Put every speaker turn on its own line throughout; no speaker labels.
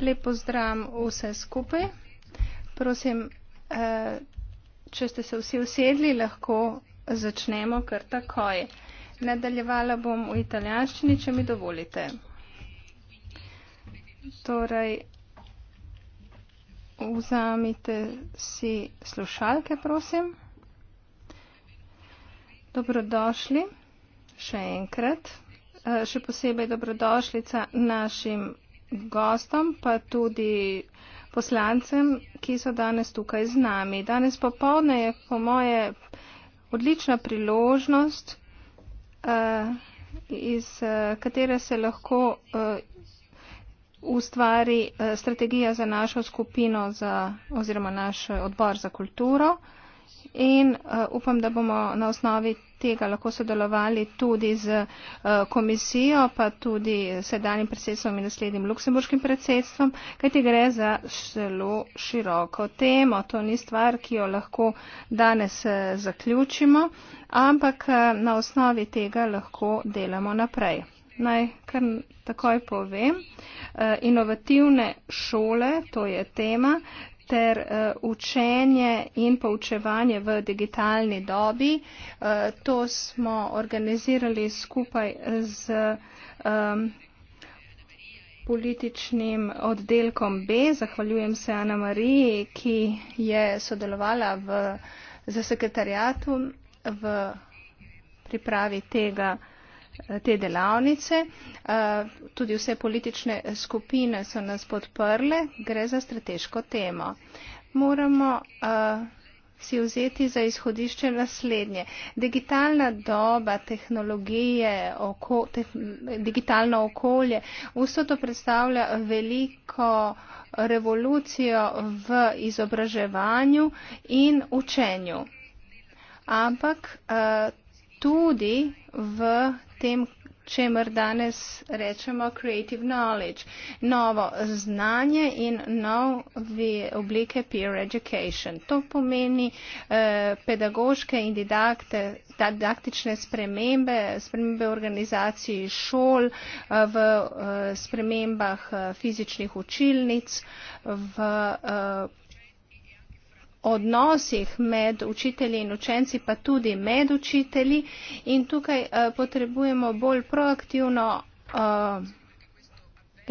lep pozdrav vse skupaj prosim eh, če ste se vsi usedli lahko začnemo kar takoj nadaljevala bom v italijanščini če mi dovolite torej vzamite si slušalke prosim dobrodošli še enkrat Eh, še posebej dobrodošlica našim gostom, pa tudi poslancem, ki so danes tukaj z nami. Danes popovdne je po moje odlična priložnost, eh, iz eh, katere se lahko ustvari strategija za našo skupino za, oziroma naš odbor za kulturo in uh, upam, da bomo na osnovi tega lahko sodelovali tudi z uh, komisijo, pa tudi sedanjim predsedstvom in naslednjim luksemburškim predsedstvom, kajti gre za zelo široko temo. To ni stvar, ki jo lahko danes uh, zaključimo, ampak uh, na osnovi tega lahko delamo naprej. Naj kar takoj povem, uh, inovativne šole, to je tema, uh, ter uh, učenje in poučevanje v digitalni dobi. Uh, to smo organizirali skupaj z um, političnim oddelkom B. Zahvaljujem se Ana Mariji, ki je sodelovala v, za sekretarjatom v pripravi tega. Eh, te delavnice. Eh, tudi vse politične skupine so nas podprle, gre za strateško temo. Moramo eh, si vzeti za izhodišče naslednje. Digitalna doba, tehnologije, oko, teh, digitalno okolje, vso to predstavlja veliko revolucijo v izobraževanju in učenju. Ampak tudi v tem, čemer danes rečemo creative knowledge, novo znanje in nove oblike peer education. To pomeni eh, pedagoške in didakte, didaktične spremembe, spremembe organizacije šol eh, v eh, spremembah eh, fizičnih učilnic, v eh, odnosih med učitelji in učenci, pa tudi med učitelji. In tukaj uh, potrebujemo bolj proaktivno uh,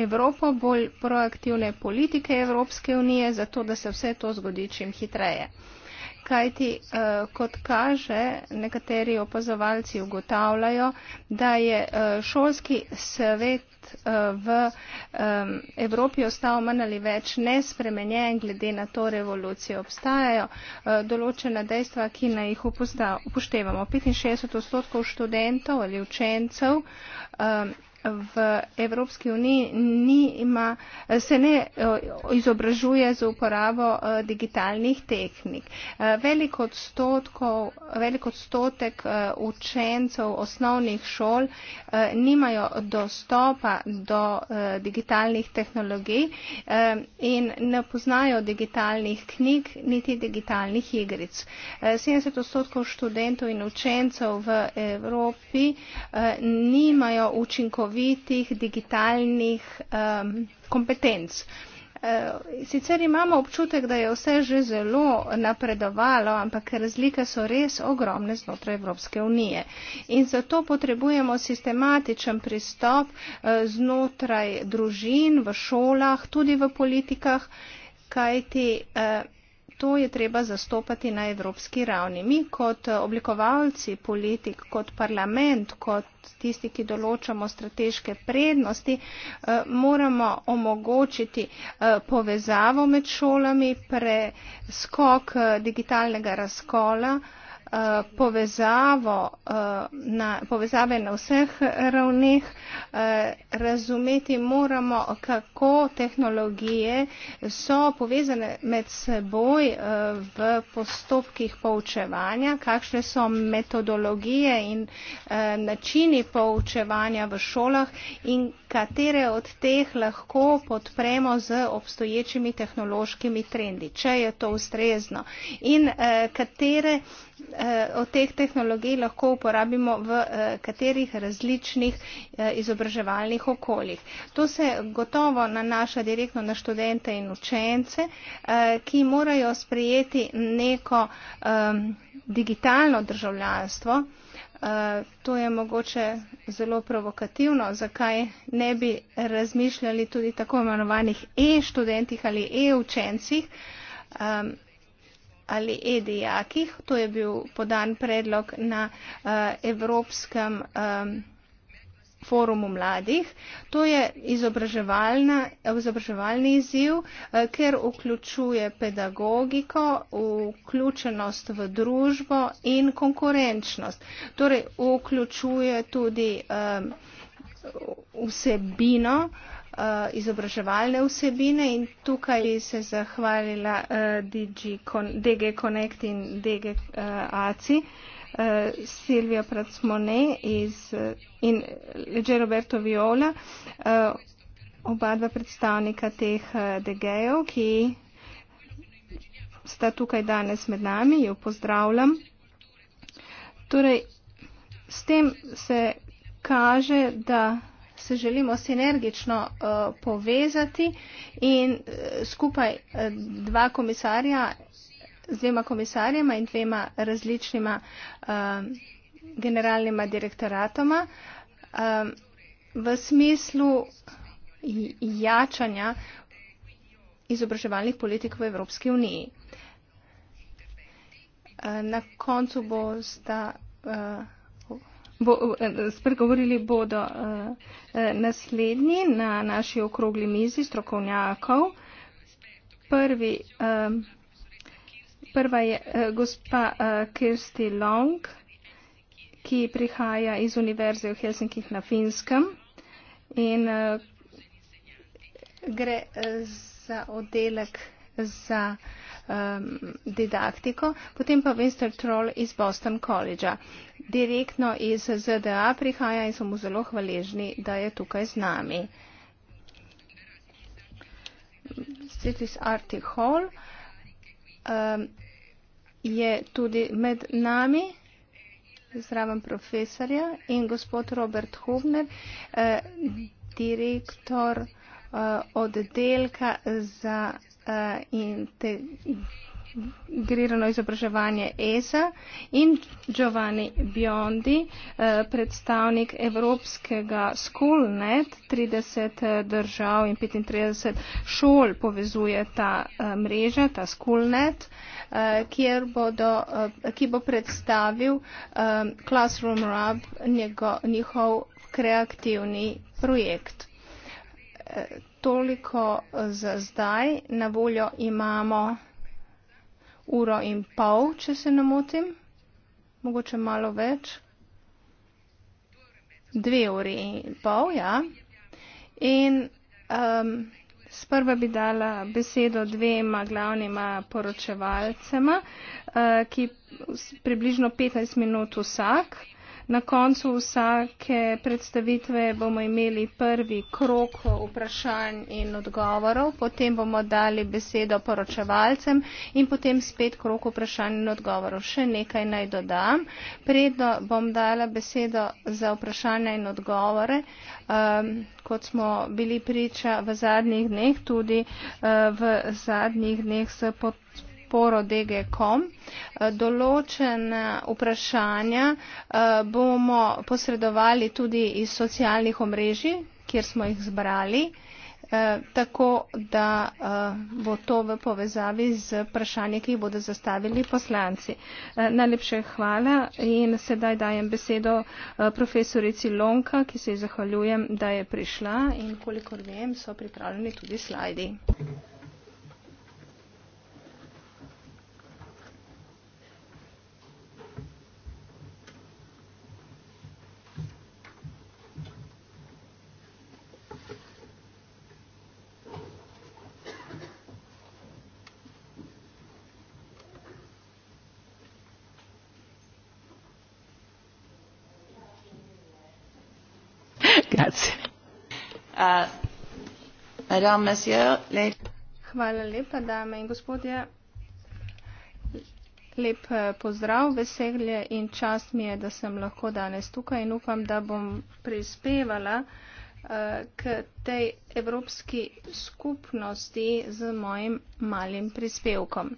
Evropo, bolj proaktivne politike Evropske unije, zato da se vse to zgodi čim hitreje kajti eh, kot kaže, nekateri opazovalci ugotavljajo, da je eh, šolski svet eh, v Evropi ostal manj ali več nespremenjen glede na to revolucijo. Obstajajo določena dejstva, ki naj jih upoštevamo. 65 odstotkov študentov ali učencev v Evropski uniji nima, se ne izobražuje z uporabo e, digitalnih tehnik. E, velik, velik odstotek e, učencev osnovnih šol nimajo dostopa do digitalnih tehnologij in ne poznajo digitalnih knjig niti digitalnih igric. 70 odstotkov študentov in učencev v Evropi nimajo učinkovitosti učinkovitih digitalnih um, kompetenc. Eh, sicer imamo občutek, da je vse že zelo napredovalo, ampak razlike so res ogromne znotraj Evropske unije. In zato potrebujemo sistematičen pristop eh, znotraj družin, v šolah, tudi v politikah, kajti eh, to je treba zastopati na evropski ravni. Mi kot eh, oblikovalci politik, kot parlament, kot tisti, ki določamo strateške prednosti, eh, moramo omogočiti eh, povezavo med šolami, preskok digitalnega razkola, Eh, povezavo eh, na, povezave na vseh ravneh, eh, razumeti moramo, kako tehnologije so povezane med seboj v postopkih poučevanja, kakšne so metodologije in načini poučevanja v šolah in katere od teh lahko podpremo z obstoječimi tehnološkimi trendi, če je to ustrezno. In katere Eh, od teh tehnologij lahko uporabimo v eh, katerih različnih eh, izobraževalnih okoljih. To se gotovo nanaša direktno na študente in učence, ki morajo sprejeti neko digitalno državljanstvo. To je mogoče zelo provokativno, zakaj ne bi razmišljali tudi tako imenovanih e-študentih ali e-učencih ali e-dijakih. To je bil podan predlog na eh, Evropskem eh, forumu mladih. To je izobraževalni izziv, eh, ker vključuje pedagogiko, vključenost v družbo in konkurenčnost. Torej, vključuje tudi vsebino, um, Eh, izobraževalne vsebine in tukaj bi se zahvalila eh, DG, DG Connect in DG eh, ACI, Silvija Pracmone iz, in Leđe Roberto Viola, oba dva predstavnika teh DG-ev, ki sta tukaj danes med nami, jo pozdravljam. Torej, s tem se kaže, da se želimo sinergično uh, povezati in uh, skupaj uh, dva komisarja, z dvema komisarjama in dvema različnima uh, generalnima direktoratoma uh, v smislu jačanja izobraževalnih politik v Evropski uniji. Uh, na koncu bo sta uh, bo, eh, spregovorili bodo eh, eh, naslednji na naši okrogli mizi strokovnjakov. Prvi, prva je gospa Kirsti Long, ki prihaja iz Univerze v Helsinkih na Finskem in gre za oddelek za didaktiko, potem pa Winston Troll iz Boston College. -a direktno iz ZDA prihaja in smo zelo hvaležni, da je tukaj z nami. Citis Arctic Hall um, je tudi med nami, zraven profesorja in gospod Robert Hovner, uh, direktor uh, oddelka za uh, integracijo integrirano izobraževanje ESA in Giovanni Biondi, eh, predstavnik Evropskega SchoolNet, 30 eh, držav in 35 šol povezuje ta eh, mreža, ta SchoolNet, kjer bodo, ki bo predstavil Classroom Rub, njihov kreativni projekt. Toliko za zdaj. Na voljo imamo uro in pol, če se ne motim, mogoče malo več, dve uri in pol, ja. In um, sprva bi dala besedo dvema glavnima poročevalcema, uh, ki približno 15 minut vsak. Na koncu vsake predstavitve bomo imeli prvi krok vprašanj in odgovorov, potem bomo dali besedo poročevalcem in potem spet krok vprašanj in odgovorov. Še nekaj naj dodam. Predno bom dala besedo za vprašanja in odgovore, ehm, kot smo bili priča v zadnjih dneh, tudi eh, v zadnjih dneh s podpisom poro.dg.com. Eh, Določena vprašanja eh, bomo posredovali tudi iz socialnih omrežij, kjer smo jih zbrali, eh, tako da bo to v povezavi z vprašanji, ki jih bodo zastavili poslanci. Najlepše hvala in sedaj dajem besedo profesorici Lonka, ki se ji zahvaljujem, da je prišla in kolikor vem, so pripravljeni tudi slajdi. Uh, Hvala lepa, dame in gospodje. Lep uh, pozdrav, veselje in čast mi je, da sem lahko danes tukaj in upam, da bom prispevala uh, k tej evropski skupnosti z mojim malim prispevkom.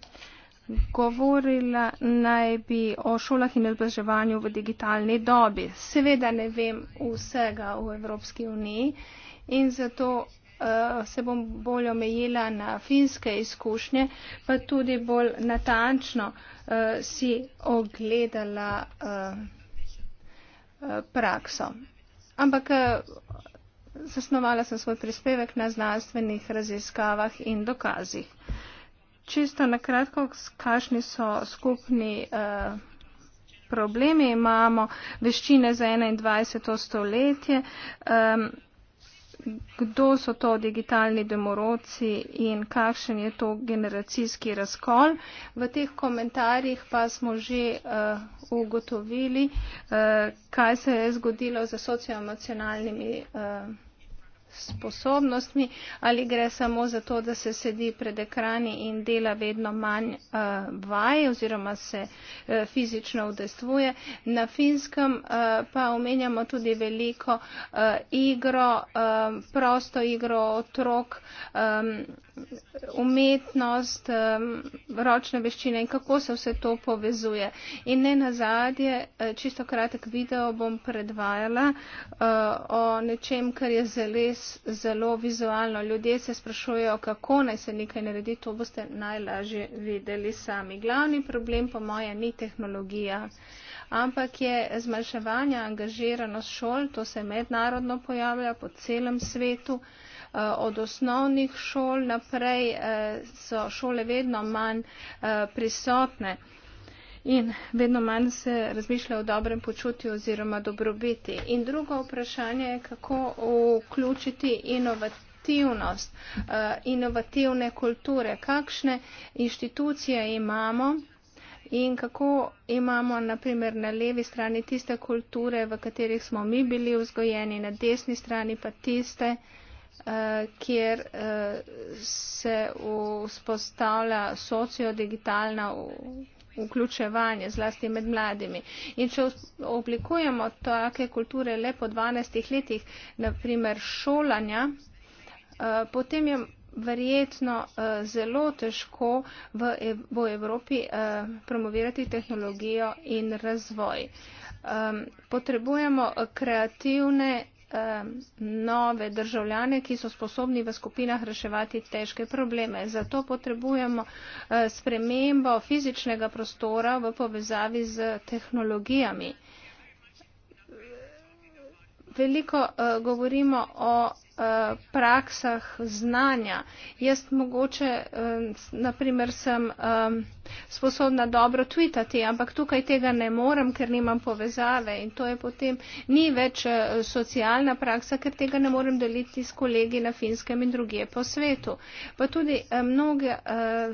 Govorila naj bi o šolah in izobraževanju v digitalni dobi. Seveda ne vem vsega v Evropski uniji in zato uh, se bom bolj omejila na finske izkušnje, pa tudi bolj natančno uh, si ogledala uh, prakso. Ampak uh, zasnovala sem svoj prispevek na znanstvenih raziskavah in dokazih. Čisto na kratko, kakšni so skupni. Uh, Problemi imamo veščine za 21. stoletje. Um, kdo so to digitalni demoroci in kakšen je to generacijski razkol. V teh komentarjih pa smo že uh, ugotovili, uh, kaj se je zgodilo za socioemocionalnimi. Uh, sposobnostmi ali gre samo za to, da se sedi pred ekrani in dela vedno manj uh, vaj oziroma se uh, fizično udestvuje. Na finskem uh, pa omenjamo tudi veliko uh, igro, uh, prosto igro otrok, um, umetnost, um, ročne veščine in kako se vse to povezuje. In ne nazadje, čisto kratek video bom predvajala uh, o nečem, kar je zelo res zelo vizualno. Ljudje se sprašujejo, kako naj se nekaj naredi, to boste najlažje videli sami. Glavni problem, po moje, ni tehnologija, ampak je zmanjševanje angažiranost šol, to se mednarodno pojavlja po celem svetu. Eh, od osnovnih šol naprej eh, so šole vedno manj eh, prisotne in vedno manj se razmišlja o dobrem počutju oziroma dobrobiti. In drugo vprašanje je, kako vključiti inovativnost. Inovativnost, eh, inovativne kulture, kakšne inštitucije imamo in kako imamo naprimer na levi strani tiste kulture, v katerih smo mi bili vzgojeni, na desni strani pa tiste, eh, kjer eh, se vzpostavlja sociodigitalna vključevanje, zlasti med mladimi. In če oblikujemo take kulture le po 12 letih, naprimer šolanja, eh, potem je verjetno eh, zelo težko v, v Evropi eh, promovirati tehnologijo in razvoj. Potrebujemo kreativne Um, nove državljane, ki so sposobni v skupinah reševati težke probleme. Zato potrebujemo uh, spremembo fizičnega prostora v povezavi z tehnologijami. Veliko uh, govorimo o Eh, praksah znanja. Jaz mogoče, eh, naprimer, sem eh, sposobna dobro tweetati, ampak tukaj tega ne morem, ker nimam povezave in to je potem ni več socialna praksa, ker tega ne morem deliti s kolegi na finskem in druge po svetu. Pa tudi mnoge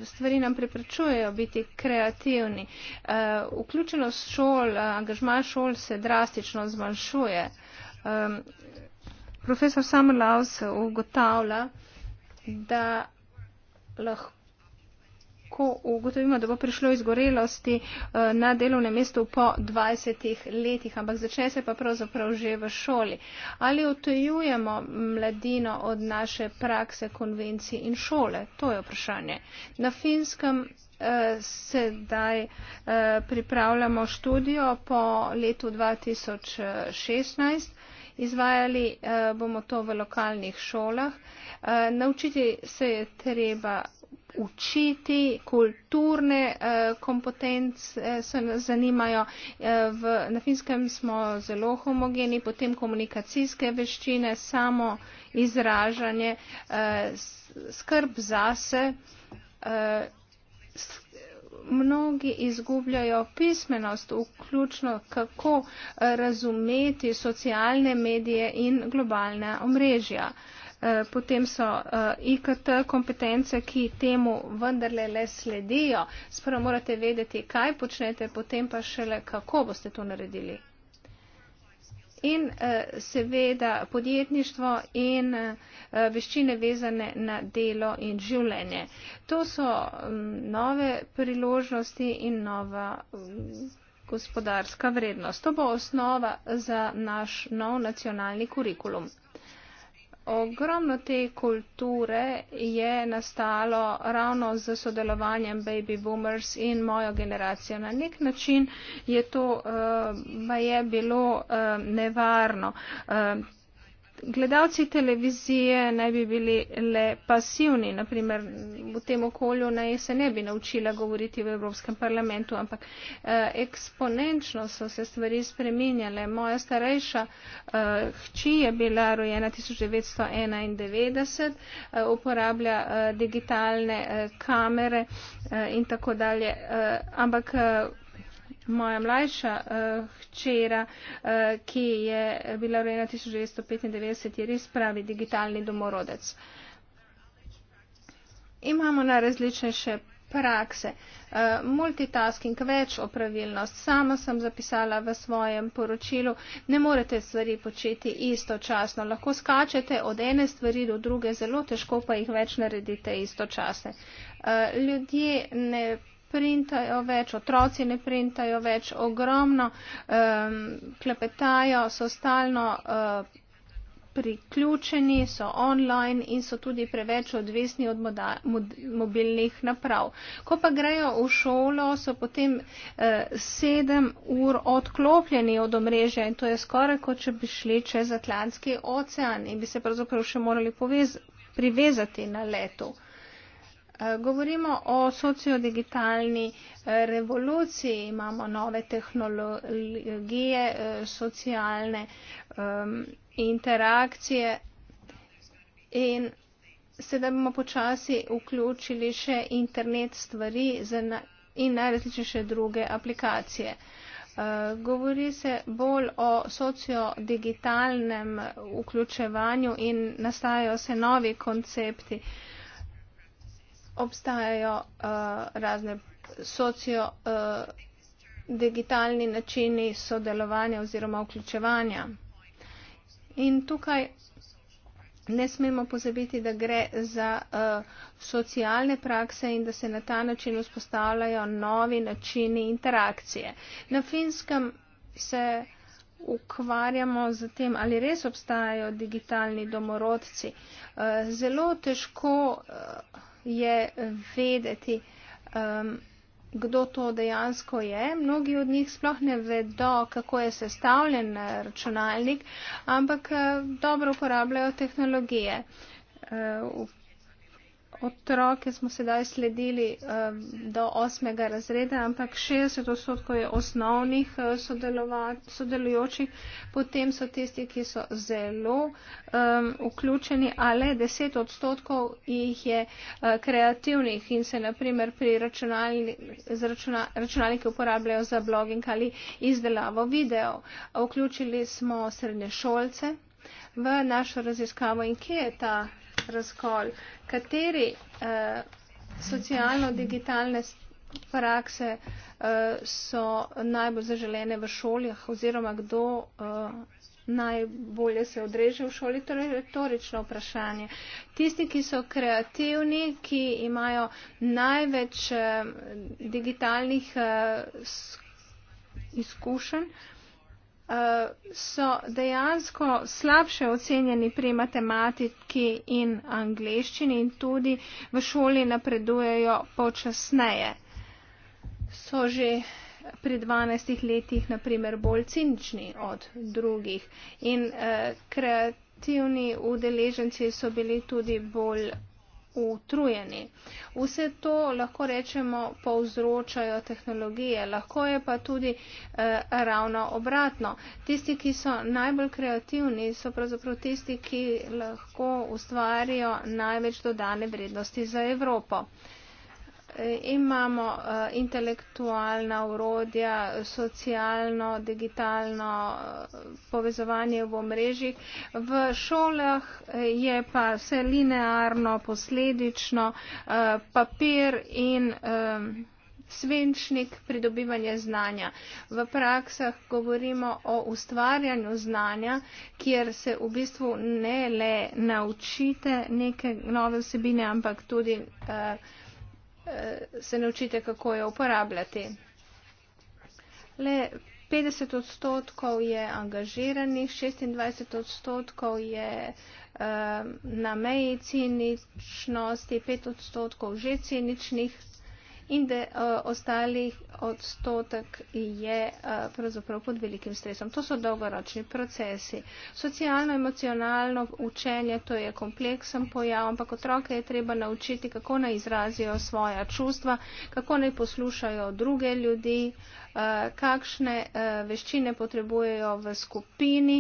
stvari nam preprečujejo biti kreativni. Vključenost šol, angažma šol se drastično zmanjšuje. Profesor Samuel Laus ugotavlja, da lahko ugotovimo, da bo prišlo izgorelosti eh, na delovnem mestu po 20 letih, ampak začne se pa pravzaprav že v šoli. Ali otojujemo mladino od naše prakse, konvencij in šole? To je vprašanje. Na finskem eh, sedaj eh, pripravljamo študijo po letu 2016 izvajali eh, bomo to v lokalnih šolah. Eh, naučiti se je treba učiti, kulturne eh, kompetence se zanimajo. V, na finskem smo zelo homogeni, potem komunikacijske veščine, samo izražanje, skrb zase, mnogi izgubljajo pismenost, vključno kako eh, razumeti socialne medije in globalna omrežja. Eh, potem so eh, IKT kompetence, ki temu vendarle le sledijo. Sprav morate vedeti, kaj počnete, potem pa šele, kako boste to naredili in eh, seveda podjetništvo in eh, veščine vezane na delo in življenje. To so mm, nove priložnosti in nova mm, gospodarska vrednost. To bo osnova za naš nov nacionalni kurikulum. Ogromno te kulture je nastalo ravno z sodelovanjem baby boomers in mojo generacijo. Na nek način je to uh, je bilo uh, nevarno. Uh, Gledalci televizije naj bi bili le pasivni, naprimer v tem okolju naj se ne bi naučila govoriti v Evropskem parlamentu, ampak eh, eksponenčno so se stvari spreminjale. Moja starejša eh, hči je bila rojena 1991, eh, uporablja eh, digitalne eh, kamere eh, in tako dalje, eh, ampak. Eh, moja mlajša uh, hčera, uh, ki je bila rojena 1995, je res pravi digitalni domorodec. Imamo na različne še prakse. Eh, multitasking, več opravilnost. Sama sem zapisala v svojem poročilu, ne morete stvari početi istočasno. Lahko skačete od ene stvari do druge, zelo težko pa jih več naredite istočasno. Ljudje ne printajo več, otroci ne printajo več, ogromno um, klepetajo, so stalno uh, priključeni, so online in so tudi preveč odvisni od moda, mod, mobilnih naprav. Ko pa grejo v šolo, so potem eh, sedem uh, ur odklopljeni od omrežja in to je skoraj kot če bi šli čez Atlantski ocean in bi se pravzaprav še morali povez, privezati na letu. Eh, govorimo o sociodigitalni eh, revoluciji, imamo nove tehnologije, eh, socialne interakcije in sedaj bomo počasi vključili še internet stvari in najrazličnejše druge aplikacije. Govori se bolj o sociodigitalnem vključevanju in nastajajo se novi koncepti. Uh, obstajajo uh, razne socio. Uh, digitalni načini sodelovanja oziroma vključevanja. In tukaj ne smemo pozabiti, da gre za uh, socialne prakse in da se na ta način vzpostavljajo novi načini interakcije. Na finskem se ukvarjamo z tem, ali res obstajajo digitalni domorodci. Uh, zelo težko. Uh, je vedeti, um, kdo to dejansko je. Mnogi od njih sploh ne vedo, kako je sestavljen eh, računalnik, ampak uh, dobro uporabljajo tehnologije. Uh, otroke smo sedaj sledili um, do osmega razreda, ampak 60 odstotkov je osnovnih uh, sodelujočih, potem so tisti, ki so zelo um, vključeni, ali 10 odstotkov jih je uh, kreativnih in se naprimer pri računalni, računa, računalniki uporabljajo za bloging ali izdelavo video. Vključili smo srednješolce v našo raziskavo in kje je ta razkol, kateri eh, socialno-digitalne prakse eh, so najbolj zaželene v šolah oziroma kdo eh, najbolje se odreže v šoli, to torej, je retorično vprašanje. Tisti, ki so kreativni, ki imajo največ eh, digitalnih eh, izkušenj, so dejansko slabše ocenjeni pri matematiki in angleščini in tudi v šoli napredujejo počasneje. So že pri 12 letih naprimer bolj cinični od drugih in uh, kreativni udeleženci so bili tudi bolj utrujeni. Vse to lahko rečemo povzročajo tehnologije, lahko je pa tudi eh, ravno obratno. Tisti, ki so najbolj kreativni, so pravzaprav tisti, ki lahko ustvarijo največ dodane vrednosti za Evropo. Eh, imamo eh, intelektualna urodja, socialno, digitalno eh, povezovanje v omrežjih. V šolah eh, je pa vse linearno, posledično, papir in svenčnik pridobivanje znanja. V praksah govorimo o ustvarjanju znanja, kjer se v bistvu ne le naučite neke nove vsebine, ampak tudi eh, Eh, se naučite, kako jo uporabljati. Le 50 odstotkov je angažiranih, 26 odstotkov je eh, na meji ciničnosti, 5 odstotkov že ciničnih in da eh, ostalih odstotek je eh, pravzaprav pod velikim stresom. To so dolgoročni procesi. Socialno-emocionalno učenje, to je kompleksen pojav, ampak otroke je treba naučiti, kako naj izrazijo svoja čustva, kako naj poslušajo druge ljudi. Uh, Eh, kakšne eh, veščine potrebujejo v skupini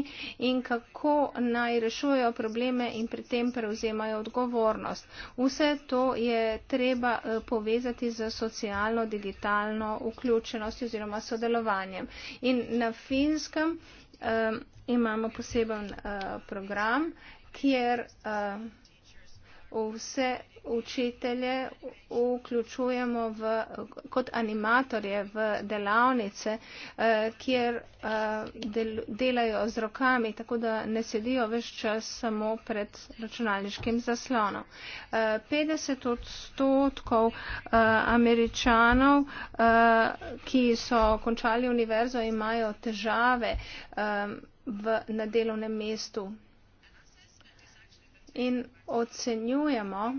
in kako naj rešujejo probleme in pri tem prevzemajo odgovornost. Vse to je treba eh, povezati z socialno-digitalno vključenost oziroma sodelovanjem. In na finskem um, imamo poseben uh, program, kjer uh, vse učitelje vključujemo v, kot animatorje v delavnice, eh, kjer eh, delajo z rokami, tako da ne sedijo več čas samo pred računalniškim zaslonom. 50 eh, odstotkov američanov, ki so končali univerzo, imajo težave v, na delovnem mestu, in ocenjujemo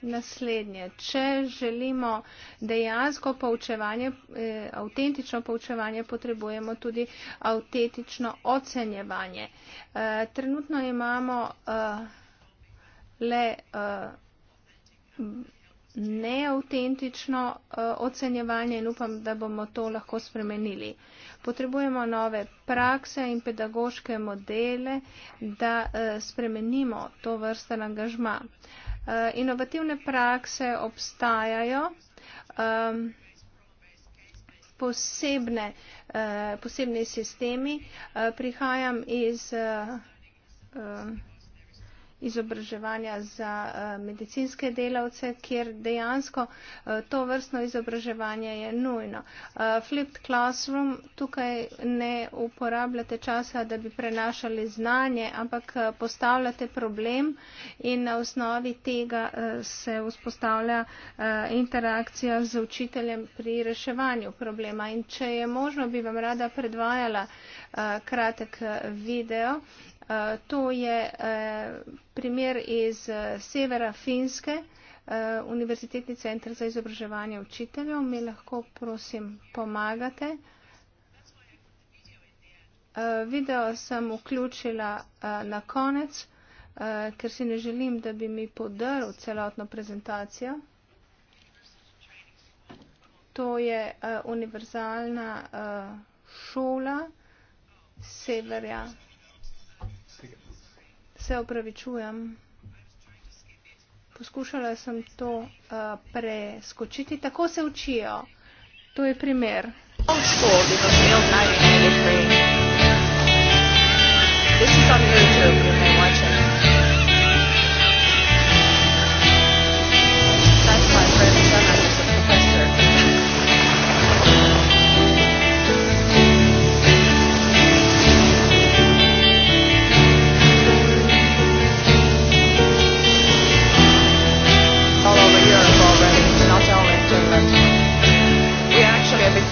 naslednje. Če želimo dejansko poučevanje, eh, avtentično poučevanje, potrebujemo tudi avtentično ocenjevanje. Eh, trenutno imamo eh, le. Eh, neautentično eh, ocenjevanje in upam, da bomo to lahko spremenili. Potrebujemo nove prakse in pedagoške modele, da eh, spremenimo to vrste angažma. Eh, inovativne prakse obstajajo. Ehm, posebne, posebni sistemi. Prihajam iz izobraževanja za eh, medicinske delavce, kjer dejansko eh, to vrstno izobraževanje je nujno. Eh, Flipped classroom, tukaj ne uporabljate časa, da bi prenašali znanje, ampak postavljate problem in na osnovi tega se vzpostavlja interakcija z učiteljem pri reševanju problema. In če je možno, bi vam rada predvajala kratek video. Eh, to je eh, primer iz eh, severa Finske, Univerzitetni centr za izobraževanje učiteljev. Mi lahko, prosim, pomagate. Video sem vključila na konec, ker si ne želim, da bi mi podaril celotno prezentacijo. To je univerzalna šola severja Finske se opravičujem. Poskušala sem to uh, preskočiti. Tako se učijo. To je primer. This
is on YouTube.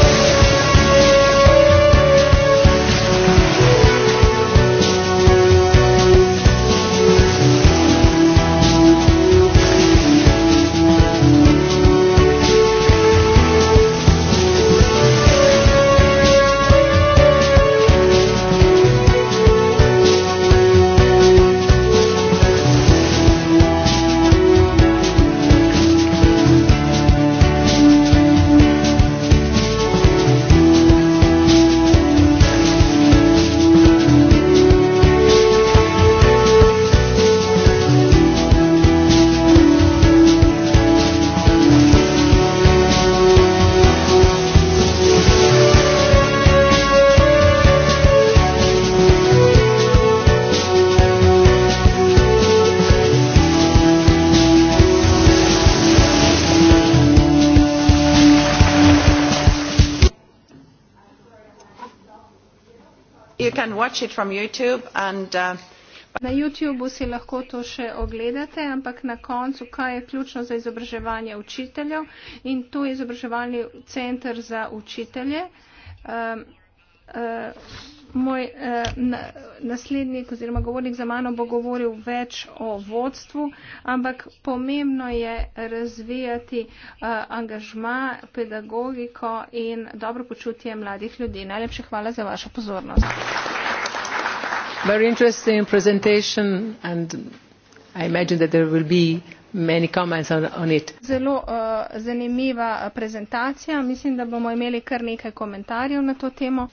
Uh, na YouTubu si lahko to še ogledate, ampak na koncu, kaj je ključno za izobraževanje učiteljev in to je izobraževalni center za učitelje. Um, uh, moj eh, naslednik oziroma govornik za mano bo govoril več o vodstvu, ampak pomembno je razvijati eh, angažma, pedagogiko in dobro počutje mladih ljudi. Najlepše hvala za vašo pozornost.
Very interesting presentation and I imagine that there will be many comments on, on it.
Zelo uh, zanimiva prezentacija. Mislim, da bomo imeli kar nekaj komentarjev na to temo.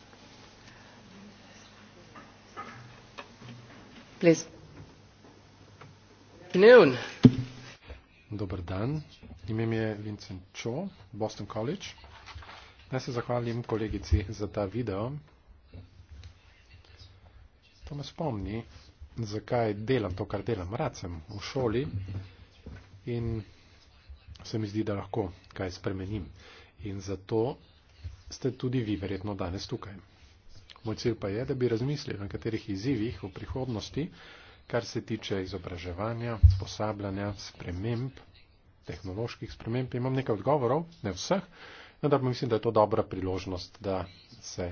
Dober dan. Ime je Vincent Cho, Boston College. Naj se zahvalim kolegici za ta video. To me spomni, zakaj delam to, kar delam. Rad sem v šoli in se mi zdi, da lahko kaj spremenim. In zato ste tudi vi verjetno danes tukaj. Moj cilj pa je, da bi razmislili o nekaterih izzivih v prihodnosti, kar se tiče izobraževanja, sposabljanja, sprememb, tehnoloških sprememb. Imam nekaj odgovorov, ne vseh, vendar pa mislim, da je to dobra priložnost, da se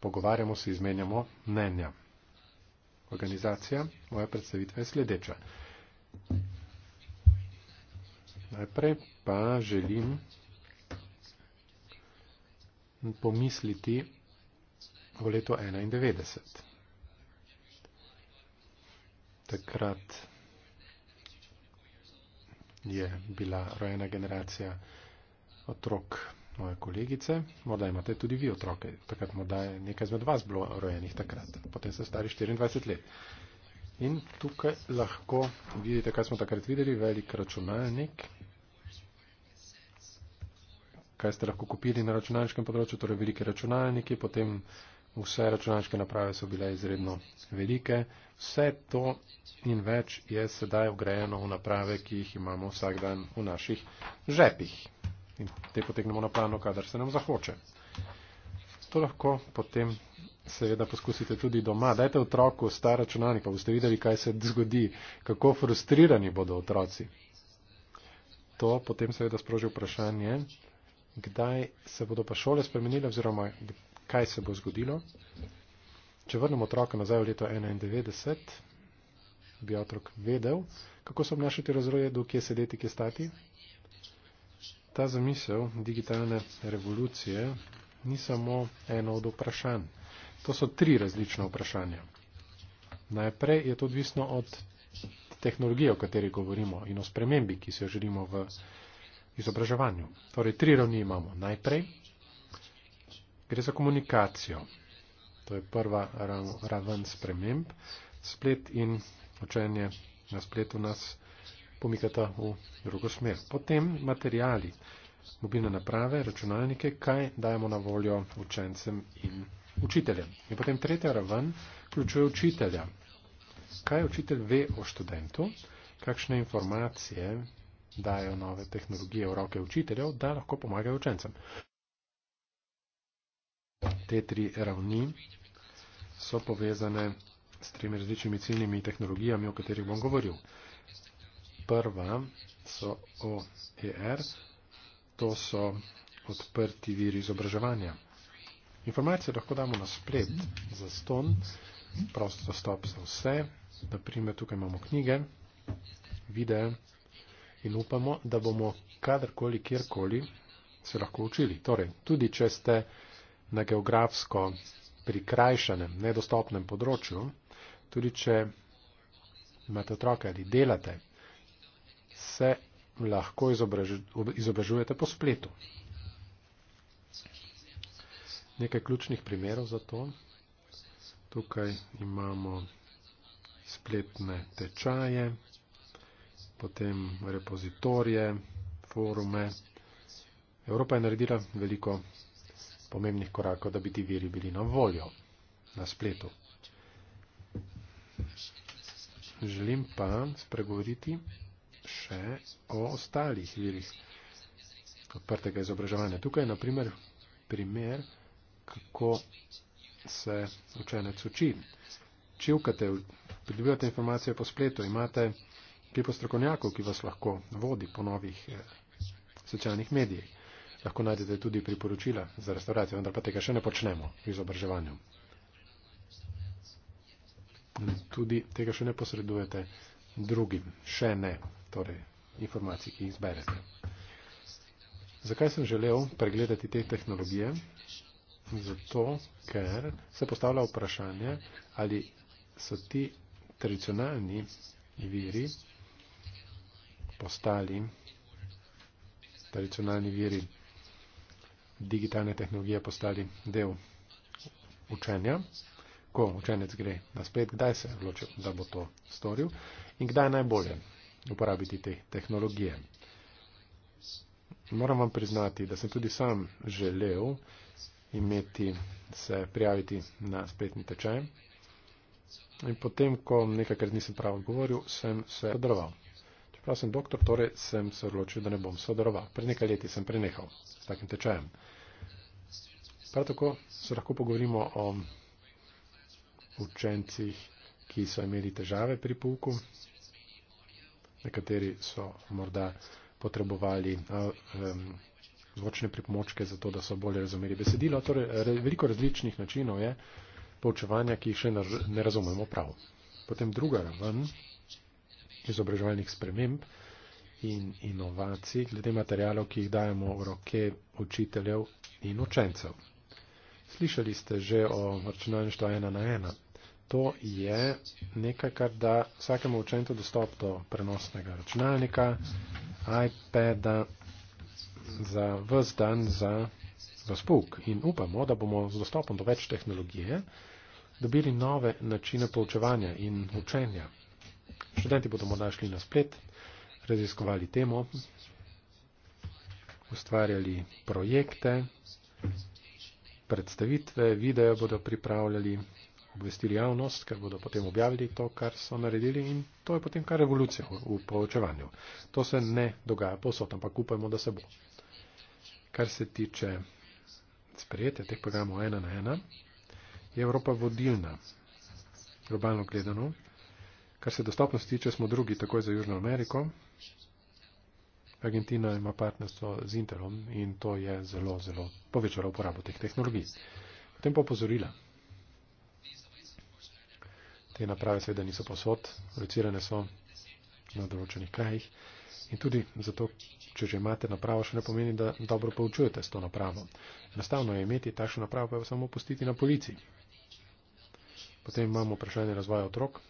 pogovarjamo, se izmenjamo mnenja. Organizacija moje predstavitve je sledeča. Najprej pa želim pomisliti v letu 1991. Takrat je bila rojena generacija otrok moje kolegice, morda imate tudi vi otroke, takrat morda je nekaj izmed vas bilo rojenih takrat, potem ste stari 24 let. In tukaj lahko vidite, kaj smo takrat videli, velik računalnik, kaj ste lahko kupili na računalniškem področju, torej veliki računalniki, potem vse računalniške naprave so bile izredno velike. Vse to in več je sedaj ugrajeno v naprave, ki jih imamo vsak dan v naših žepih. In te potegnemo na plano, kadar se nam zahoče. To lahko potem seveda poskusite tudi doma. Dajte otroku star računalnik, pa boste videli, kaj se zgodi, kako frustrirani bodo otroci. To potem seveda sproži vprašanje, kdaj se bodo pa šole spremenile, oziroma kaj se bo zgodilo. Če vrnemo otroka nazaj v leto 91, bi otrok vedel, kako se obnašati razrojedu, kje sedeti, kje stati. Ta zamisel digitalne revolucije ni samo eno od vprašanj. To so tri različna vprašanja. Najprej je to odvisno od tehnologije, o kateri govorimo in o spremembi, ki se jo želimo v izobraževanju. Torej, tri ravni imamo. Najprej Gre za komunikacijo. To je prva raven sprememb. Splet in učenje na spletu nas pomikata v drugo smer. Potem materijali, mobilne naprave, računalnike, kaj dajemo na voljo učencem in učiteljem. In potem tretja raven vključuje učitelja. Kaj učitelj ve o študentu, kakšne informacije dajo nove tehnologije v roke učiteljev, da lahko pomagajo učencem te tri ravni so povezane s tremi različnimi ciljnimi tehnologijami, o katerih bom govoril. Prva so OER, to so odprti viri izobraževanja. Informacije lahko damo na splet za ston, prosto dostop za vse, naprimer tukaj imamo knjige, videe in upamo, da bomo kadarkoli, kjerkoli se lahko učili. Torej, tudi če ste na geografsko prikrajšanem, nedostopnem področju, tudi če imate otroke ali delate, se lahko izobražujete po spletu. Nekaj ključnih primerov za to. Tukaj imamo spletne tečaje, potem repozitorije, forume. Evropa je naredila veliko pomembnih korakov, da bi ti viri bili na voljo na spletu. Želim pa spregovoriti še o ostalih virih odprtega izobraževanja. Tukaj je naprimer primer, kako se učenec uči. Čivkate, pridobivate informacije po spletu, imate kipo strokovnjakov, ki vas lahko vodi po novih eh, socialnih medijih lahko najdete tudi priporočila za restauracijo, vendar pa tega še ne počnemo v izobraževanju. Tudi tega še ne posredujete drugim, še ne, torej informacij, ki jih zberete. Zakaj sem želel pregledati te tehnologije? Zato, ker se postavlja vprašanje, ali so ti tradicionalni viri postali tradicionalni viri digitalne tehnologije postali del učenja, ko učenec gre na spet, kdaj se je odločil, da bo to storil in kdaj je najbolje uporabiti te tehnologije. Moram vam priznati, da sem tudi sam želel imeti se prijaviti na spletni tečaj. In potem, ko nekajkrat nisem prav odgovoril, sem se odreval. Čeprav sem doktor, torej sem se odločil, da ne bom sodeloval. Pred nekaj leti sem prenehal s takim tečajem. Prav tako se lahko pogovorimo o učencih, ki so imeli težave pri pouku. Nekateri so morda potrebovali zvočne pripomočke za to, da so bolje razumeli besedilo. Torej, re, veliko različnih načinov je poučevanja, ki jih še ne razumemo prav. Potem druga raven izobraževalnih sprememb in inovacij glede materijalov, ki jih dajemo v roke učiteljev in učencev. Slišali ste že o računalništvu ena na ena. To je nekaj, kar da vsakemu učencu dostop do prenosnega računalnika, iPada za vse dan za razpuk. In upamo, da bomo z dostopom do več tehnologije dobili nove načine poučevanja in učenja. Študenti bodo morda šli na splet, raziskovali temo, ustvarjali projekte, predstavitve, videe bodo pripravljali, obvestili javnost, ker bodo potem objavili to, kar so naredili in to je potem kar revolucija v poučevanju. To se ne dogaja posod, ampak upajmo, da se bo. Kar se tiče sprejetja teh programov ena na ena, je Evropa vodilna globalno gledano Kar se dostopnosti tiče, smo drugi takoj za Južno Ameriko. Argentina ima partnerstvo z Intelom in to je zelo, zelo povečalo uporabo teh tehnologij. Potem pa opozorila. Te naprave seveda niso posod, locirane so na določenih krajih in tudi zato, če že imate napravo, še ne pomeni, da dobro poučujete s to napravo. Enostavno je imeti takšno napravo, pa jo samo pustiti na policiji. Potem imamo vprašanje razvoja otrok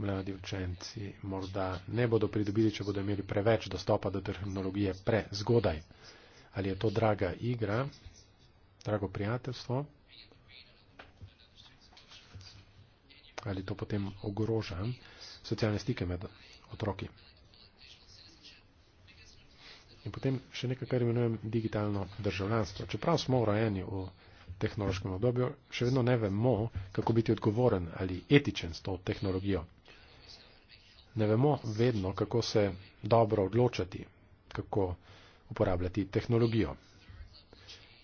mladi učenci morda ne bodo pridobili, če bodo imeli preveč dostopa do tehnologije prezgodaj. Ali je to draga igra, drago prijateljstvo? Ali to potem ogroža socialne stike med otroki? In potem še nekaj, kar imenujem digitalno državljanstvo. Čeprav smo rojeni v tehnološkem obdobju, še vedno ne vemo, kako biti odgovoren ali etičen s to tehnologijo ne vemo vedno, kako se dobro odločati, kako uporabljati tehnologijo.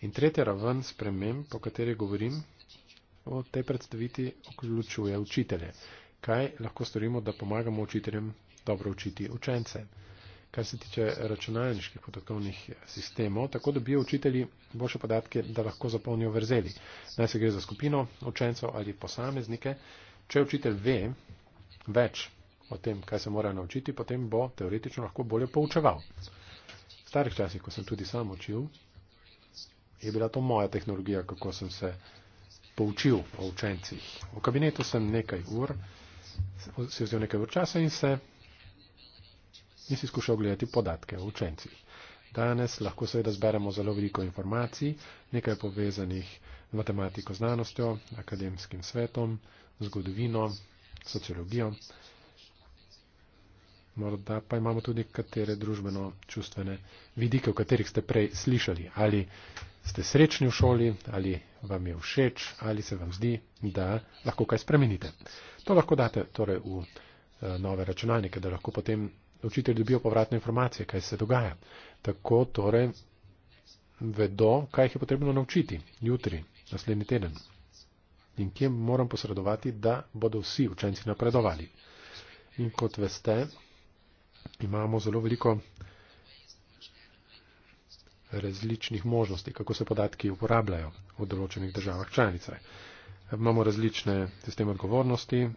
In tretja raven sprememb, po kateri govorim, v tej predstaviti vključuje učitelje. Kaj lahko storimo, da pomagamo učiteljem dobro učiti učence? Kar se tiče računalniških podatkovnih sistemov, tako dobijo učitelji boljše podatke, da lahko zapolnijo vrzeli. Naj se gre za skupino učencev ali posameznike. Če učitelj ve več o tem, kaj se mora naučiti, potem bo teoretično lahko bolje poučeval. V starih časih, ko sem tudi sam učil, je bila to moja tehnologija, kako sem se poučil o učencih. V kabinetu sem nekaj ur, si vzel nekaj ur časa in se in si skušal gledati podatke o učencih. Danes lahko seveda zberemo zelo veliko informacij, nekaj povezanih z matematiko, znanostjo, akademskim svetom, zgodovino, sociologijo morda pa imamo tudi katere družbeno-čustvene vidike, o katerih ste prej slišali. Ali ste srečni v šoli, ali vam je všeč, ali se vam zdi, da lahko kaj spremenite. To lahko date torej v eh, nove računalnike, da lahko potem učitelji dobijo povratne informacije, kaj se dogaja. Tako torej vedo, kaj jih je potrebno naučiti jutri, naslednji teden. In kje moram posredovati, da bodo vsi učenci napredovali. In kot veste, imamo zelo veliko različnih možnosti, kako se podatki uporabljajo v določenih državah članicah. Imamo različne sisteme odgovornosti,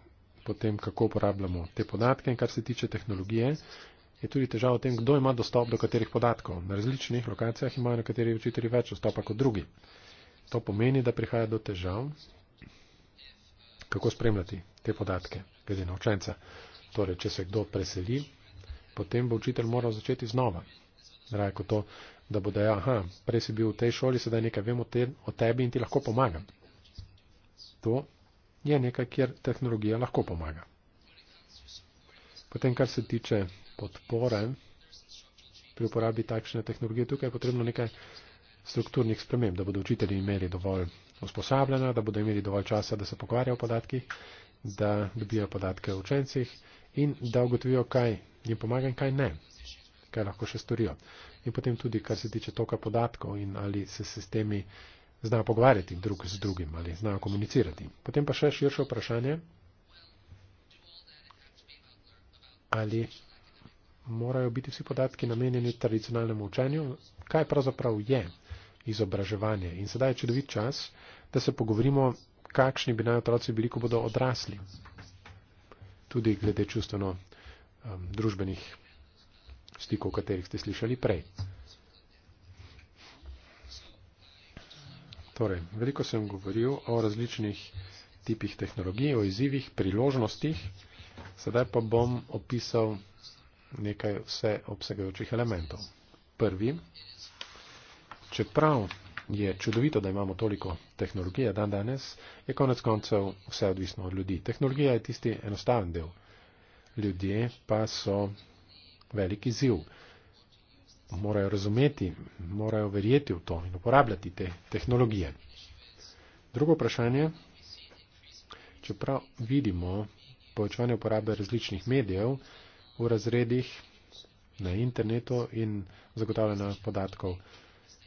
potem kako uporabljamo te podatke in kar se tiče tehnologije, je tudi težava v tem, kdo ima dostop do katerih podatkov. Na različnih lokacijah imajo nekateri učitelji več dostopa kot drugi. To pomeni, da prihaja do težav, kako spremljati te podatke glede na učenca. Torej, če se kdo preseli potem bo učitelj moral začeti znova. Raje kot to, da bo dejal, aha, prej si bil v tej šoli, sedaj nekaj vem o tebi in ti lahko pomagam. To je nekaj, kjer tehnologija lahko pomaga. Potem, kar se tiče podpore pri uporabi takšne tehnologije, tukaj je potrebno nekaj strukturnih sprememb, da bodo učitelji imeli dovolj usposabljanja, da bodo imeli dovolj časa, da se pogovarjajo o podatkih, da dobijo podatke o učencih in da ugotovijo, kaj jim pomaga in kaj ne, kaj lahko še storijo. In potem tudi, kar se tiče toka podatkov in ali se s temi znajo pogovarjati drug z drugim ali znajo komunicirati. Potem pa še širše vprašanje, ali morajo biti vsi podatki namenjeni tradicionalnemu učenju, kaj pravzaprav je izobraževanje. In sedaj je čudovit čas, da se pogovorimo, kakšni bi naj otroci bili, ko bodo odrasli. Tudi glede čustveno um, družbenih stikov, katerih ste slišali prej. Torej, veliko sem govoril o različnih tipih tehnologij, o izzivih, priložnostih, sedaj pa bom opisal nekaj vse obsegajočih elementov. Prvi, čeprav je čudovito, da imamo toliko tehnologije dan danes, je konec koncev vse odvisno od ljudi. Tehnologija je tisti enostaven del ljudje pa so veliki ziv. Morajo razumeti, morajo verjeti v to in uporabljati te tehnologije. Drugo vprašanje, čeprav vidimo povečevanje uporabe različnih medijev v razredih, na internetu in zagotavljanja podatkov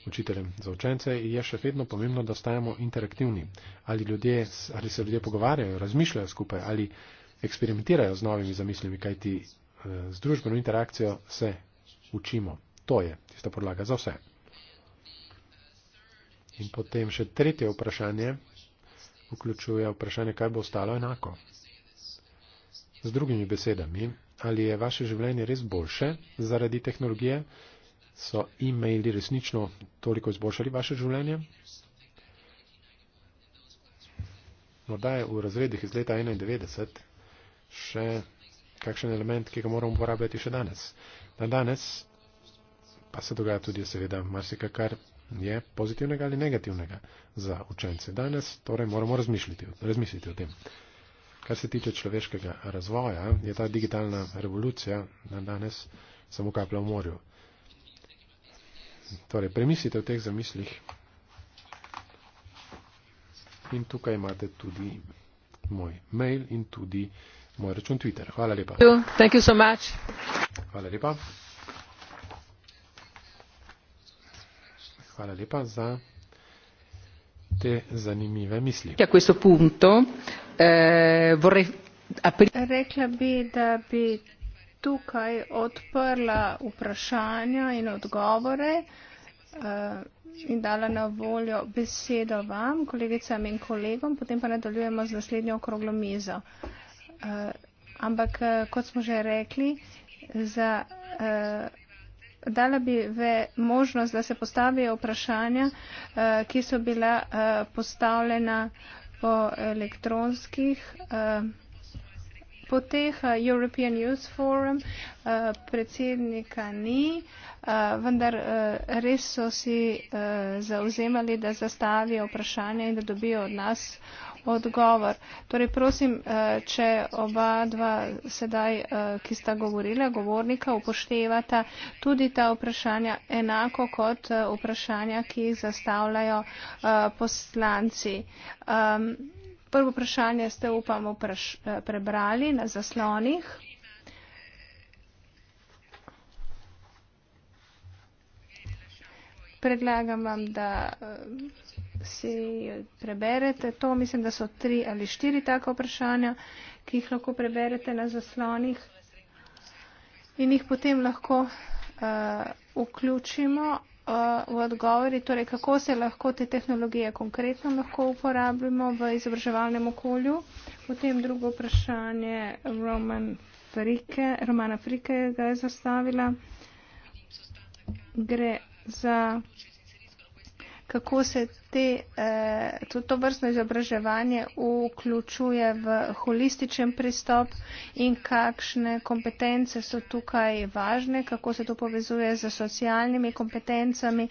učiteljem za učence, je še vedno pomembno, da ostajamo interaktivni. Ali, ljudje, ali se ljudje pogovarjajo, razmišljajo skupaj, ali eksperimentirajo z novimi zamislimi, kajti eh, z družbeno interakcijo se učimo. To je tista podlaga za vse. In potem še tretje vprašanje vključuje vprašanje, kaj bo ostalo enako. Z drugimi besedami, ali je vaše življenje res boljše zaradi tehnologije? So e-maili resnično toliko izboljšali vaše življenje? Morda je v razredih iz leta 1991 še kakšen element, ki ga moramo uporabljati še danes. Na danes pa se dogaja tudi seveda marsika, kar je pozitivnega ali negativnega za učence. Danes torej moramo razmišljati, razmišljati o tem. Kar se tiče človeškega razvoja, je ta digitalna revolucija na danes samo kaplja v morju. Torej, premislite o teh zamislih in tukaj imate tudi moj mail in tudi moj račun Twitter. Hvala lepa.
Thank you so much.
Hvala lepa. Hvala lepa za te zanimive misli. Ja,
punto, eh, vorrei... Apri... Rekla
bi, da bi tukaj odprla vprašanja in odgovore eh, in dala na voljo besedo vam, kolegicam in kolegom, potem pa nadaljujemo z naslednjo okroglo mizo. Eh, Uh, ampak, uh, kot smo že rekli, za, uh, dala bi ve možnost, da se postavijo vprašanja, uh, ki so bila uh, postavljena po elektronskih. Uh, Po teh European Youth Forum predsednika ni, vendar res so si zauzemali, da zastavijo vprašanje in da dobijo od nas odgovor. Torej, prosim, eh, če oba dva sedaj, eh, ki sta govorila, govornika, upoštevata tudi ta vprašanja enako kot eh, vprašanja, ki jih zastavljajo poslanci. Ehm, prvo vprašanje ste, upamo, prebrali na zaslonih. Predlagam vam, da si preberete. To mislim, da so tri ali štiri taka vprašanja, ki jih lahko preberete na zaslonih in jih potem lahko uh, vključimo uh, v odgovori, torej kako se lahko te tehnologije konkretno lahko uporabimo v izobraževalnem okolju. Potem drugo vprašanje Roman Frike, Romana Frike ga je zastavila. Gre za kako se te, eh, to, to vrstno izobraževanje vključuje v holističen pristop in kakšne kompetence so tukaj važne, kako se to povezuje z socialnimi kompetencami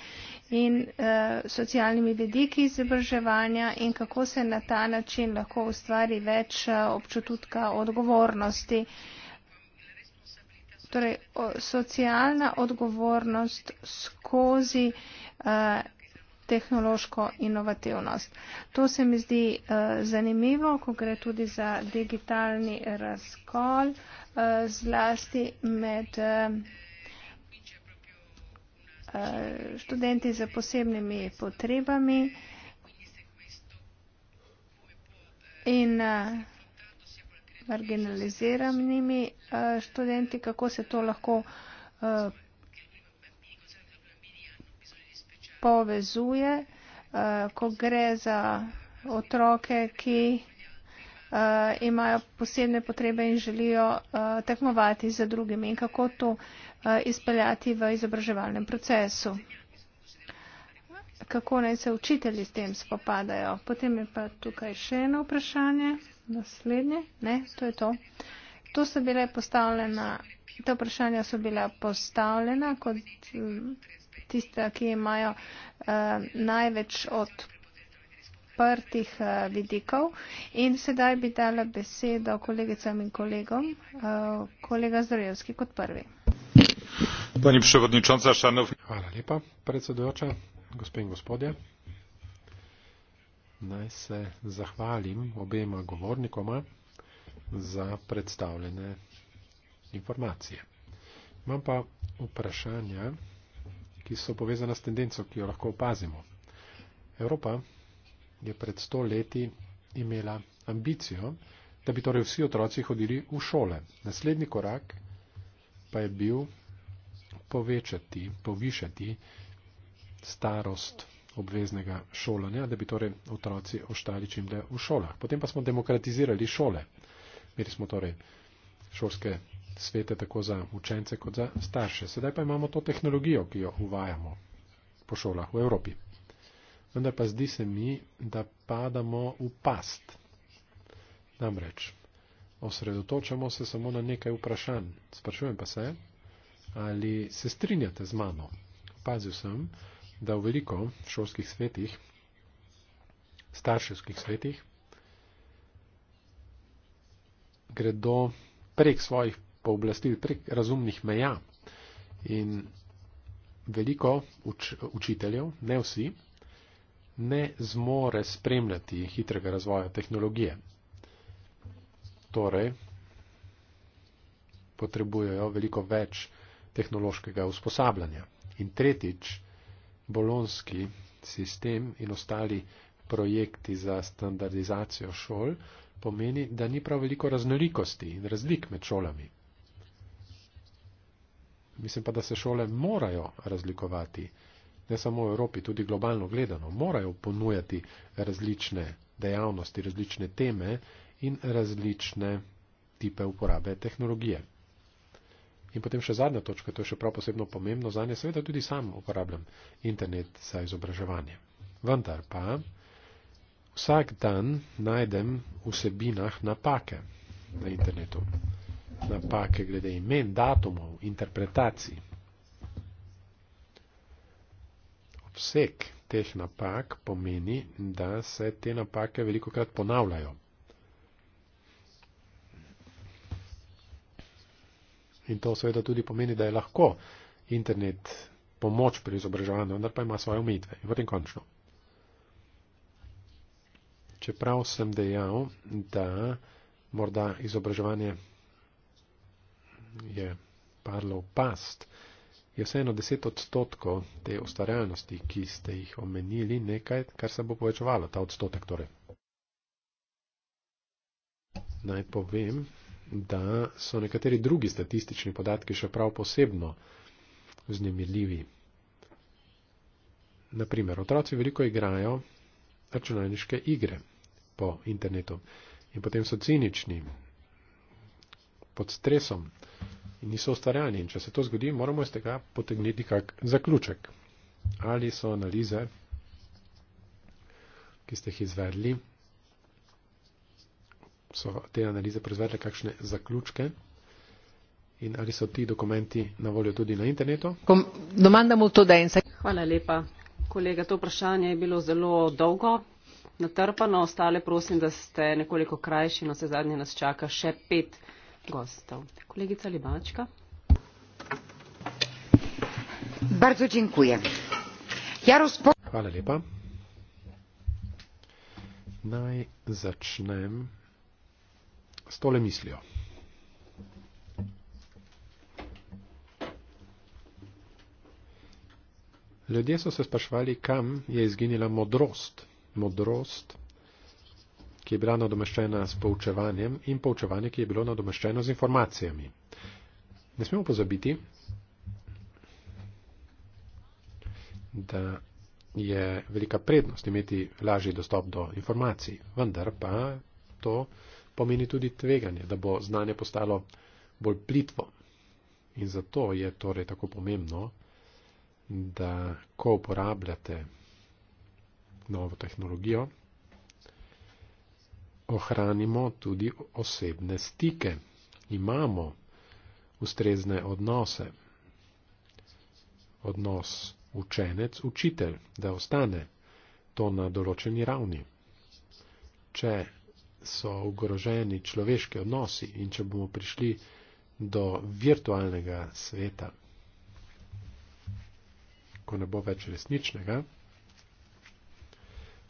in eh, socialnimi vidiki izobraževanja in kako se na ta način lahko ustvari več eh, občutka odgovornosti. Torej, o, socialna odgovornost skozi eh, tehnološko inovativnost. To se mi zdi eh, zanimivo, ko gre tudi za digitalni razkol eh, zlasti med eh, študenti za posebnimi potrebami in marginaliziranimi študenti, kako se to lahko povezuje, eh, ko gre za otroke, ki eh, imajo posebne potrebe in želijo eh, tekmovati za drugimi in kako to izpeljati v izobraževalnem procesu. Kako naj se učitelji s tem spopadajo? Potem je pa tukaj še eno vprašanje, naslednje. Ne, to je to. To so bile postavljena, ta vprašanja so bila postavljena kot tiste, ki imajo eh, največ odprtih eh, vidikov. In sedaj bi dala besedo kolegicam in kolegom, eh, kolega Zdrojevski kot prvi.
Pani predsedujoča, šanovni.
Hvala lepa, predsedujoča, gospe in gospodje. Naj se zahvalim obema govornikoma za predstavljene informacije. Imam pa vprašanja ki so povezana s tendenco, ki jo lahko opazimo. Evropa je pred sto leti imela ambicijo, da bi torej vsi otroci hodili v šole. Naslednji korak pa je bil povečati, povišati starost obveznega šolanja, da bi torej otroci ostali čim dlje v šolah. Potem pa smo demokratizirali šole. Imeli smo torej šolske svete tako za učence kot za starše. Sedaj pa imamo to tehnologijo, ki jo uvajamo po šolah v Evropi. Vendar pa zdi se mi, da padamo v past. Namreč, osredotočamo se samo na nekaj vprašanj. Sprašujem pa se, ali se strinjate z mano. Pazil sem, da v veliko šolskih svetih, starševskih svetih, gredo prek svojih pooblastil prek razumnih meja. In veliko uč učiteljev, ne vsi, ne zmore spremljati hitrega razvoja tehnologije. Torej, potrebujejo veliko več tehnološkega usposabljanja. In tretjič, bolonski sistem in ostali projekti za standardizacijo šol pomeni, da ni prav veliko raznolikosti in razlik med šolami. Mislim pa, da se šole morajo razlikovati, ne samo v Evropi, tudi globalno gledano, morajo ponujati različne dejavnosti, različne teme in različne tipe uporabe tehnologije. In potem še zadnja točka, to je še prav posebno pomembno za nje, seveda tudi sam uporabljam internet za izobraževanje. Vendar pa vsak dan najdem vsebinah napake na internetu napake glede imen, datumov, interpretacij. Obseg teh napak pomeni, da se te napake veliko krat ponavljajo. In to seveda tudi pomeni, da je lahko internet pomoč pri izobraževanju, vendar pa ima svoje omejitve. In potem končno. Čeprav sem dejal, da morda izobraževanje je padlo v past, je vseeno 10 odstotkov te ustvarjalnosti, ki ste jih omenili, nekaj, kar se bo povečevalo, ta odstotek torej. Naj povem, da so nekateri drugi statistični podatki še prav posebno vznemirljivi. Naprimer, otroci veliko igrajo računalniške igre po internetu in potem so cinični, pod stresom, in niso ustvarjalni. In če se to zgodi, moramo iz tega potegniti kak zaključek. Ali so analize, ki ste jih izvedli, so te analize proizvedle kakšne zaključke in ali so ti dokumenti na voljo tudi na internetu?
Domandam v to, da je vse. Hvala lepa. Kolega, to vprašanje je bilo zelo dolgo. Natrpano ostale prosim, da ste nekoliko krajši, no se zadnje nas čaka še pet gostov. Kolegica Libačka.
Bardzo dziękuję. Ja rozpo... Hvala lepa. Naj začnem s tole mislijo. Ljudje so se sprašvali, kam je izginila modrost. Modrost ki je bila nadomeščena s poučevanjem in poučevanje, ki je bilo nadomeščeno z informacijami. Ne smemo pozabiti, da je velika prednost imeti lažji dostop do informacij, vendar pa to pomeni tudi tveganje, da bo znanje postalo bolj plitvo. In zato je torej tako pomembno, da ko uporabljate novo tehnologijo, ohranimo tudi osebne stike, imamo ustrezne odnose. Odnos učenec-učitelj, da ostane to na določeni ravni. Če so ogroženi človeški odnosi in če bomo prišli do virtualnega sveta, ko ne bo več resničnega,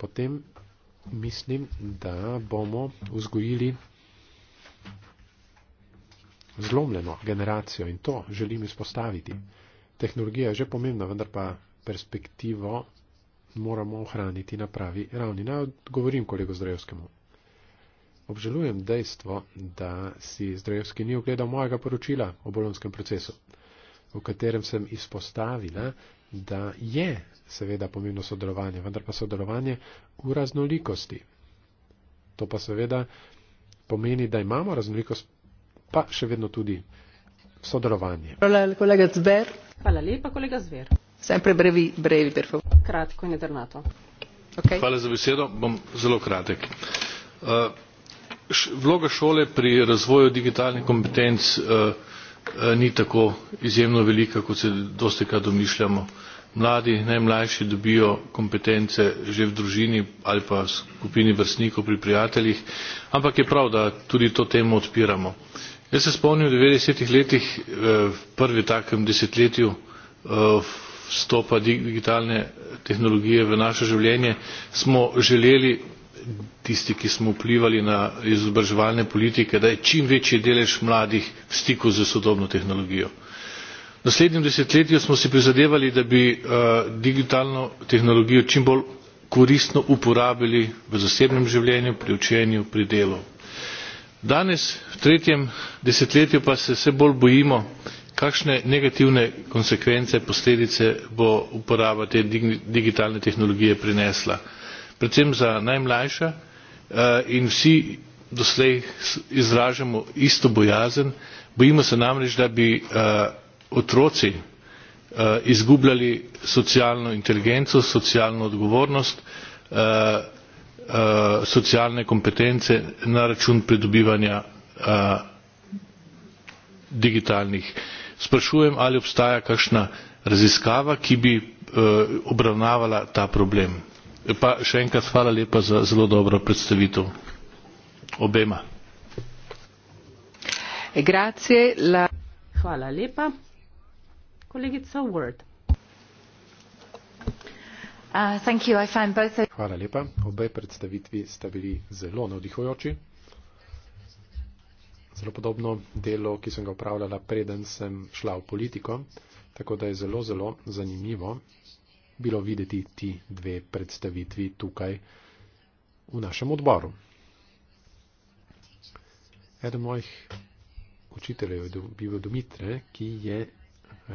potem mislim, da bomo vzgojili zlomljeno generacijo in to želim izpostaviti. Tehnologija je že pomembna, vendar pa perspektivo moramo ohraniti na pravi ravni. Naj odgovorim kolegu Zdravskemu. Obžalujem dejstvo, da si Zdravski ni ogledal mojega poročila o bolonskem procesu, v katerem sem izpostavila, da je seveda pomembno sodelovanje, vendar pa sodelovanje v raznolikosti. To pa seveda pomeni, da imamo raznolikost, pa še vedno tudi sodelovanje.
Hvala, kolega Zver. Hvala lepa, kolega Zver. Sem prebrevi, brevi, brevi, kratko in jedrnato. Okay.
Hvala za besedo, bom zelo kratek. Uh, Vloga šole pri razvoju digitalnih kompetenc uh, Eh, ni tako izjemno velika kot se dostikrat domišljamo. mladi najmlajši dobijo kompetence že v družini ali pa skupini vrstnikov pri prijateljih ampak je prav da tudi to temo odpiramo. jaz se spomnim v devetdesetih letih eh, v prvem takem desetletju eh, vstopa digitalne tehnologije v naše življenje smo želeli tisti ki smo vplivali na izobraževalne politike da je čim večji delež mladih v stiku s sodobno tehnologijo. v naslednjem desetletju smo si prizadevali da bi eh, digitalno tehnologijo čim bolj koristno uporabili v zasebnem življenju pri učenju pri delu. danes v tretjem desetletju pa se vse bolj bojimo kakšne negativne konsekvence posledice bo uporaba te digitalne tehnologije prinesla predvsem za najmlajša eh, in vsi doslej izražamo isto bojazen bojimo se namreč da bi eh, otroci eh, izgubljali socialno inteligenco socialno odgovornost socialne kompetence na račun pridobivanja digitalnih. sprašujem ali obstaja kakšna raziskava ki bi obravnavala ta problem pa še enkrat hvala lepa za zelo dobro predstavitev obema.
Grazie, la... Hvala lepa. Kolegica Word.
Uh, thank you, I find both a... Hvala lepa. Obe predstavitvi sta bili zelo navdihujoči. Zelo podobno delo, ki sem ga upravljala, preden sem šla v politiko. Tako da je zelo, zelo zanimivo bilo videti ti dve predstavitvi tukaj v našem odboru. Eden mojih učiteljev je bil Dumitre, ki je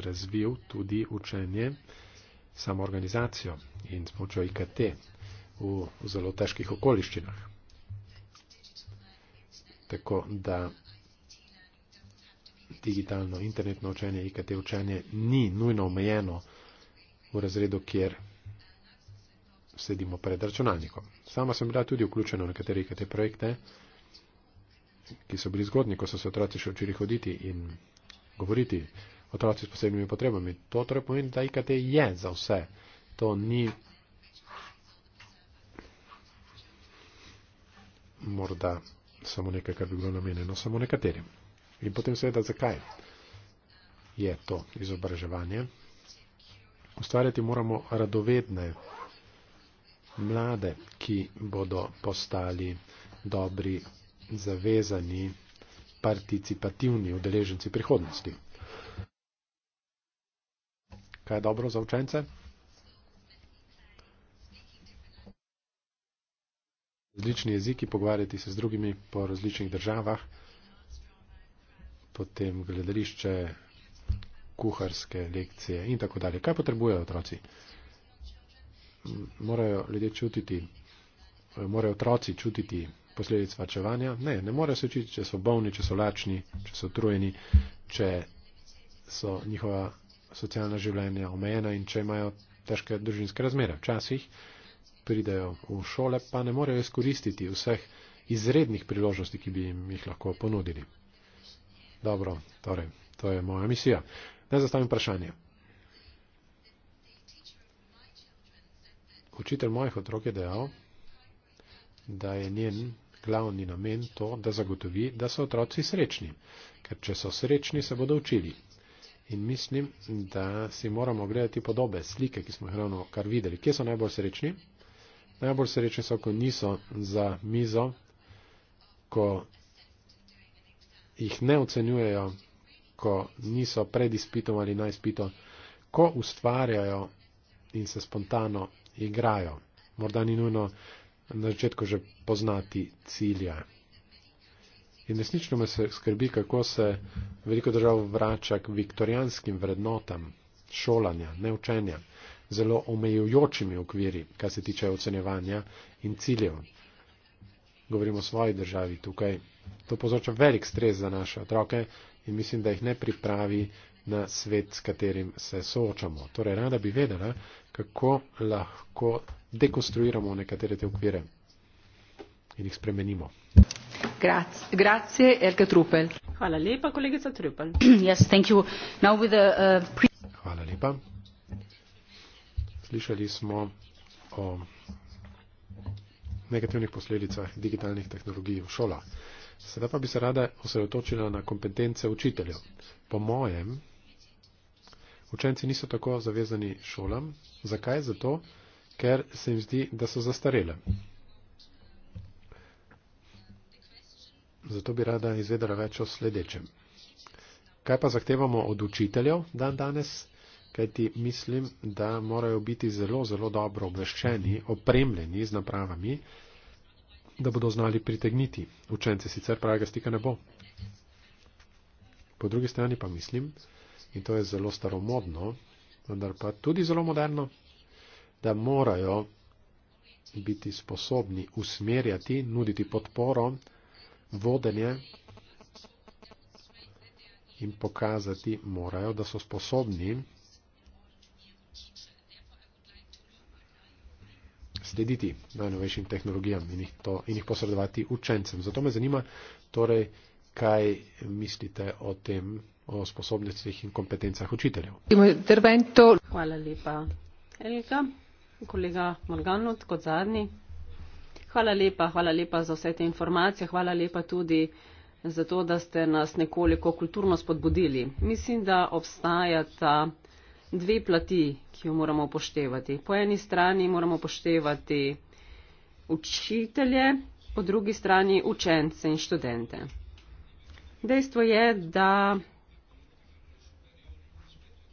razvil tudi učenje samoorganizacijo in s pomočjo IKT v zelo težkih okoliščinah. Tako da digitalno internetno učenje, IKT učenje ni nujno omejeno v razredu, kjer sedimo pred računalnikom. Sama sem bila tudi vključena v nekatere IKT projekte, ki so bili zgodni, ko so se otroci še učili hoditi in govoriti otroci s posebnimi potrebami. To torej pomeni, da IKT je za vse. To ni morda samo nekaj, kar bi bilo namenjeno samo nekaterim. In potem seveda, zakaj je to izobraževanje? ustvarjati moramo radovedne mlade, ki bodo postali dobri, zavezani, participativni udeleženci prihodnosti. Kaj je dobro za učence? Različni jeziki, pogovarjati se z drugimi po različnih državah, potem gledališče, kuharske lekcije in tako dalje. Kaj potrebujejo otroci? Morajo ljudje čutiti, morajo otroci čutiti posledic vrčevanja? Ne, ne morejo se učiti, če so bolni, če so lačni, če so trujeni, če so njihova socialna življenja omejena in če imajo težke družinske razmere. Včasih pridejo v šole, pa ne morejo izkoristiti vseh izrednih priložnosti, ki bi jim jih lahko ponudili. Dobro, torej, to je moja misija. Naj zastavim vprašanje. Učitelj mojih otrok je dejal, da je njen glavni namen to, da zagotovi, da so otroci srečni. Ker če so srečni, se bodo učili. In mislim, da si moramo gledati podobe, slike, ki smo jih ravno kar videli. Kje so najbolj srečni? Najbolj srečni so, ko niso za mizo, ko jih ne ocenjujejo ko niso pred izpitom ali na izpitu, ko ustvarjajo in se spontano igrajo. Morda ni nujno na začetku že poznati cilja. In resnično me skrbi, kako se veliko držav vrača k viktorijanskim vrednotam šolanja, neučenja, zelo omejujočimi okviri, kar se tiče ocenjevanja in ciljev. Govorimo o svoji državi tukaj. To povzroča velik stres za naše otroke in mislim, da jih ne pripravi na svet, s katerim se soočamo. Torej, rada bi vedela, kako lahko dekonstruiramo nekatere te okvire in jih spremenimo.
Grazie, Elke Trupel. Hvala lepa, kolegica Trupel. Yes, thank you. Now with the, uh, pre...
Hvala lepa. Slišali smo o negativnih posledicah digitalnih tehnologij v šolah. Sedaj pa bi se rada osredotočila na kompetence učiteljev. Po mojem, učenci niso tako zavezani šolam. Zakaj? Zato, ker se jim zdi, da so zastarele. Zato bi rada izvedela več o sledečem. Kaj pa zahtevamo od učiteljev dan danes? Kaj ti mislim, da morajo biti zelo, zelo dobro obveščeni, opremljeni z napravami, da bodo znali pritegniti. Učence sicer pravega stika ne bo. Po drugi strani pa mislim, in to je zelo staromodno, vendar pa tudi zelo moderno, da morajo biti sposobni usmerjati, nuditi podporo, vodenje in pokazati morajo, da so sposobni slediti najnovejšim tehnologijam in jih, to, in jih posredovati učencem. Zato me zanima, torej, kaj mislite o tem, o sposobnostih in kompetencah učiteljev.
Hvala lepa, Elka, kolega Morganut, kot zadnji. Hvala lepa, hvala lepa za vse te informacije, hvala lepa tudi za to, da ste nas nekoliko kulturno spodbudili. Mislim, da obstajata dve plati, ki jo moramo upoštevati. Po eni strani moramo upoštevati učitelje, po drugi strani učence in študente. Dejstvo je, da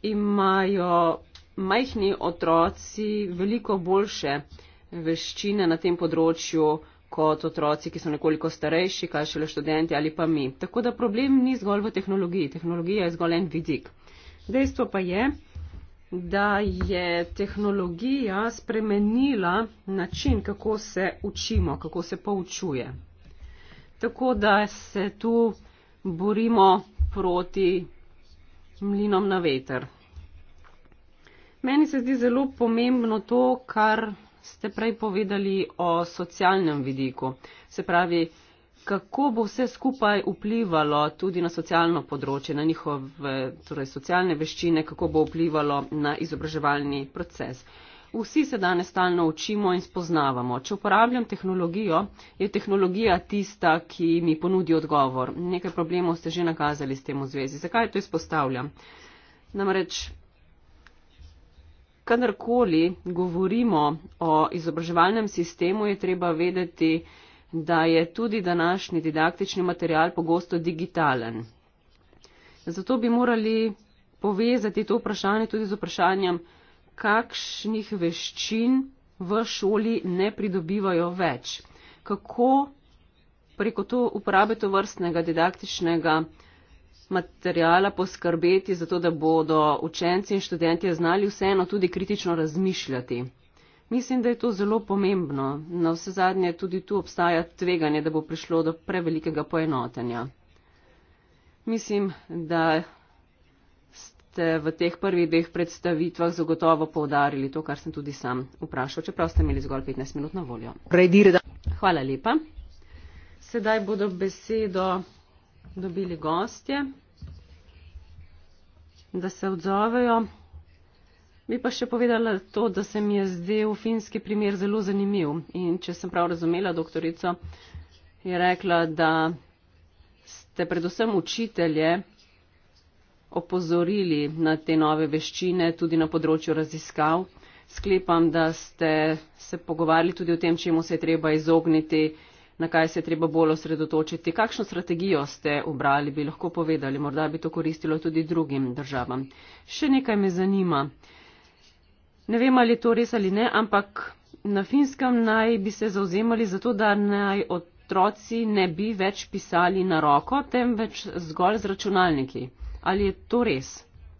imajo majhni otroci veliko boljše veščine na tem področju kot otroci, ki so nekoliko starejši, kaj šele študenti ali pa mi. Tako da problem ni zgolj v tehnologiji, tehnologija je zgolj en vidik. Dejstvo pa je, da je tehnologija spremenila način, kako se učimo, kako se poučuje. Tako da se tu borimo proti mlinom na veter. Meni se zdi zelo pomembno to, kar ste prej povedali o socialnem vidiku. Se pravi, kako bo vse skupaj vplivalo tudi na socialno področje, na njihove torej socialne veščine, kako bo vplivalo na izobraževalni proces. Vsi se danes stalno učimo in spoznavamo. Če uporabljam tehnologijo, je tehnologija tista, ki mi ponudi odgovor. Nekaj problemov ste že nakazali s tem v zvezi. Zakaj to izpostavljam? Namreč, kadarkoli govorimo o izobraževalnem sistemu, je treba vedeti, da je tudi današnji didaktični material pogosto digitalen. Zato bi morali povezati to vprašanje tudi z vprašanjem, kakšnih veščin v šoli ne pridobivajo več. Kako preko to uporabe to vrstnega didaktičnega materijala poskrbeti za to, da bodo učenci in študenti znali vseeno tudi kritično razmišljati. Mislim, da je to zelo pomembno. Na vse zadnje tudi tu obstaja tveganje, da bo prišlo do prevelikega poenotenja. Mislim, da ste v teh prvih dveh predstavitvah zagotovo povdarili to, kar sem tudi sam vprašal, čeprav ste imeli zgolj 15 minut na voljo. Hvala lepa. Sedaj bodo besedo dobili gostje, da se odzovejo. Bi pa še povedala to, da se mi je zdel finski primer zelo zanimiv. In če sem prav razumela, doktorica je rekla, da ste predvsem učitelje opozorili na te nove veščine tudi na področju raziskav. Sklepam, da ste se pogovarjali tudi o tem, čemu se je treba izogniti, na kaj se je treba bolj osredotočiti. Kakšno strategijo ste obrali, bi lahko povedali, morda bi to koristilo tudi drugim državam. Še nekaj me zanima. Ne vem, ali je to res ali ne, ampak na finskem naj bi se zauzemali za to, da naj otroci ne bi več pisali na roko, temveč zgolj z računalniki. Ali je to res?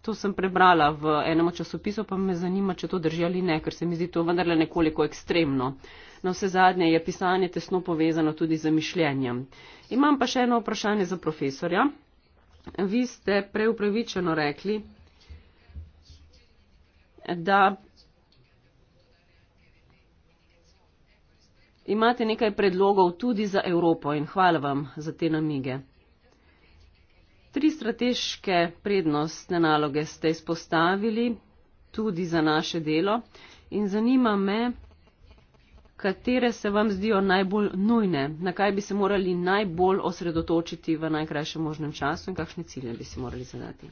To sem prebrala v enem časopisu, pa me zanima, če to drži ali ne, ker se mi zdi to vendarle nekoliko ekstremno. Na vse zadnje je pisanje tesno povezano tudi z mišljenjem. Imam pa še eno vprašanje za profesorja. Vi ste preupravičeno rekli, da Imate nekaj predlogov tudi za Evropo in hvala vam za te namige. Tri strateške prednostne naloge ste izpostavili tudi za naše delo in zanima me, katere se vam zdijo najbolj nujne, na kaj bi se morali najbolj osredotočiti v najkrajšem možnem času in kakšne cilje bi se morali zadati.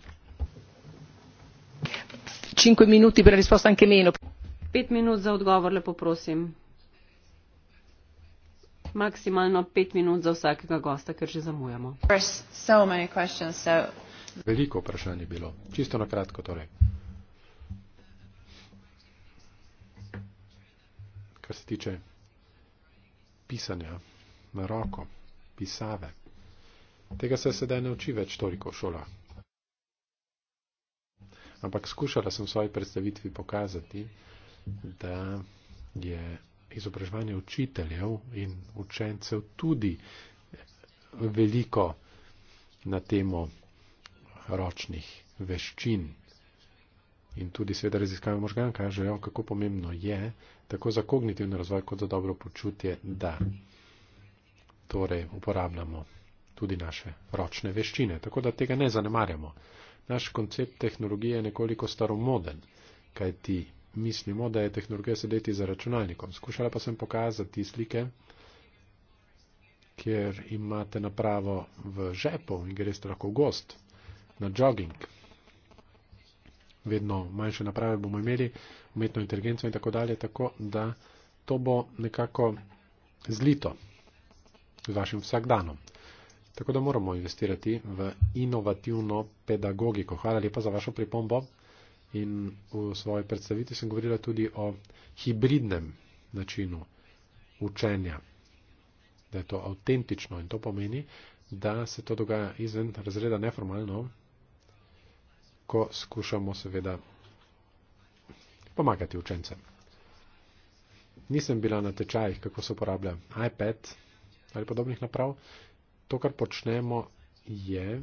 Pet minut za odgovor, lepo prosim maksimalno pet minut za vsakega gosta, ker že zamujamo.
Veliko vprašanj je bilo, čisto na kratko torej. Kar se tiče pisanja na roko, pisave, tega se sedaj ne uči več toliko v šolah. Ampak skušala sem v svoji predstavitvi pokazati, da je izobraževanje učiteljev in učencev tudi veliko na temo ročnih veščin. In tudi seveda raziskave možgan kažejo, kako pomembno je tako za kognitivni razvoj kot za dobro počutje, da torej uporabljamo tudi naše ročne veščine. Tako da tega ne zanemarjamo. Naš koncept tehnologije je nekoliko staromoden, kajti mislimo, da je tehnologija sedeti za računalnikom. Skušala pa sem pokazati slike, kjer imate napravo v žepu in greste lahko v gost na jogging. Vedno manjše naprave bomo imeli, umetno inteligenco in tako dalje, tako da to bo nekako zlito z vašim vsakdanom. Tako da moramo investirati v inovativno pedagogiko. Hvala lepa za vašo pripombo. In v svoji predstavitvi sem govorila tudi o hibridnem načinu učenja, da je to avtentično in to pomeni, da se to dogaja izven razreda neformalno, ko skušamo seveda pomagati učencem. Nisem bila na tečajih, kako se uporablja iPad ali podobnih naprav. To, kar počnemo, je,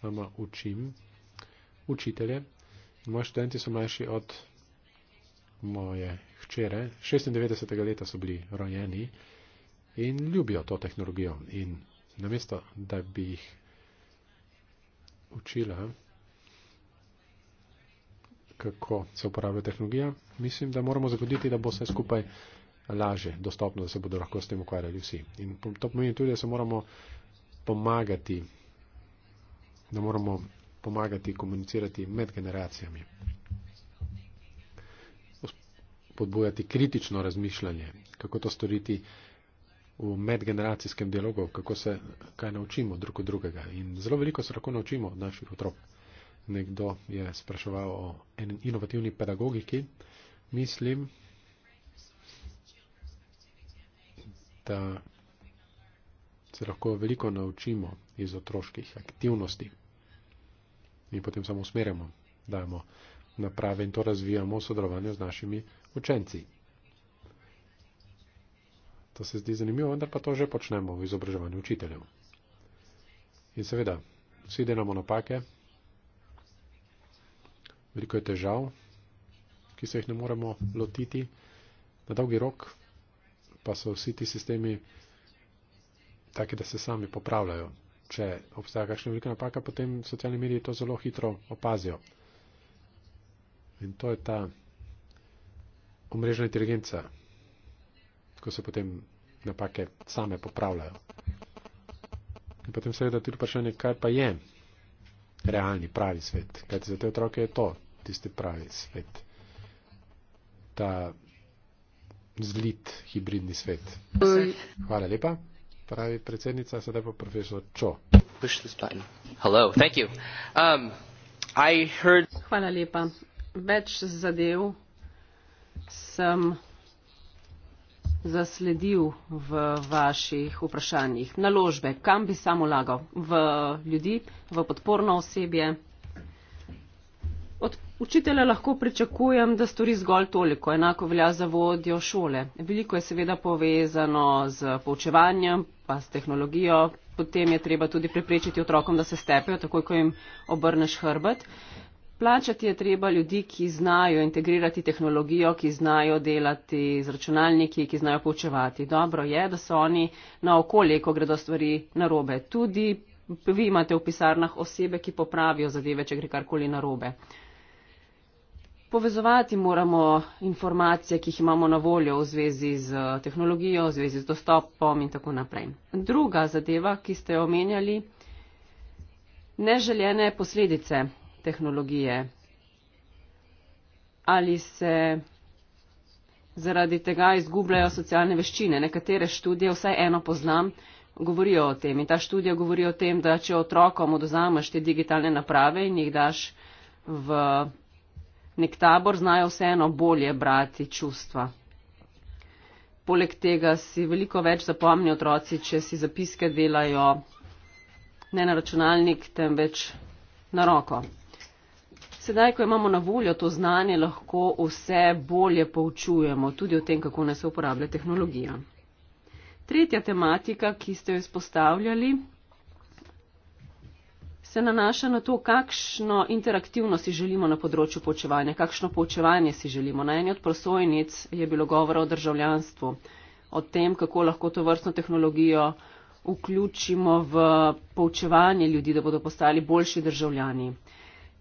sama učim učitelje. Moji študenti so mlajši od moje hčere. 96. leta so bili rojeni in ljubijo to tehnologijo. In namesto, da bi jih učila, kako se uporablja tehnologija, mislim, da moramo zagoditi, da bo vse skupaj laže, dostopno, da se bodo lahko s tem ukvarjali vsi. In to pomeni tudi, da se moramo pomagati, da moramo pomagati, komunicirati med generacijami. Podbujati kritično razmišljanje, kako to storiti v medgeneracijskem dialogu, kako se kaj naučimo drug od drugega. In zelo veliko se lahko naučimo od naših otrok. Nekdo je spraševal o inovativni pedagogiki. Mislim, da se lahko veliko naučimo iz otroških aktivnosti in potem samo usmerjamo, dajemo naprave in to razvijamo v sodelovanju z našimi učenci. To se zdi zanimivo, vendar pa to že počnemo v izobraževanju učiteljev. In seveda, vsi delamo napake, veliko je težav, ki se jih ne moremo lotiti, na dolgi rok pa so vsi ti sistemi taki, da se sami popravljajo če obstaja kakšna velika napaka, potem socialni mediji to zelo hitro opazijo. In to je ta omrežna inteligenca, ko se potem napake same popravljajo. In potem seveda tudi vprašanje, kaj pa je realni, pravi svet. Kajti za te otroke je to tisti pravi svet. Ta zlit hibridni svet. Hvala lepa pravi predsednica, sedaj pa profesor Čo.
Hello, thank you. Um, I heard...
Hvala lepa. Več zadev sem zasledil v vaših vprašanjih. Naložbe, kam bi sam ulagal? V ljudi, v podporno osebje? Od učitelja lahko pričakujem, da stori zgolj toliko, enako velja za vodjo šole. Veliko je seveda povezano z poučevanjem, pa s tehnologijo, potem je treba tudi preprečiti otrokom, da se stepejo, takoj ko jim obrneš hrbet. Plačati je treba ljudi, ki znajo integrirati tehnologijo, ki znajo delati z računalniki, ki znajo poučevati. Dobro je, da so oni na okolje, ko gredo stvari narobe. Tudi vi imate v pisarnah osebe, ki popravijo zadeve, če gre karkoli narobe povezovati moramo informacije, ki jih imamo na voljo v zvezi z eh, tehnologijo, v zvezi z dostopom in tako naprej. Druga zadeva, ki ste jo omenjali, neželjene posledice tehnologije. Ali se zaradi tega izgubljajo socialne veščine? Nekatere študije, vsaj eno poznam, govorijo o tem. In ta študija govori o tem, da če otrokom odozameš te digitalne naprave in jih daš v nek tabor znajo vseeno bolje brati čustva. Poleg tega si veliko več zapomnijo otroci, če si zapiske delajo ne na računalnik, temveč na roko. Sedaj, ko imamo na voljo to znanje, lahko vse bolje poučujemo tudi o tem, kako ne se uporablja tehnologija. Tretja tematika, ki ste jo izpostavljali, se nanaša na to, kakšno interaktivno si želimo na področju poučevanja, kakšno poučevanje si želimo. Na eni od prosojnic je bilo govora o državljanstvu, o tem, kako lahko to vrstno tehnologijo vključimo v poučevanje ljudi, da bodo postali boljši državljani.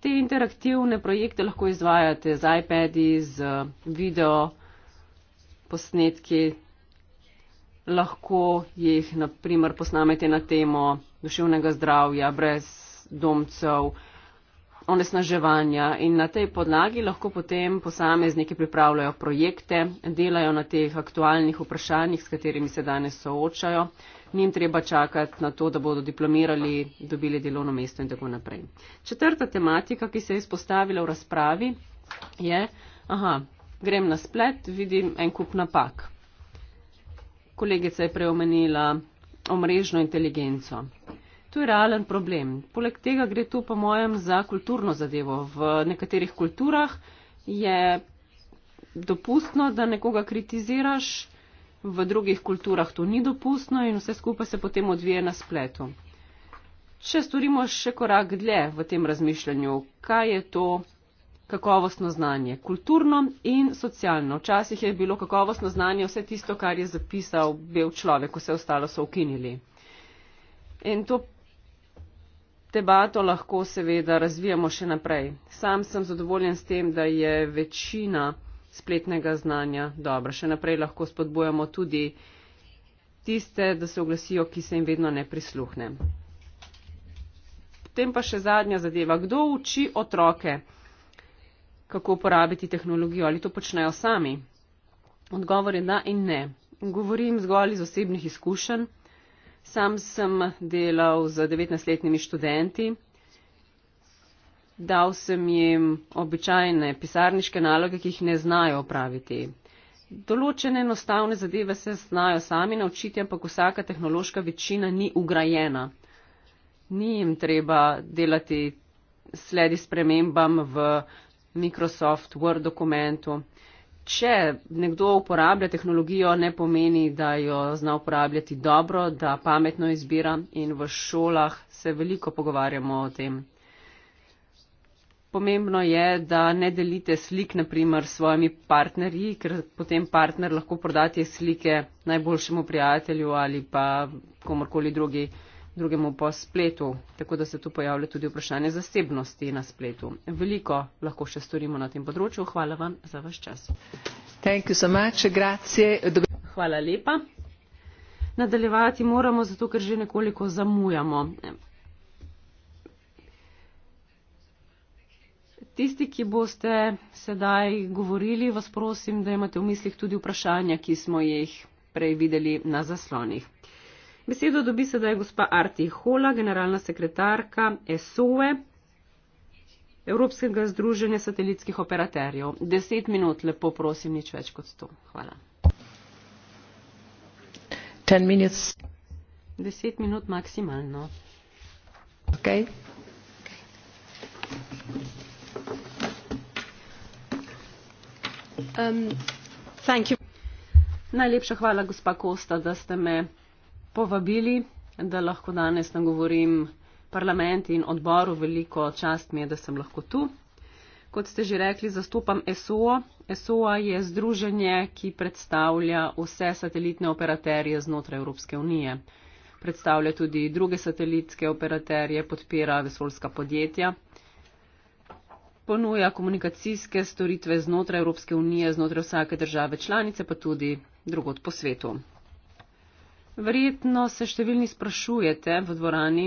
Te interaktivne projekte lahko izvajate z iPadi, z eh, video posnetki, lahko jih naprimer posnamete na temo duševnega zdravja brez brezdomcev, onesnaževanja in na tej podlagi lahko potem posamezniki pripravljajo projekte, delajo na teh aktualnih vprašanjih, s katerimi se danes soočajo. Nim treba čakati na to, da bodo diplomirali, dobili delovno mesto in tako naprej. Četrta tematika, ki se je izpostavila v razpravi, je, aha, grem na splet, vidim en kup napak. Kolegica je preomenila omrežno inteligenco. To je realen problem. Poleg tega gre tu, po mojem, za kulturno zadevo. V nekaterih kulturah je dopustno, da nekoga kritiziraš, v drugih kulturah to ni dopustno in vse skupaj se potem odvije na spletu. Če storimo še korak dlje v tem razmišljanju, kaj je to kakovostno znanje? Kulturno in socialno. Včasih je bilo kakovostno znanje vse tisto, kar je zapisal bel človek, vse ostalo so ukinili. In to Debato lahko seveda razvijamo še naprej. Sam sem zadovoljen s tem, da je večina spletnega znanja dobra. Še naprej lahko spodbujamo tudi tiste, da se oglasijo, ki se jim vedno ne prisluhne. Potem pa še zadnja zadeva. Kdo uči otroke, kako uporabiti tehnologijo? Ali to počnejo sami? Odgovor je da in ne. Govorim zgolj iz osebnih izkušenj sam sem delal z devetnajstletnimi študenti dal sem jim običajne pisarniške naloge ki jih ne znajo opraviti določene enostavne zadeve se znajo sami naučiti ampak vsaka tehnološka večina ni ugrajena ni jim treba delati sledi spremembam v Microsoft Word dokumentu če nekdo uporablja tehnologijo, ne pomeni, da jo zna uporabljati dobro, da pametno izbira in v šolah se veliko pogovarjamo o tem. Pomembno je, da ne delite slik, naprimer, s svojimi partnerji, ker potem partner lahko prodati slike najboljšemu prijatelju ali pa komorkoli drugi drugemu po spletu, tako da se tu pojavlja tudi vprašanje zasebnosti na spletu. Veliko lahko še storimo na tem področju. Hvala vam za vaš čas. So much, Hvala lepa. Nadaljevati moramo, zato ker že nekoliko zamujamo. Tisti, ki boste sedaj govorili, vas prosim, da imate v mislih tudi vprašanja, ki smo jih prej videli na zaslonih. Besedo dobi sedaj gospa Arti Hola, generalna sekretarka SOE, e, Evropskega združenja satelitskih operaterjev. Deset minut, lepo prosim, nič več kot to. Hvala. Deset minut maksimalno. Okay. Um, Najlepša hvala, gospa Kosta, da ste me povabili, da lahko danes nagovorim parlament in odboru. Veliko čast mi je, da sem lahko tu. Kot ste že rekli, zastopam ESO. ESO je združenje, ki predstavlja vse satelitne operaterje znotraj Evropske unije. Predstavlja tudi druge satelitske operaterje, podpira vesoljska podjetja, ponuja komunikacijske storitve znotraj Evropske unije, znotraj vsake države članice, pa tudi drugot po svetu. Verjetno se številni sprašujete v dvorani,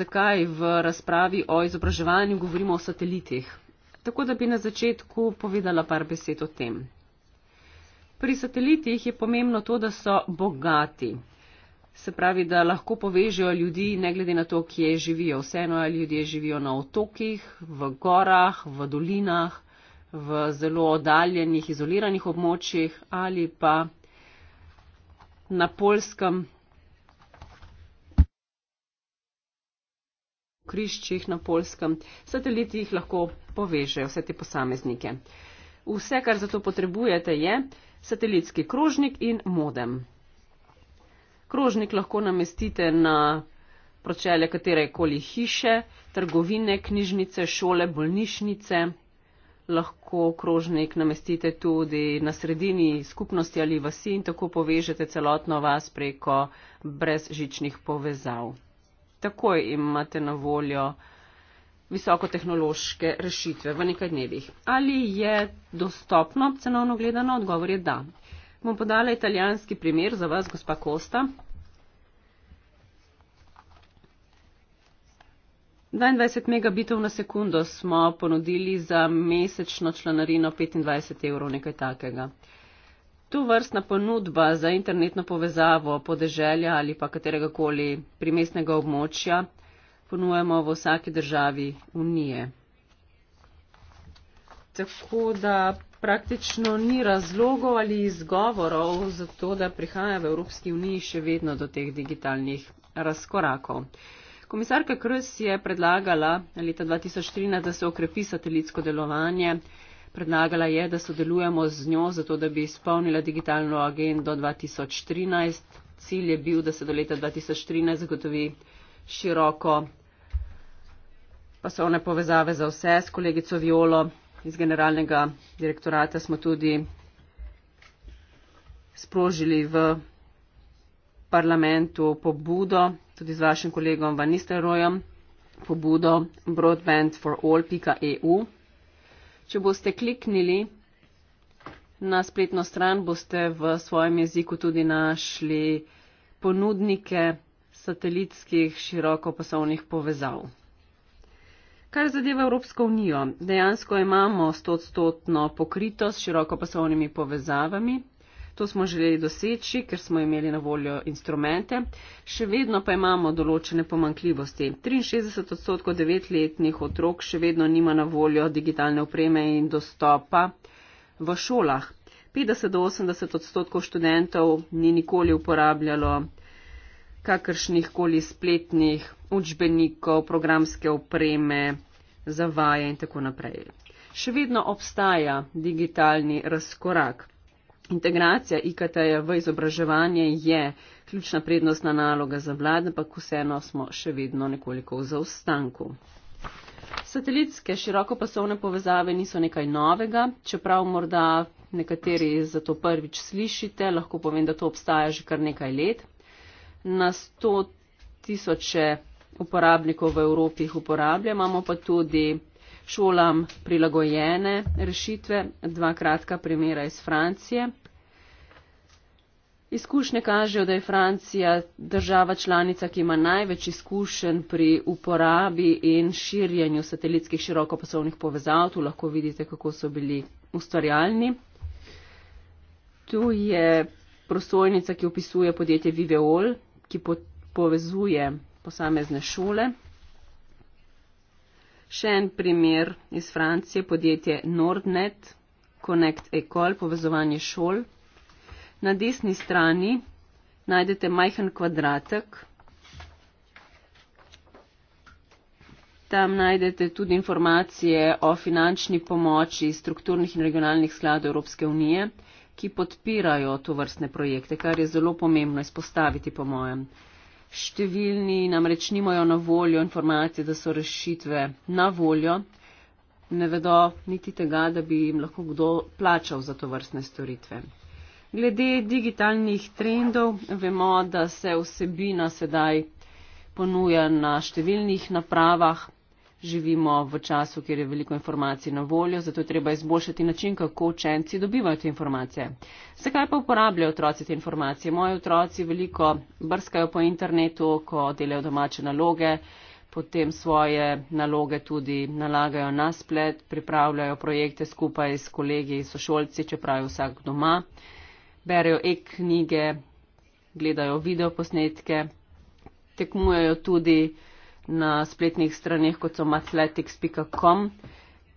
zakaj v razpravi o izobraževanju govorimo o satelitih. Tako da bi na začetku povedala par besed o tem. Pri satelitih je pomembno to, da so bogati. Se pravi, da lahko povežejo ljudi, ne glede na to, kje živijo. Vseeno ali ljudje živijo na otokih, v gorah, v dolinah, v zelo oddaljenih, izoliranih območjih ali pa na polskem, v križčih na polskem, sateliti jih lahko povežejo, vse te posameznike. Vse, kar za to potrebujete, je satelitski krožnik in modem. Krožnik lahko namestite na pročelje katerekoli hiše, trgovine, knjižnice, šole, bolnišnice lahko krožnik namestite tudi na sredini skupnosti ali vasi in tako povežete celotno vas preko brezžičnih povezav. Takoj imate na voljo visokotehnološke rešitve v nekaj dnevih. Ali je dostopno cenovno gledano? Odgovor je da. Bom podala italijanski primer za vas, gospa Kosta. 22 megabitov na sekundo smo ponudili za mesečno članarino 25 evrov, nekaj takega. Tu vrstna ponudba za internetno povezavo podeželja ali pa kateregakoli primestnega območja ponujemo v vsaki državi Unije. Tako da praktično ni razlogov ali izgovorov za to, da prihaja v Evropski uniji še vedno do teh digitalnih razkorakov. Komisarka Krs je predlagala leta 2013, da se okrepi satelitsko delovanje. Predlagala je, da sodelujemo z njo, zato da bi izpolnila digitalno agendo 2013. Cilj je bil, da se do leta 2013 zagotovi široko pasovne povezave za vse. S kolegico Violo iz generalnega direktorata smo tudi sprožili v parlamentu pobudo tudi z vašim kolegom Van Nistelrojem pobudo broadbandforall.eu. Če boste kliknili na spletno stran, boste v svojem jeziku tudi našli ponudnike satelitskih širokopasovnih povezav. Kar zadeva Evropsko unijo, dejansko imamo 100-stotno pokritost s širokopasovnimi povezavami. To smo želeli doseči, ker smo imeli na voljo instrumente. Še vedno pa imamo določene pomankljivosti. 63 odstotkov devetletnih otrok še vedno nima na voljo digitalne opreme in dostopa v šolah. 50 do 80 odstotkov študentov ni nikoli uporabljalo kakršnih koli spletnih učbenikov, programske opreme, zavaje in tako naprej. Še vedno obstaja digitalni razkorak. Integracija IKT -ja v izobraževanje je ključna prednostna naloga za vlade, pa vseeno smo še vedno nekoliko v zaostanku. Satelitske širokopasovne povezave niso nekaj novega, čeprav morda nekateri za to prvič slišite, lahko povem, da to obstaja že kar nekaj let. Na sto tisoče uporabnikov v Evropi jih uporabljamo, pa tudi šolam prilagojene rešitve. Dva kratka primera iz Francije. Izkušnje kažejo, da je Francija država članica, ki ima največ izkušenj pri uporabi in širjenju satelitskih širokopasovnih povezav. Tu lahko vidite, kako so bili ustvarjalni. Tu je prosojnica, ki opisuje podjetje Viveol, ki po povezuje posamezne šole. Še en primer iz Francije, podjetje Nordnet, Connect Ecole, povezovanje šol. Na desni strani najdete majhen kvadratek. Tam najdete tudi informacije o finančni pomoči strukturnih in regionalnih skladov Evropske unije, ki podpirajo to vrstne projekte, kar je zelo pomembno izpostaviti, po mojem. Uh, Številni namreč nimajo na voljo informacije, da so rešitve na voljo. Ne vedo niti tega, da bi jim lahko kdo plačal za to vrstne storitve. Glede digitalnih trendov vemo, da se vsebina sedaj ponuja na številnih napravah, živimo v času, kjer je veliko informacij na voljo, zato je treba izboljšati način, kako učenci dobivajo te informacije. Zakaj pa uporabljajo otroci te informacije? Moji otroci veliko brskajo po internetu, ko delajo domače naloge, potem svoje naloge tudi nalagajo na splet, pripravljajo projekte skupaj s kolegi in sošolci, čeprav je vsak doma, berejo e-knjige, gledajo videoposnetke, tekmujejo tudi na spletnih straneh, kot so matletics.com,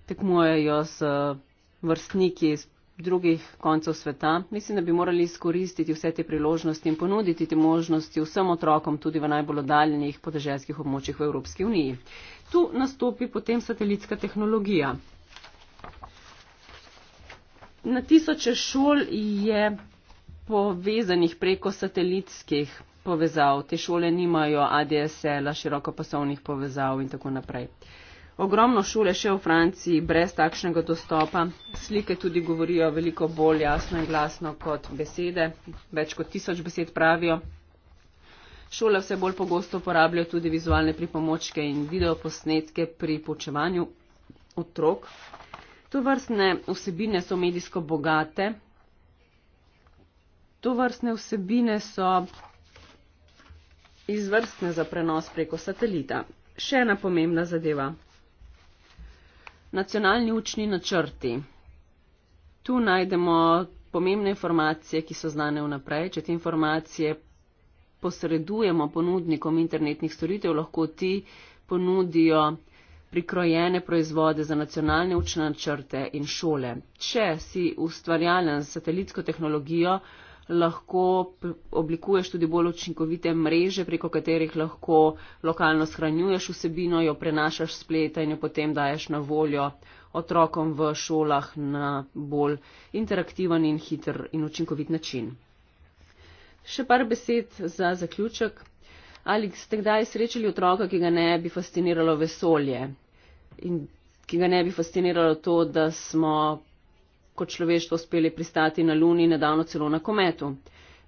tekmujejo z eh, vrstniki iz drugih koncev sveta. Mislim, da bi morali izkoristiti vse te priložnosti in ponuditi te možnosti vsem otrokom, tudi v najbolj oddaljenih podeželskih območjih v Evropski uniji. Tu nastopi potem satelitska tehnologija. Na tisoče šol je povezanih preko satelitskih povezav, te šole nimajo ADSL-a, širokopasovnih povezav in tako naprej. Ogromno šole še v Franciji brez takšnega dostopa, slike tudi govorijo veliko bolj jasno in glasno kot besede, več kot tisoč besed pravijo. Šole vse bolj pogosto uporabljajo tudi vizualne pripomočke in videoposnetke pri poučevanju otrok. To vrstne vsebine so medijsko bogate. To vrstne vsebine so izvrstne za prenos preko satelita. Še ena pomembna zadeva. Nacionalni učni načrti. Tu najdemo pomembne informacije, ki so znane vnaprej. Če te informacije posredujemo ponudnikom internetnih storitev, lahko ti ponudijo prikrojene proizvode za nacionalne učne načrte in šole. Če si ustvarjalen satelitsko tehnologijo, lahko oblikuješ tudi bolj učinkovite mreže, preko katerih lahko lokalno shranjuješ vsebino, jo prenašaš spleta in jo potem daješ na voljo otrokom v šolah na bolj interaktiven in hiter in učinkovit način. Še par besed za zaključek. Ali ste kdaj srečali otroka, ki ga ne bi fasciniralo vesolje in ki ga ne bi fasciniralo to, da smo kot človeštvo uspeli pristati na Luni in nedavno celo na kometu.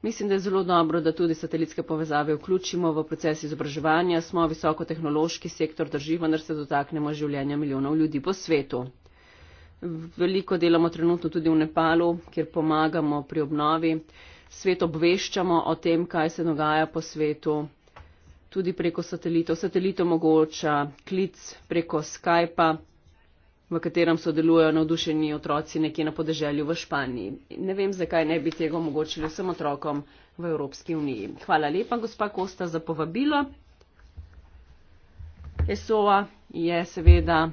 Mislim, da je zelo dobro, da tudi satelitske povezave vključimo v proces izobraževanja. Smo visokotehnološki sektor drži, vendar se dotaknemo življenja milijonov ljudi po svetu. Veliko delamo trenutno tudi v Nepalu, kjer pomagamo pri obnovi. Svet obveščamo o tem, kaj se dogaja po svetu, tudi preko satelitov. Satelit omogoča klic preko Skypa v katerem sodelujejo navdušeni otroci nekje na podeželju v Španiji. Ne vem, zakaj ne bi tega omogočili vsem otrokom v Evropski uniji. Hvala lepa, gospa Kosta, za povabilo. ESOA je seveda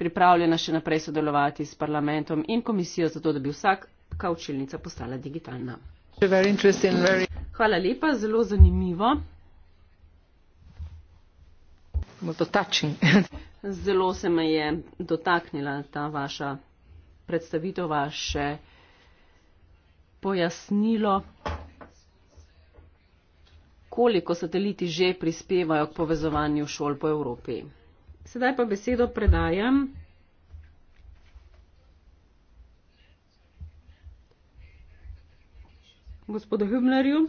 pripravljena še naprej sodelovati s parlamentom in komisijo za to, da bi vsaka učilnica postala digitalna. Hvala lepa, zelo zanimivo. Zelo se me je dotaknila ta vaša predstavitev, vaše pojasnilo, koliko sateliti že prispevajo k povezovanju šol po Evropi. Sedaj pa besedo predajam gospodu Hübnerju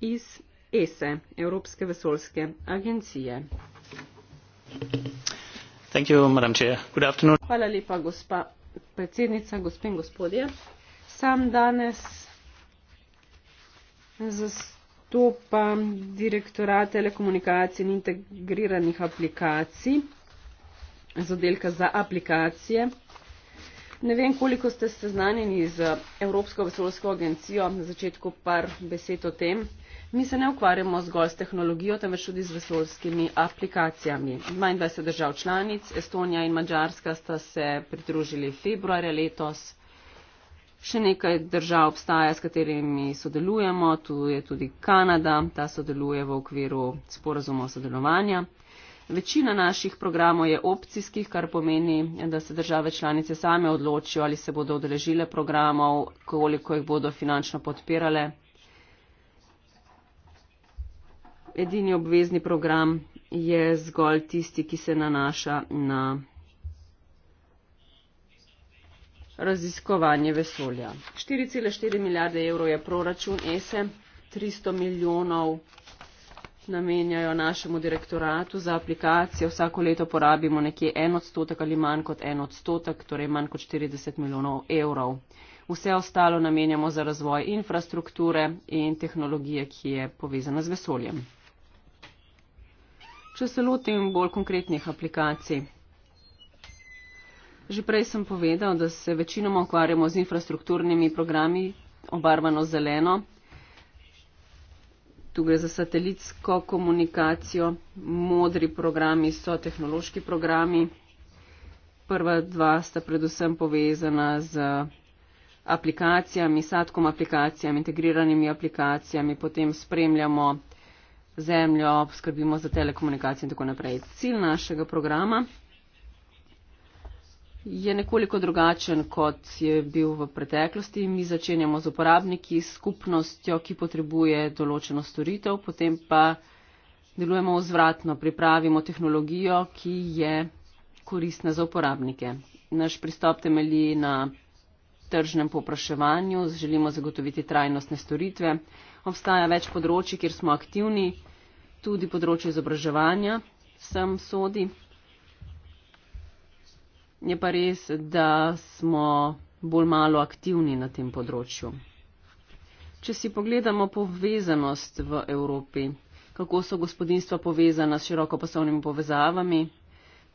iz ESA, Evropske vesoljske agencije. You, Hvala lepa, gospa predsednica, gospe in gospodje. Sam danes zastopam direktorat telekomunikacij in integriranih aplikacij z oddelka za aplikacije. Ne vem, koliko ste seznanjeni z Evropsko vesoljsko agencijo, na začetku par besed o tem. Mi se ne ukvarjamo zgolj s tehnologijo, temveč tudi z vesolskimi aplikacijami. 22 držav članic, Estonija in Mačarska sta se pridružili februarja letos. Še nekaj držav obstaja, s katerimi sodelujemo, tu je tudi Kanada, ta sodeluje v okviru sporazumov sodelovanja. Večina naših programov je opcijskih, kar pomeni, da se države članice same odločijo, ali se bodo odrežile programov, koliko jih bodo finančno podpirale. edini obvezni program je zgolj tisti, ki se nanaša na raziskovanje vesolja. 4,4 milijarde evrov je proračun ESE, 300 milijonov namenjajo našemu direktoratu za aplikacijo. Vsako leto porabimo nekje en odstotek ali manj kot en odstotek, torej manj kot 40 milijonov evrov. Vse ostalo namenjamo za razvoj infrastrukture in tehnologije, ki je povezana z vesoljem. Če se lotim bolj konkretnih aplikacij. Že prej sem povedal, da se večinoma ukvarjamo z infrastrukturnimi programi obarvano zeleno. Tu gre za satelitsko komunikacijo, modri programi so tehnološki programi. Prva dva sta predvsem povezana z aplikacijami, satkom aplikacijami, integriranimi aplikacijami, potem spremljamo zemljo, skrbimo za telekomunikacije in tako naprej. Cilj našega programa je nekoliko drugačen, kot je bil v preteklosti. Mi začenjamo z uporabniki, s skupnostjo, ki potrebuje določeno storitev, potem pa delujemo vzvratno, pripravimo tehnologijo, ki je koristna za uporabnike. Naš pristop temelji na tržnem popraševanju, želimo zagotoviti trajnostne storitve obstaja več področji, kjer smo aktivni, tudi področje izobraževanja sem sodi. Je pa res, da smo bolj malo aktivni na tem področju. Če si pogledamo povezanost v Evropi, kako so gospodinstva povezana s širokopasovnimi povezavami,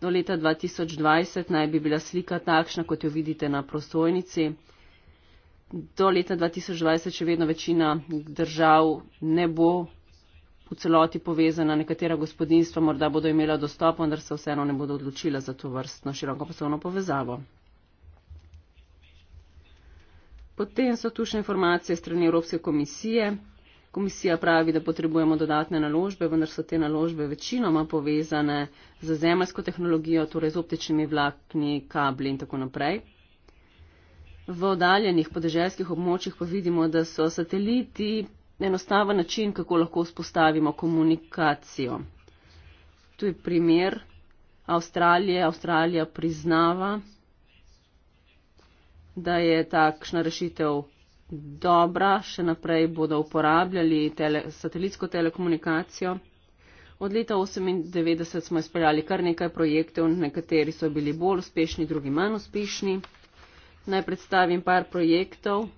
do leta 2020 naj bi bila slika takšna, kot jo vidite na prosojnici do leta 2020 še vedno večina držav ne bo v celoti povezana, nekatera gospodinstva morda bodo imela dostop, vendar se vseeno ne bodo odločila za to vrstno široko poslovno povezavo. Potem so tu še informacije strani Evropske komisije. Komisija pravi, da potrebujemo dodatne naložbe, vendar so te naložbe večinoma povezane z zemljsko tehnologijo, torej z optičnimi vlakni, kabli in tako naprej v oddaljenih podeželskih območjih pa vidimo, da so sateliti enostaven način, kako lahko vzpostavimo komunikacijo. Tu je primer Avstralije. Avstralija priznava, da je takšna rešitev dobra, še naprej bodo uporabljali tele, satelitsko telekomunikacijo. Od leta 1998 smo izpeljali kar nekaj projektov, nekateri so bili bolj uspešni, drugi manj uspešni. Naj predstavim par projektov.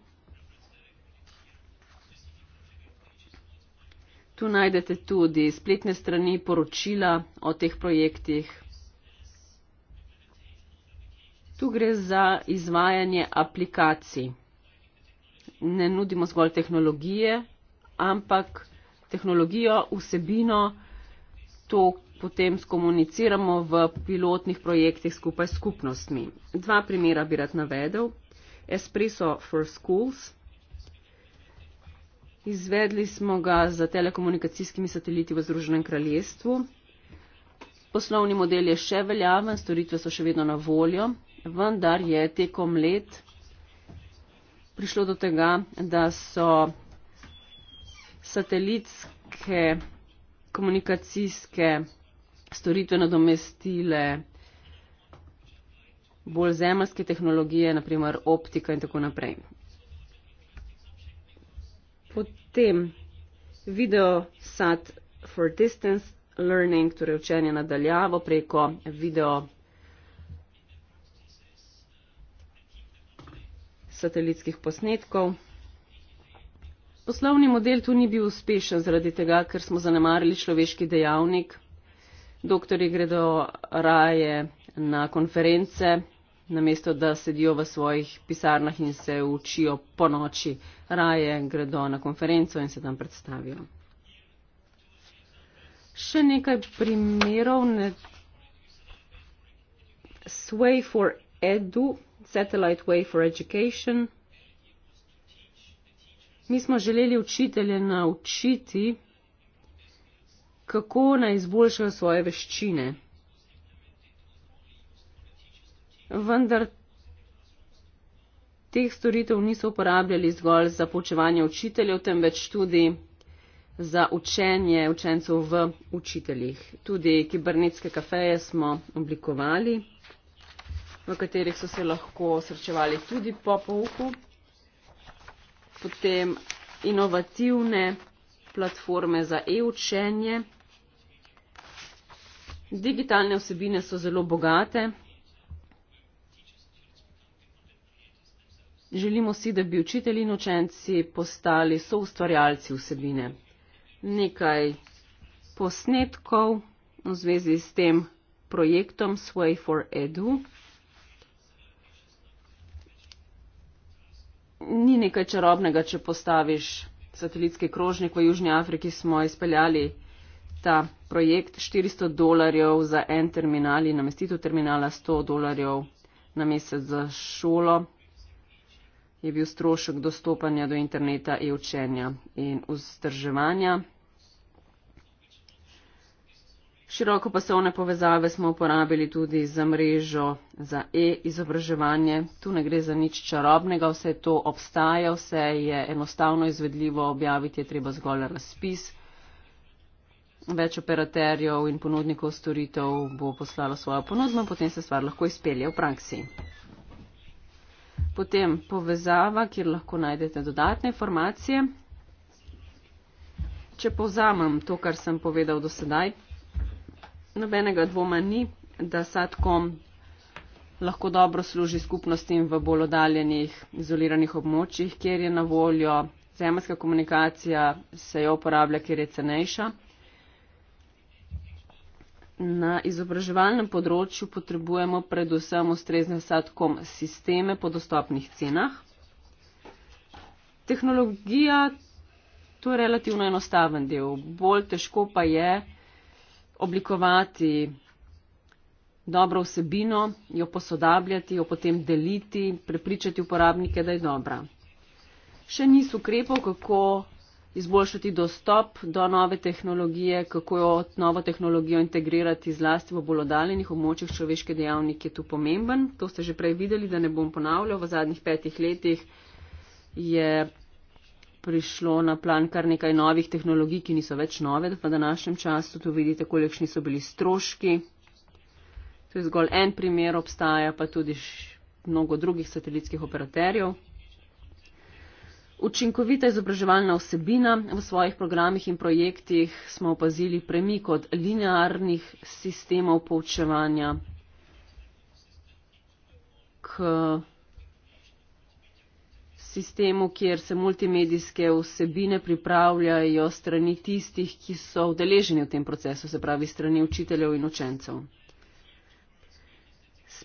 Tu najdete tudi spletne strani poročila o teh projektih. Tu gre za izvajanje aplikacij. Ne nudimo zgolj tehnologije, ampak tehnologijo, vsebino, to, potem skomuniciramo v pilotnih projektih skupaj s skupnostmi. Dva primera bi rad navedel. Espresso for Schools. Izvedli smo ga za telekomunikacijskimi sateliti v Združenem kraljestvu. Poslovni model je še veljaven, storitve so še vedno na voljo, vendar je tekom let prišlo do tega, da so satelitske komunikacijske storitve nadomestile bolj zemljske tehnologije, naprimer optika in tako naprej. Potem video sat for distance learning, torej učenje nadaljavo preko video satelitskih posnetkov. Poslovni model tu ni bil uspešen zaradi tega, ker smo zanemarili človeški dejavnik. Doktori gredo raje na konference, namesto da sedijo v svojih pisarnah in se učijo po noči. Raje gredo na konferenco in se tam predstavijo. Še nekaj primerov. Ne... Sway for Edu, Satellite Way for Education. Mi smo želeli učitelje naučiti, kako naj izboljšajo svoje veščine. Vendar teh storitev niso uporabljali zgolj za poučevanje učiteljev, temveč tudi za učenje učencev v učiteljih. Tudi kibernetske kafeje smo oblikovali, v katerih so se lahko srečevali tudi po pouku. Potem inovativne platforme za e-učenje. Digitalne vsebine so zelo bogate. Želimo si, da bi učitelji in učenci postali soustvarjalci vsebine. Nekaj posnetkov v zvezi s tem projektom Sway for Edu. Ni nekaj čarobnega, če postaviš satelitski krožnik. V Južnji Afriki smo izpeljali ta projekt 400 dolarjev za en terminal in namestitev terminala 100 dolarjev na mesec za šolo je bil strošek dostopanja do interneta in učenja in vzdrževanja. Široko pasovne povezave smo uporabili tudi za mrežo za e-izobraževanje. Tu ne gre za nič čarobnega, vse to obstaja, vse je enostavno izvedljivo, objaviti je treba zgolj razpis več operaterjev in ponudnikov storitev bo poslalo svojo ponudbo in potem se stvar lahko izpelje v praksi. Potem povezava, kjer lahko najdete dodatne informacije. Če povzamem to, kar sem povedal do sedaj, nobenega dvoma ni, da SATCOM lahko dobro služi skupnostim v bolj oddaljenih, izoliranih območjih, kjer je na voljo zemljska komunikacija, se jo uporablja, kjer je cenejša na izobraževalnem področju potrebujemo predvsem ustrezne sadkom sisteme po dostopnih cenah. Tehnologija, to je relativno enostaven del, bolj težko pa je oblikovati dobro vsebino, jo posodabljati, jo potem deliti, prepričati uporabnike, da je dobra. Še niso ukrepov, kako izboljšati dostop do nove tehnologije, kako jo novo tehnologijo integrirati zlasti v bolj oddaljenih območjih človeške dejavnike je tu pomemben. To ste že prej videli, da ne bom ponavljal. V zadnjih petih letih je prišlo na plan kar nekaj novih tehnologij, ki niso več nove v današnjem času. Tu vidite, kolikšni so bili stroški. To je zgolj en primer, obstaja pa tudi mnogo drugih satelitskih operaterjev. Učinkovita izobraževalna vsebina v svojih programih in projektih smo opazili premik od linearnih sistemov poučevanja k sistemu, kjer se multimedijske vsebine pripravljajo strani tistih, ki so vdeleženi v tem procesu, se pravi strani učiteljev in učencev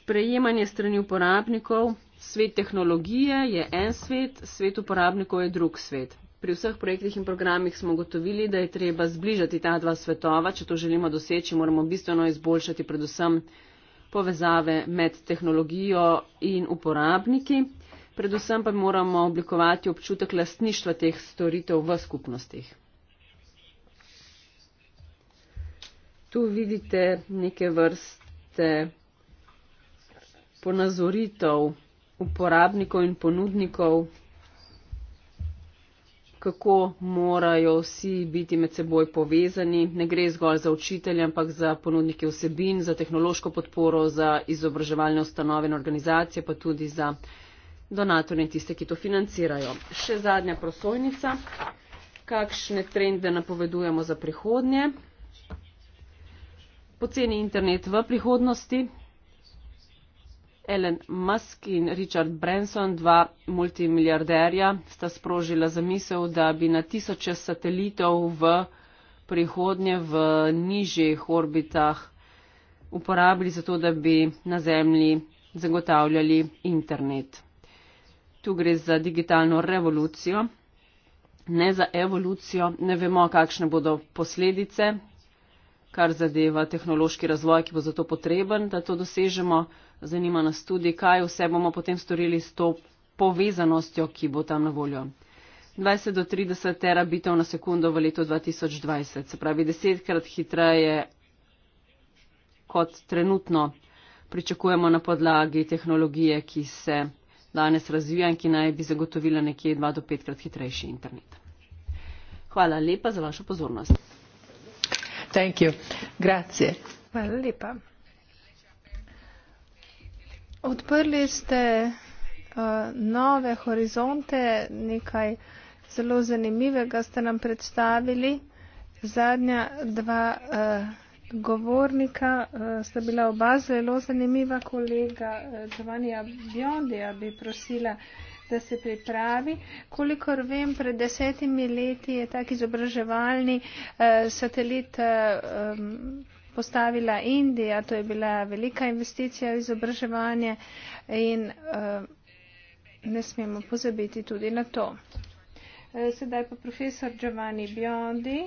sprejemanje strani uporabnikov, svet tehnologije je en svet, svet uporabnikov je drug svet. Pri vseh projektih in programih smo gotovili, da je treba zbližati ta dva svetova. Če to želimo doseči, moramo bistveno izboljšati predvsem povezave med tehnologijo in uporabniki. Predvsem pa moramo oblikovati občutek lastništva teh storitev v skupnostih. Tu vidite neke vrste ponazoritev uporabnikov in ponudnikov, kako morajo vsi biti med seboj povezani. Ne gre zgolj za učitelje, ampak za ponudnike vsebin, za tehnološko podporo, za izobraževalne ustanove in organizacije, pa tudi za donatorje in tiste, ki to financirajo. Še zadnja prosojnica. Kakšne trende napovedujemo za prihodnje? Poceni internet v prihodnosti. Elon Musk in Richard Branson, dva multimiliarderja, sta sprožila zamisel, da bi na tisoče satelitov v prihodnje v nižjih orbitah uporabili za to, da bi na Zemlji zagotavljali internet. Tu gre za digitalno revolucijo, ne za evolucijo, ne vemo, kakšne bodo posledice kar zadeva tehnološki razvoj, ki bo zato potreben, da to dosežemo. Zanima nas tudi, kaj vse bomo potem storili s to povezanostjo, ki bo tam na voljo. 20 do 30 terabitov na sekundo v letu 2020, se pravi desetkrat hitreje kot trenutno pričakujemo na podlagi tehnologije, ki se danes razvija in ki naj bi zagotovila nekje 2 do 5krat hitrejši internet. Hvala lepa za vašo pozornost. Thank you. Grazie.
Hvala lepa. Odprli ste uh, nove horizonte, nekaj zelo zanimivega ste nam predstavili. Zadnja dva uh, govornika uh, sta bila oba zelo zanimiva. Kolega uh, Giovanni Biondi, ja bi prosila. Uh, da se pripravi. Kolikor vem, pred desetimi leti je tak izobraževalni eh, satelit eh, postavila Indija, to je bila velika investicija v izobraževanje in eh, ne smemo pozabiti tudi na to. Eh, sedaj pa profesor Giovanni Biondi,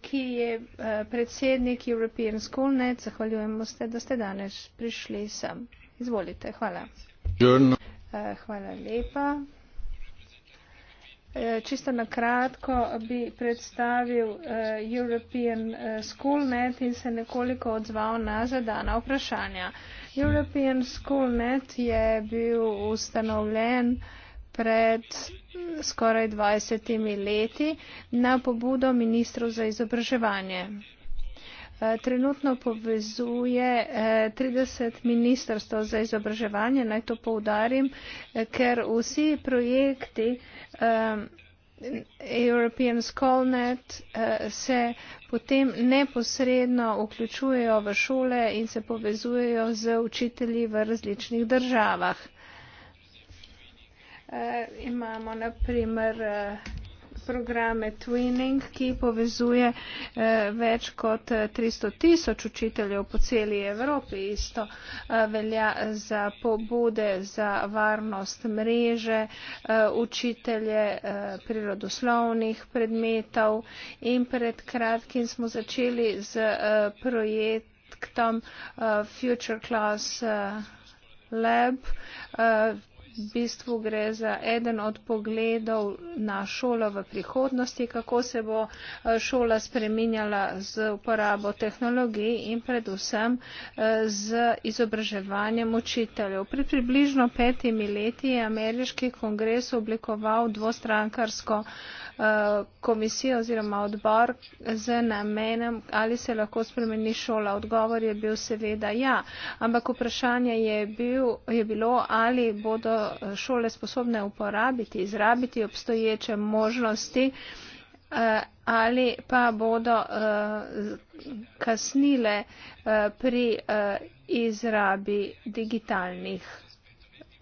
ki je eh, predsednik European SchoolNet, zahvaljujemo se, da ste danes prišli sem. Izvolite, hvala. Journal. Hvala lepa. E, čisto na kratko bi predstavil e, European e, Schoolnet in se nekoliko odzval na zadana vprašanja. European Schoolnet je bil ustanovljen pred skoraj 20 leti na pobudo ministrov za izobraževanje. Eh, trenutno povezuje 30 eh, ministrstvo za izobraževanje, naj to poudarim, eh, ker vsi projekti European Skolnet se potem neposredno vključujejo v šole in se povezujejo z učitelji v različnih državah. Imamo naprimer programe Twinning, ki povezuje eh, več kot 300 eh, tisoč učiteljev po celi Evropi. Isto eh, velja za pobude za varnost mreže, učitelje prirodoslovnih predmetov in pred kratkim smo začeli z projektom Future Class Lab, bistvu gre za eden od pogledov na šolo v prihodnosti, kako se bo eh, šola spreminjala z uporabo tehnologij in predvsem eh, z izobraževanjem učiteljev. Pri približno petimi leti je ameriški kongres oblikoval dvostrankarsko eh, komisijo oziroma odbor z namenom, ali se lahko spremeni šola. Odgovor je bil seveda ja, ampak vprašanje je, bil, je bilo, ali bodo šole sposobne uporabiti, izrabiti obstoječe možnosti eh, ali pa bodo eh, kasnile eh, pri izrabi digitalnih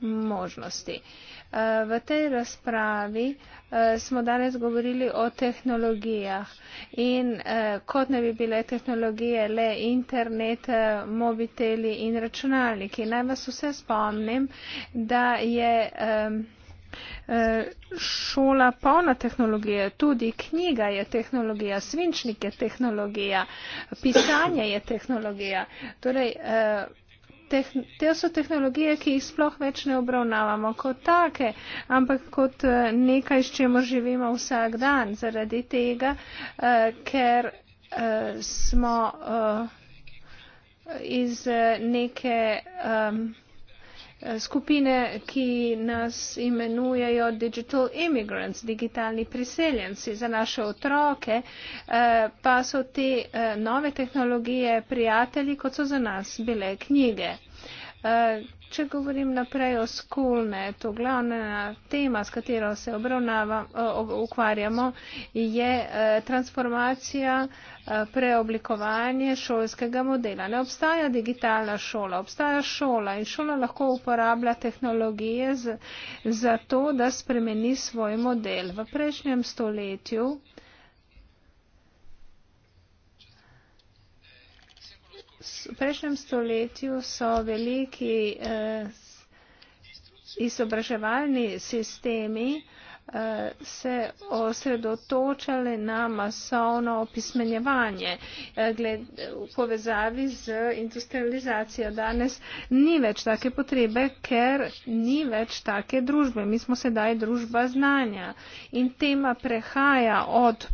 možnosti. Eh, v tej razpravi eh, smo danes govorili o tehnologijah in eh, kot ne bi bile tehnologije le internet, mobiteli in računalniki. Naj vas vse spomnim, da je šola polna tehnologije, tudi knjiga je tehnologija, svinčnik je tehnologija, pisanje je tehnologija. Torej, te so tehnologije, ki jih sploh več ne obravnavamo kot take, ampak kot eh, nekaj, s čemer živimo vsak dan, zaradi tega, eh, ker eh, smo iz neke. Um, Eh, skupine ki nas imenujejo digital immigrants digitalni priseljenci za naše otroke eh, pa so te eh, nove tehnologije prijatelji kot so za nas bile knjige. Eh, če govorim naprej o skulne, to glavna tema, s katero se ukvarjamo, je eh, transformacija, eh, preoblikovanje šolskega modela. Ne obstaja digitalna šola, obstaja šola in šola lahko uporablja tehnologije za to, da spremeni svoj model. V prejšnjem stoletju v prejšnjem stoletju so veliki eh, izobraževalni sistemi eh, se osredotočali na masovno opismenjevanje eh, gled, v povezavi z industrializacijo. Danes ni več take potrebe, ker ni več take družbe. Mi smo sedaj družba znanja in tema prehaja od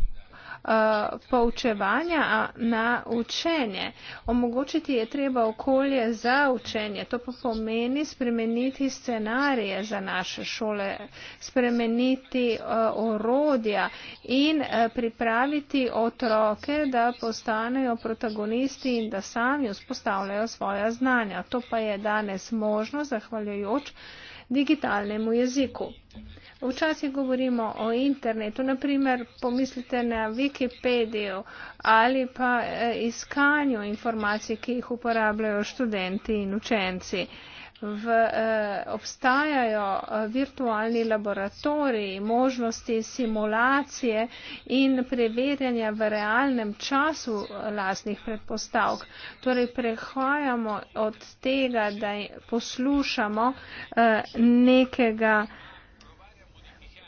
Eh, poučevanja na učenje. Omogočiti je treba okolje za učenje. To pa pomeni spremeniti scenarije za naše šole, spremeniti eh, orodja in eh, pripraviti otroke, da postanejo protagonisti in da sami vzpostavljajo svoja znanja. To pa je danes možno, zahvaljujoč digitalnemu jeziku. Včasih govorimo o internetu, naprimer pomislite na Wikipedijo ali pa eh, iskanju informacij, ki jih uporabljajo študenti in učenci. V, eh, obstajajo eh, virtualni laboratoriji, možnosti simulacije in preverjanja v realnem času lastnih predpostavk. Torej prehajamo od tega, da poslušamo nekega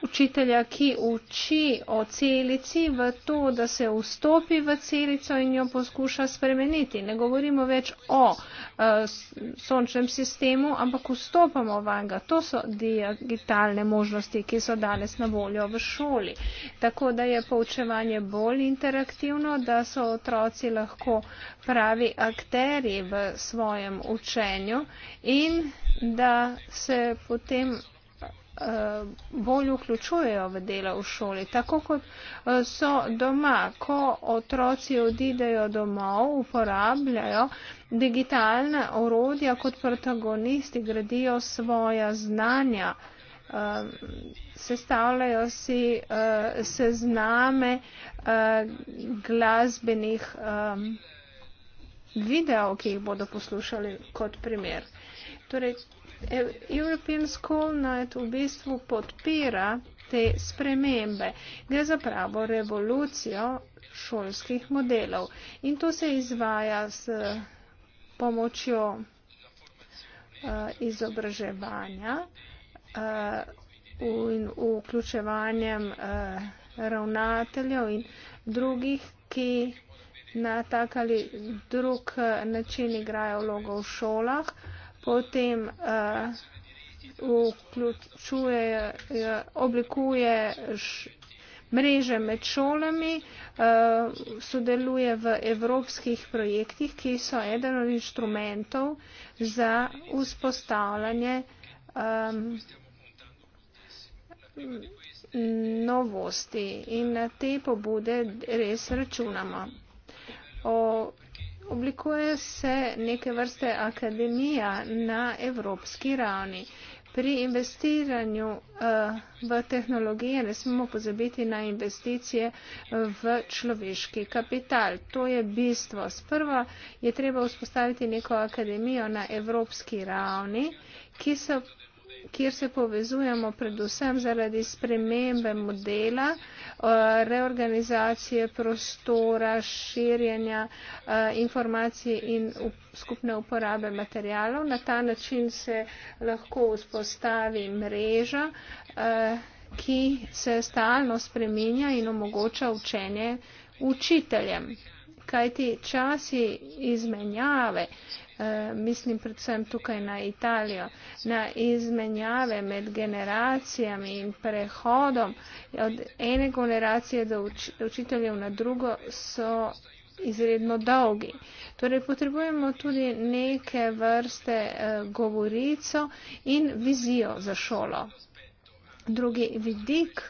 učitelja, ki uči o celici v to, da se vstopi v celico in jo poskuša spremeniti. Ne govorimo več o uh, sončnem sistemu, ampak vstopamo vanj. To so digitalne možnosti, ki so danes na voljo v šoli. Tako da je poučevanje bolj interaktivno, da so otroci lahko pravi akteri v svojem učenju in da se potem Eh, bolj vključujejo v delo v šoli, tako kot eh, so doma. Ko otroci odidejo domov, uporabljajo digitalna orodja kot protagonisti, gradijo svoja znanja, eh, sestavljajo si sezname glasbenih videov, ki jih bodo poslušali kot primer. Torej, E, European School Night v bistvu podpira te spremembe. Gre za pravo revolucijo šolskih modelov in to se izvaja s pomočjo uh, izobraževanja uh, in vključevanjem uh, ravnateljev in drugih, ki na tak ali drug način igrajo vlogo v šolah. Uh, potem eh, vključuje, oblikuje mreže med šolami, eh, sodeluje v evropskih projektih, ki so eden od inštrumentov za vzpostavljanje um, novosti in na te pobude res računamo. O oblikuje se neke vrste akademija na evropski ravni. Pri investiranju eh, v tehnologije ne smemo pozabiti na investicije v človeški kapital. To je bistvo. Sprva je treba vzpostaviti neko akademijo na evropski ravni, ki se kjer se povezujemo predvsem zaradi spremembe modela, eh, reorganizacije prostora, širjenja eh, informacij in skupne uporabe materijalov. Na ta način se lahko vzpostavi mreža, eh, ki se stalno spreminja in omogoča učenje učiteljem. Kajti časi izmenjave, eh, mislim predvsem tukaj na Italijo, na izmenjave med generacijami in prehodom od ene generacije do učiteljev na drugo so izredno dolgi. Torej potrebujemo tudi neke vrste eh, govorico in vizijo za šolo. Drugi vidik,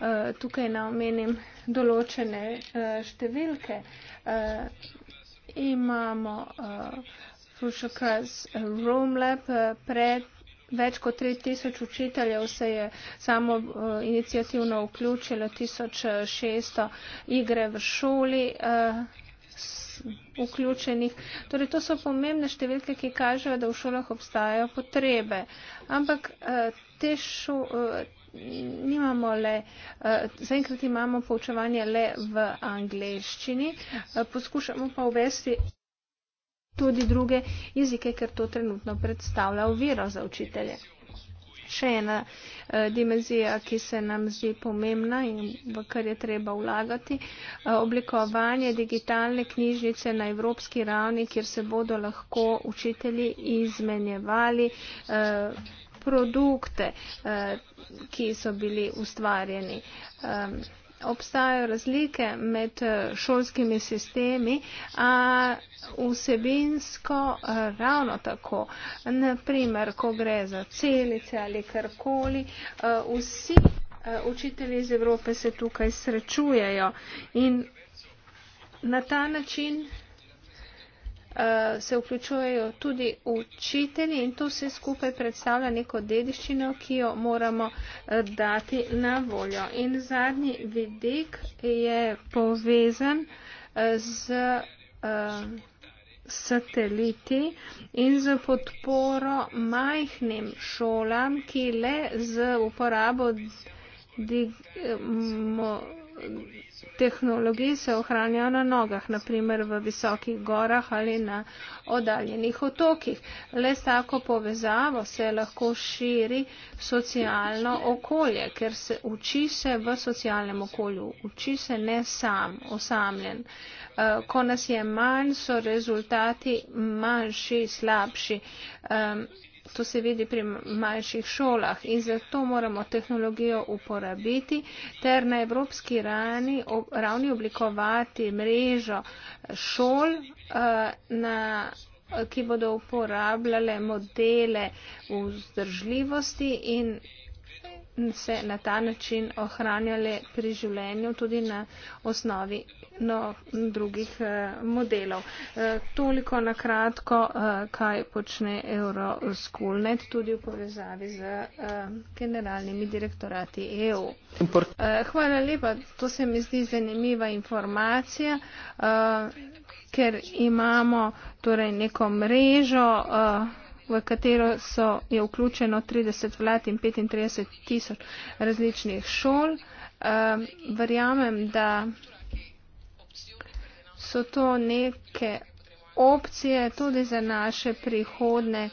eh, tukaj naomenim določene eh, številke. Eh, imamo eh, Fushukas Room Lab pred. Več kot 3000 učiteljev se je samo uh, inicijativno vključilo, 1600 igre v šoli uh, vključenih. Torej, to so pomembne številke, ki kažejo, da v šolah obstajajo potrebe. Ampak uh, te, šo, uh, nimamo le, eh, zaenkrat imamo poučevanje le v angleščini, eh, poskušamo pa uvesti tudi druge jezike, ker to trenutno predstavlja oviro za učitelje. Še ena eh, dimenzija, ki se nam zdi pomembna in v kar je treba vlagati, oblikovanje digitalne knjižnice na evropski ravni, kjer se bodo lahko učitelji izmenjevali produkte, eh, ki so bili ustvarjeni. Obstajajo razlike med eh, šolskimi sistemi, a vsebinsko eh, ravno tako. Naprimer, ko gre za celice ali karkoli, vsi učitelji iz Evrope se tukaj srečujejo in na ta način Eh, se vključujejo tudi učitelji in to vse skupaj predstavlja neko dediščino, ki jo moramo eh, dati na voljo. In zadnji vidik je povezan eh, z sateliti in z podporo majhnim šolam, ki le z uporabo tehnologij se ohranjajo na nogah, naprimer v visokih gorah ali na oddaljenih otokih. Le s tako povezavo se lahko širi socialno okolje, ker se uči se v socialnem okolju, uči se ne sam, osamljen. Eh, ko nas je manj, so rezultati manjši, slabši. To se vidi pri manjših šolah in zato moramo tehnologijo uporabiti ter na evropski rani, ob, ravni oblikovati mrežo šol, uh, na, ki bodo uporabljale modele vzdržljivosti in se na ta način ohranjale pri življenju tudi na osnovi no, drugih eh, modelov. Eh, toliko na kratko, eh, kaj počne Euroskulnet tudi v povezavi z generalnimi direktorati EU. Hvala lepa, to se mi zdi zanimiva informacija, ker imamo torej neko mrežo v katero so, je vključeno 30 vlad in 35 tisoč različnih šol. Ehm, verjamem, da so to neke opcije tudi za naše prihodne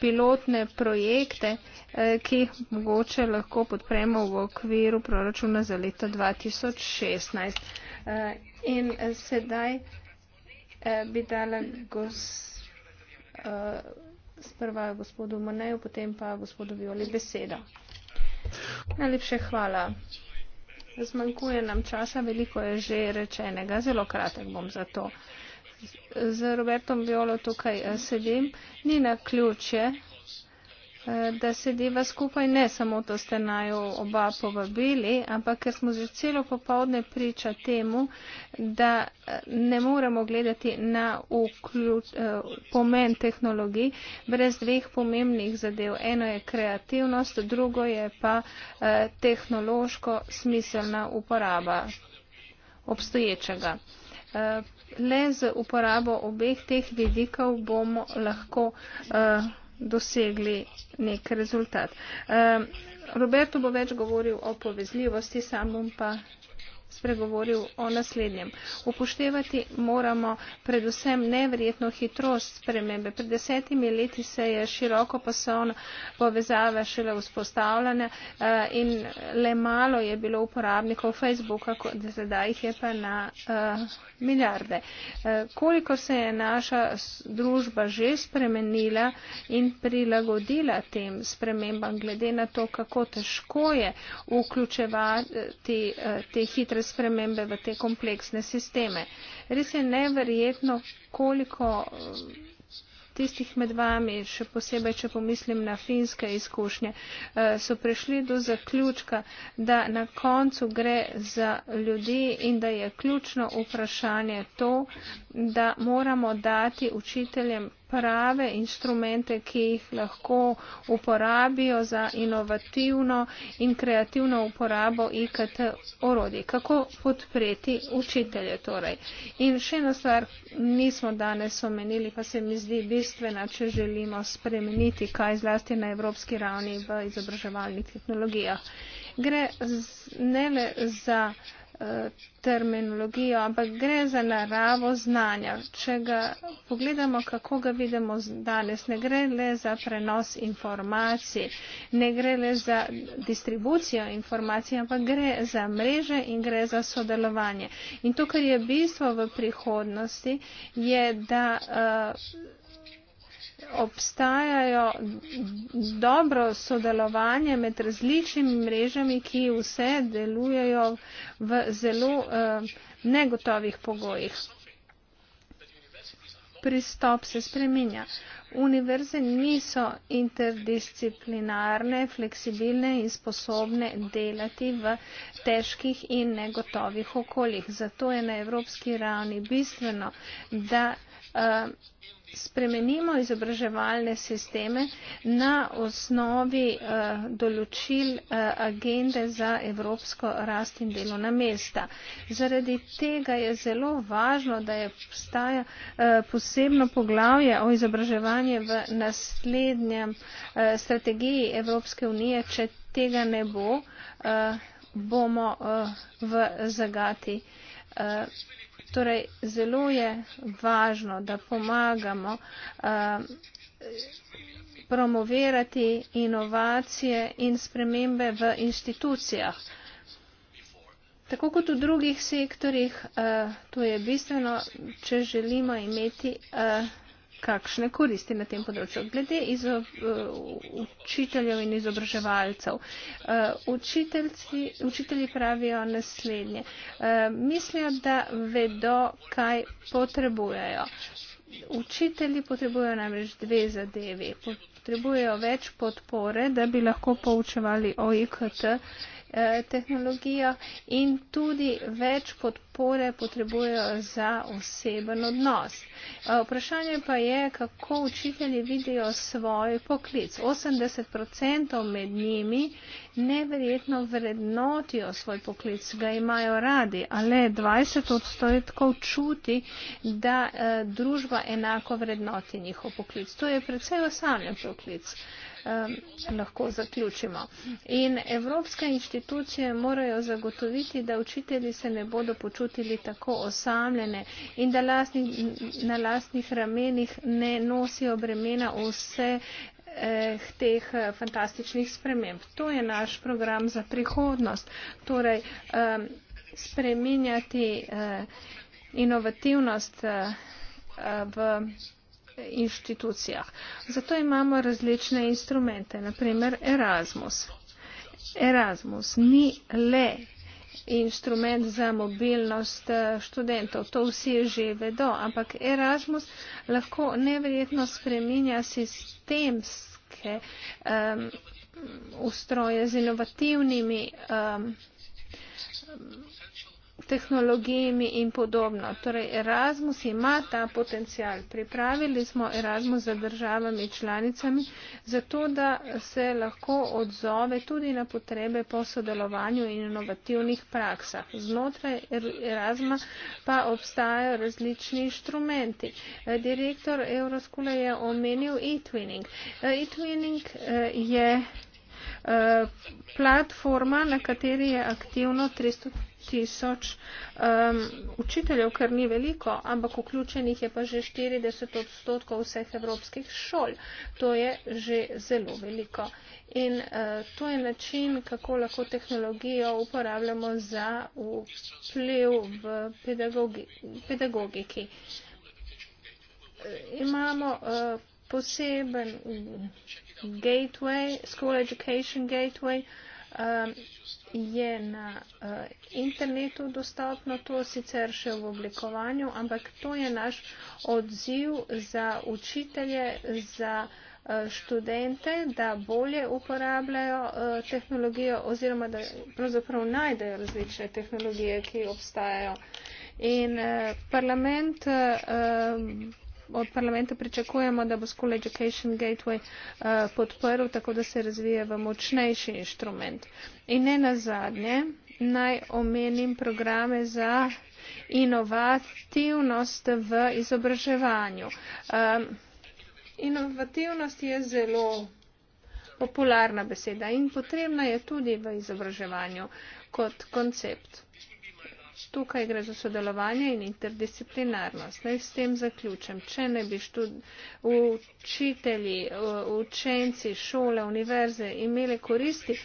pilotne projekte, eh, ki jih mogoče lahko podpremo v okviru proračuna za leto 2016. Eh, in eh, sedaj bi dala gospod sprva gospodu Moneju, potem pa gospodu Violi besedo. Najlepše hvala. Zmanjkuje nam časa, veliko je že rečenega, zelo kratek bom za to. Z Robertom Violo tukaj eh, sedim. Ni na ključje, da sediva skupaj, ne samo to ste naju oba povabili, ampak ker smo že celo popovdne priča temu, da eh, ne moremo gledati na vključ, eh, pomen tehnologij brez dveh pomembnih zadev. Eno je kreativnost, drugo je pa eh, tehnološko smiselna uporaba obstoječega. Le z uporabo obeh teh vidikov bomo lahko uh, dosegli nek rezultat. Ehm, Roberto bo več govoril o povezljivosti, sam bom pa spregovoril o naslednjem. Upoštevati moramo predvsem neverjetno hitrost spremembe. Pred desetimi leti se je široko pasovno povezava šele vzpostavljena eh, in le malo je bilo uporabnikov Facebooka, da sedaj jih je pa na eh, milijarde. Eh, Koliko se je naša družba že spremenila in prilagodila tem spremembam glede na to, kako težko je vključevati te hitre dobre spremembe v te kompleksne sisteme. Res je neverjetno, koliko eh, tistih med vami, še posebej, če pomislim na finske izkušnje, eh, so prišli do zaključka, da na koncu gre za ljudi in da je ključno vprašanje to, da moramo dati učiteljem prave instrumente, ki jih lahko uporabijo za inovativno in kreativno uporabo IKT orodij. Kako podpreti učitelje torej? In še ena stvar, nismo danes omenili, pa se mi zdi bistvena, če želimo spremeniti kaj zlasti na evropski ravni v izobraževalnih tehnologijah. Gre z, ne le za. Eh, terminologijo, ampak gre za naravo znanja. Če ga pogledamo, kako ga vidimo danes, ne gre le za prenos informacij, ne gre le za distribucijo informacij, ampak gre za mreže in gre za sodelovanje. In to, kar je bistvo v prihodnosti, je, da. Uh, obstajajo dobro sodelovanje med različnimi mrežami, ki vse delujejo v zelo uh, negotovih pogojih. Pristop se spreminja. Univerze niso interdisciplinarne, fleksibilne in sposobne delati v težkih in negotovih okoljih. Zato je na evropski ravni bistveno, da uh, spremenimo izobraževalne sisteme na osnovi uh, določil uh, agende za evropsko rast in delovna mesta. Zaradi tega je zelo važno, da je postaja uh, eh, posebno poglavje o izobraževanju v naslednjem uh, strategiji Evropske unije. Če tega ne bo, uh, bomo uh, v zagati. Uh, Torej, zelo je važno, da pomagamo eh, promovirati inovacije in spremembe v institucijah. Tako kot v drugih sektorjih, eh, to je bistveno, če želimo imeti eh, kakšne koristi na tem področju. Glede izo, eh, učiteljev in izobraževalcev. Eh, Učiteljci, učitelji pravijo naslednje. Eh, mislijo, da vedo, kaj potrebujejo. Učitelji potrebujejo namreč dve zadevi. Potrebujejo več podpore, da bi lahko poučevali o IKT. Eh, tehnologijo in tudi več podpore potrebujejo za oseben odnos. Eh, vprašanje pa je, kako učitelji vidijo svoj poklic. 80% med njimi neverjetno vrednotijo svoj poklic, ga imajo radi, a le 20% čuti, da eh, družba enako vrednoti njihov poklic. To je predvsej osamljen poklic lahko zaključimo. In evropske inštitucije morajo zagotoviti, da učitelji se ne bodo počutili tako osamljene in da lasni, na lastnih ramenih ne nosijo bremena vse eh, teh eh, fantastičnih sprememb. To je naš program za prihodnost. Torej, spreminjati eh, inovativnost v inštitucijah. Zato imamo različne instrumente, naprimer Erasmus. Erasmus ni le instrument za mobilnost eh, študentov, to vsi že vedo, ampak Erasmus lahko neverjetno spreminja sistemske um, ustroje z inovativnimi um, tehnologijami in podobno. Torej, Erasmus ima ta potencial. Pripravili smo Erasmus za državami članicami, zato da se lahko odzove tudi na potrebe po sodelovanju in inovativnih praksah. Znotraj Erasma pa obstajajo različni inštrumenti. Direktor Euroskule je omenil e-twinning. E-twinning eh, je eh, platforma, na kateri je aktivno 300 tisoč um, učiteljev, kar ni veliko, ampak vključenih je pa že 40 odstotkov vseh evropskih šol. To je že zelo veliko. In uh, to je način, kako lahko tehnologijo uporabljamo za vpliv v pedagogi pedagogiki. Imamo uh, poseben gateway, School Education Gateway, uh, je na eh, internetu dostopno, to sicer še v oblikovanju, ampak to je naš odziv za učitelje, za eh, študente, da bolje uporabljajo eh, tehnologijo oziroma da pravzaprav najdejo različne tehnologije, ki obstajajo. In parlament od parlamenta pričakujemo, da bo School Education Gateway eh, podprl, tako da se razvije v močnejši inštrument. In ne na zadnje, naj omenim programe za inovativnost v izobraževanju. Inovativnost je zelo popularna beseda in potrebna je tudi v izobraževanju kot koncept tukaj gre za sodelovanje in interdisciplinarnost. Naj s tem zaključim. Če ne bi štud, učitelji, učenci, šole, univerze imeli koristi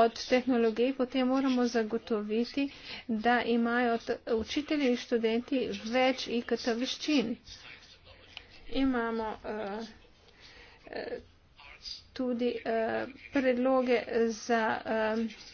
od tehnologij, potem moramo zagotoviti, da imajo učitelji in študenti več IKT veščin. Imamo uh, tudi uh, predloge za. Uh,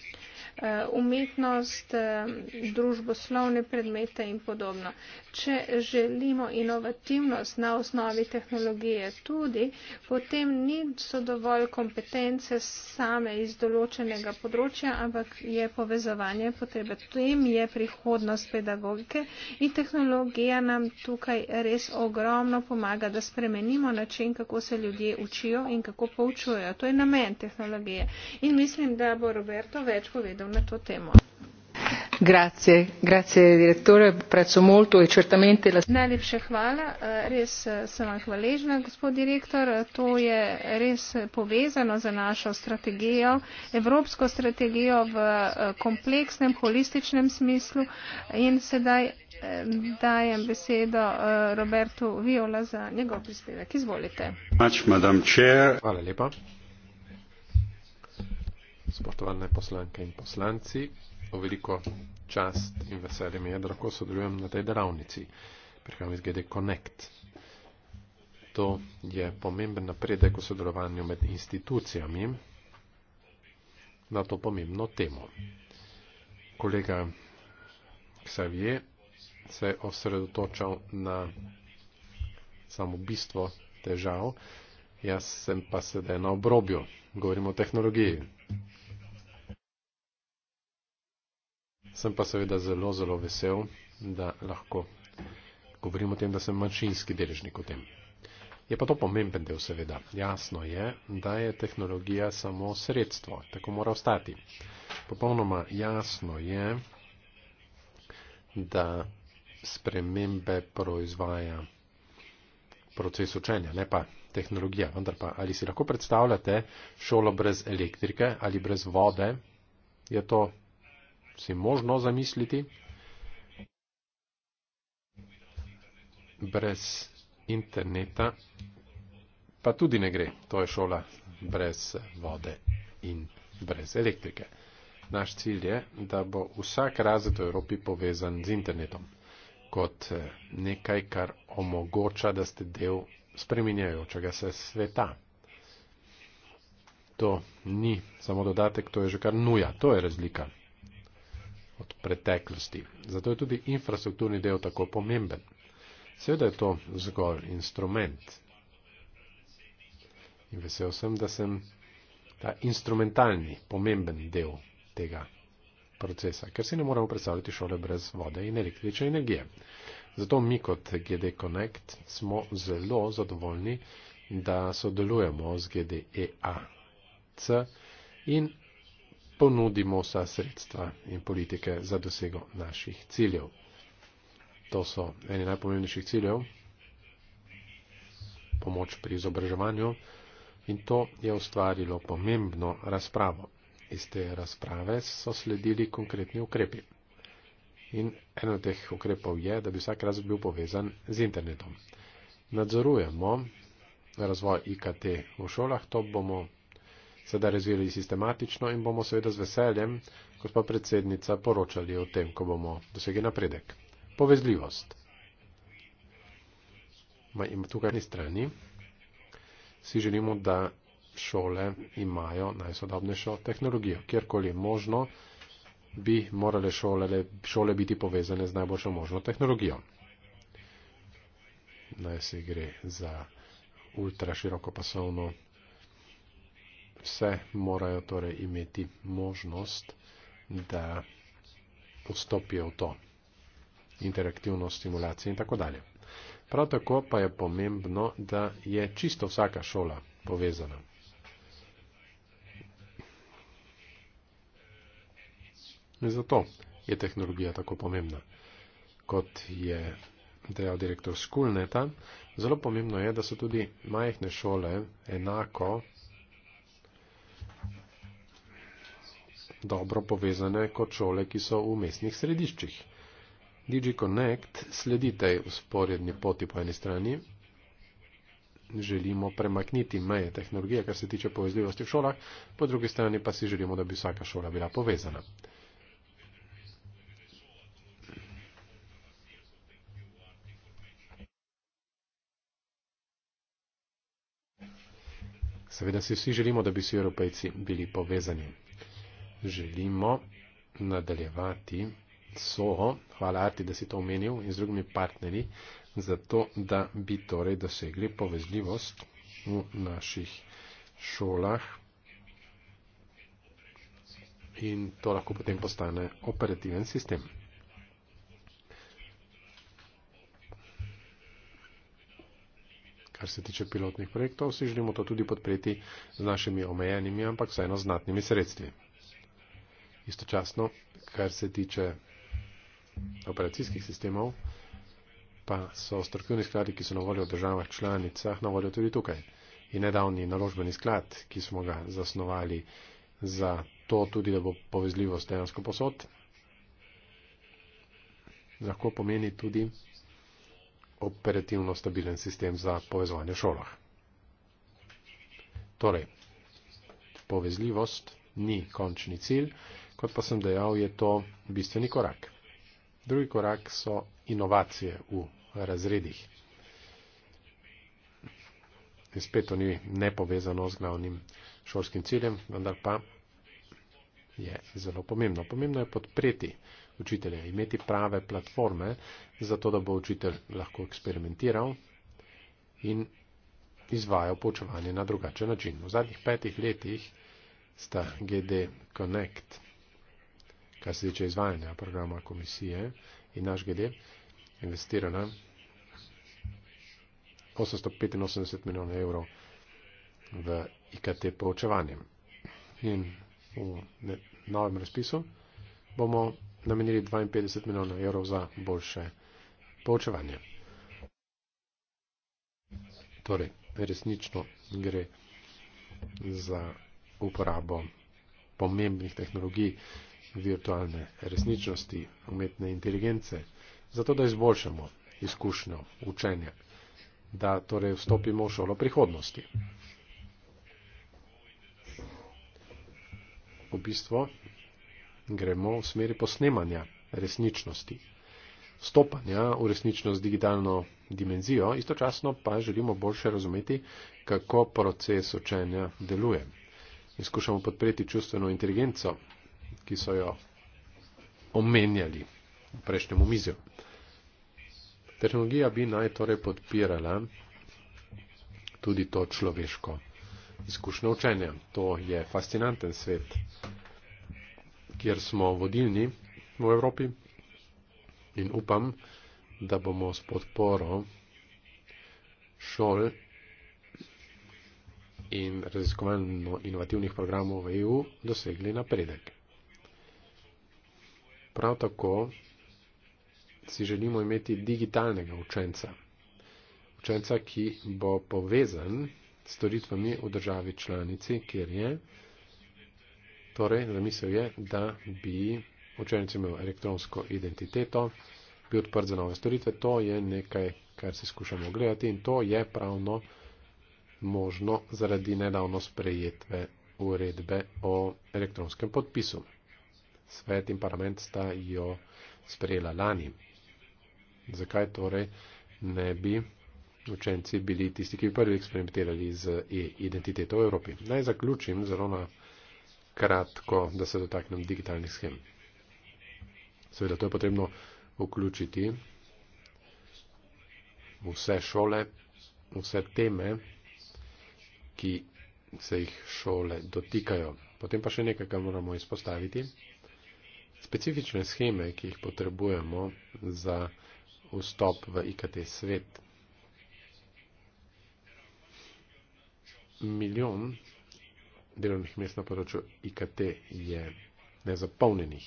Eh, umetnost eh, družboslovne predmete in podobno če želimo inovativnost na osnovi tehnologije tudi, potem niso dovolj kompetence same iz določenega področja, ampak je povezovanje potrebe. Tem je prihodnost pedagogike in tehnologija nam tukaj res ogromno pomaga, da spremenimo način, kako se ljudje učijo in kako poučujejo. To je namen tehnologije. In mislim, da bo Roberto več povedal na to temo
grazie direttore apprezzo molto e certamente la.
najlepša hvala eh, res eh, sem vam hvaležna gospod direktor eh, to je res povezano z našo strategijo evropsko strategijo v kompleksnem holističnem smislu in sedaj dajem besedo robertu viola za njegov prispevek izvolite.
hvala lepa spoštovane poslanke in poslanci v veliko čast in veselje mi je, da lahko sodelujem na tej delavnici. Prihajam iz GD Connect. To je pomemben napredek v sodelovanju med institucijami na to pomembno temo. Kolega Xavier se je osredotočal na samo bistvo težav, jaz sem pa sedaj na obrobju, govorimo o tehnologiji. Sem pa seveda zelo, zelo vesel, da lahko govorim o tem, da sem manjšinski deležnik v tem. Je pa to pomemben del, seveda. Jasno je, da je tehnologija samo sredstvo, tako mora ostati. Popolnoma jasno je, da spremembe proizvaja proces učenja, ne pa tehnologija. Vendar pa, ali si lahko predstavljate šolo brez elektrike ali brez vode, je to si možno zamisliti. Brez interneta pa tudi ne gre. To je šola brez vode in brez elektrike. Naš cilj je, da bo vsak razred v Evropi povezan z internetom kot eh, nekaj, kar omogoča, da ste del spreminjajočega se sveta. To ni samo dodatek, to je že kar nuja. To je razlika od preteklosti. Zato je tudi infrastrukturni del tako pomemben. Seveda je to zgolj instrument. In vesel sem, da sem ta instrumentalni, pomemben del tega procesa, ker si ne moremo predstavljati šole brez vode in električne energije. Zato mi kot GD Connect smo zelo zadovoljni, da sodelujemo z GDEAC in ponudimo vsa sredstva in politike za dosego naših ciljev. To so eni najpomembnejših ciljev, pomoč pri izobraževanju in to je ustvarilo pomembno razpravo. Iz te razprave so sledili konkretni ukrepi. In eno od teh ukrepov je, da bi vsak raz bil povezan z internetom. Nadzorujemo razvoj IKT v šolah, to bomo sedaj razvili sistematično in bomo seveda z veseljem, kot pa predsednica, poročali o tem, ko bomo dosegli napredek. Povezljivost. Tukaj na eni strani si želimo, da šole imajo najsodobnejšo tehnologijo. Kjerkoli je možno, bi morale šole, šole biti povezane z najboljšo možno tehnologijo. Naj se gre za ultraširokopasovno vse morajo torej imeti možnost, da vstopijo v to interaktivno stimulacijo in tako dalje. Prav tako pa je pomembno, da je čisto vsaka šola povezana. In zato je tehnologija tako pomembna, kot je dejal direktor Skulneta. Zelo pomembno je, da so tudi majhne šole enako dobro povezane kot šole, ki so v mestnih središčih. DigiConnect sledi tej usporedni poti po eni strani. Želimo premakniti meje tehnologije, kar se tiče povezljivosti v šolah, po drugi strani pa si želimo, da bi vsaka šola bila povezana. Seveda si vsi želimo, da bi vsi evropejci bili povezani želimo nadaljevati soho, hvala Arti, da si to omenil, in z drugimi partnerji, zato da bi torej dosegli povezljivost v naših šolah in to lahko potem postane operativen sistem. Kar se tiče pilotnih projektov, si želimo to tudi podpreti z našimi omejenimi, ampak vseeno znatnimi sredstvi. Istočasno, kar se tiče operacijskih sistemov, pa so strokovni skladi, ki so na voljo v državah članicah, na voljo tudi tukaj. In nedavni naložbeni sklad, ki smo ga zasnovali za to tudi, da bo povezljivost dejansko posod, lahko pomeni tudi operativno stabilen sistem za povezovanje v šolah. Torej, povezljivost ni končni cilj, kot pa sem dejal, je to bistveni korak. Drugi korak so inovacije v razredih. In spet to ni nepovezano z glavnim šolskim ciljem, vendar pa je zelo pomembno. Pomembno je podpreti učitelja, imeti prave platforme, zato da bo učitelj lahko eksperimentiral in izvajal poučevanje na drugačen način. V zadnjih petih letih sta GD Connect kar se tiče izvajanja programa komisije in naš GD, investirana 885 milijonov evrov v IKT poučevanje. In v novem razpisu bomo namenili 52 milijonov evrov za boljše poučevanje. Torej, resnično gre za uporabo pomembnih tehnologij, virtualne resničnosti umetne inteligence, zato da izboljšamo izkušnjo učenja, da torej vstopimo v šolo prihodnosti. V bistvu gremo v smeri posnemanja resničnosti, vstopanja v resničnost digitalno dimenzijo, istočasno pa želimo boljše razumeti, kako proces učenja deluje. In skušamo podpreti čustveno inteligenco, ki so jo omenjali v prejšnjem omizju. Tehnologija bi naj torej podpirala tudi to človeško izkušnjo učenja. To je fascinanten svet, kjer smo vodilni v Evropi in upam, da bomo s podporo šol in raziskovalno inovativnih programov v EU dosegli napredek. Prav tako si želimo imeti digitalnega učenca. Učenca, ki bo povezan s storitvami v državi članici, kjer je. Torej, zamisel je, da bi učenec imel elektronsko identiteto, bi odprt za nove storitve. To je nekaj, kar si skušamo ogledati in to je pravno možno zaradi nedavno sprejetve uredbe o elektronskem podpisu. Svet in parlament sta jo sprejela lani. Zakaj torej ne bi učenci bili tisti, ki bi prvi eksperimentirali z identiteto v Evropi? Naj zaključim zelo na kratko, da se dotaknem digitalnih schem. Seveda, to je potrebno vključiti vse šole, vse teme, ki se jih šole dotikajo. Potem pa še nekaj, kar moramo izpostaviti specifične scheme, ki jih potrebujemo za vstop v IKT svet. Milijon delovnih mest na področju IKT je nezapolnjenih.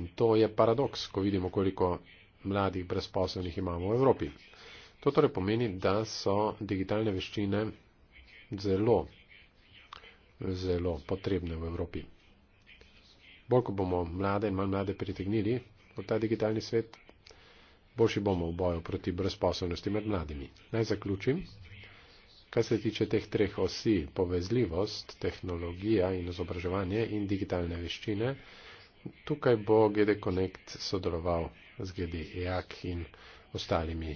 In to je paradoks, ko vidimo, koliko mladih brezposobnih imamo v Evropi. To torej pomeni, da so digitalne veščine zelo, zelo potrebne v Evropi bolj ko bomo mlade in manj mlade pritegnili v ta digitalni svet, boljši bomo v boju proti brezposobnosti med mladimi. Naj zaključim. Kar se tiče teh treh osi, povezljivost, tehnologija in izobraževanje in digitalne veščine, tukaj bo GD Connect sodeloval z GD EAC in ostalimi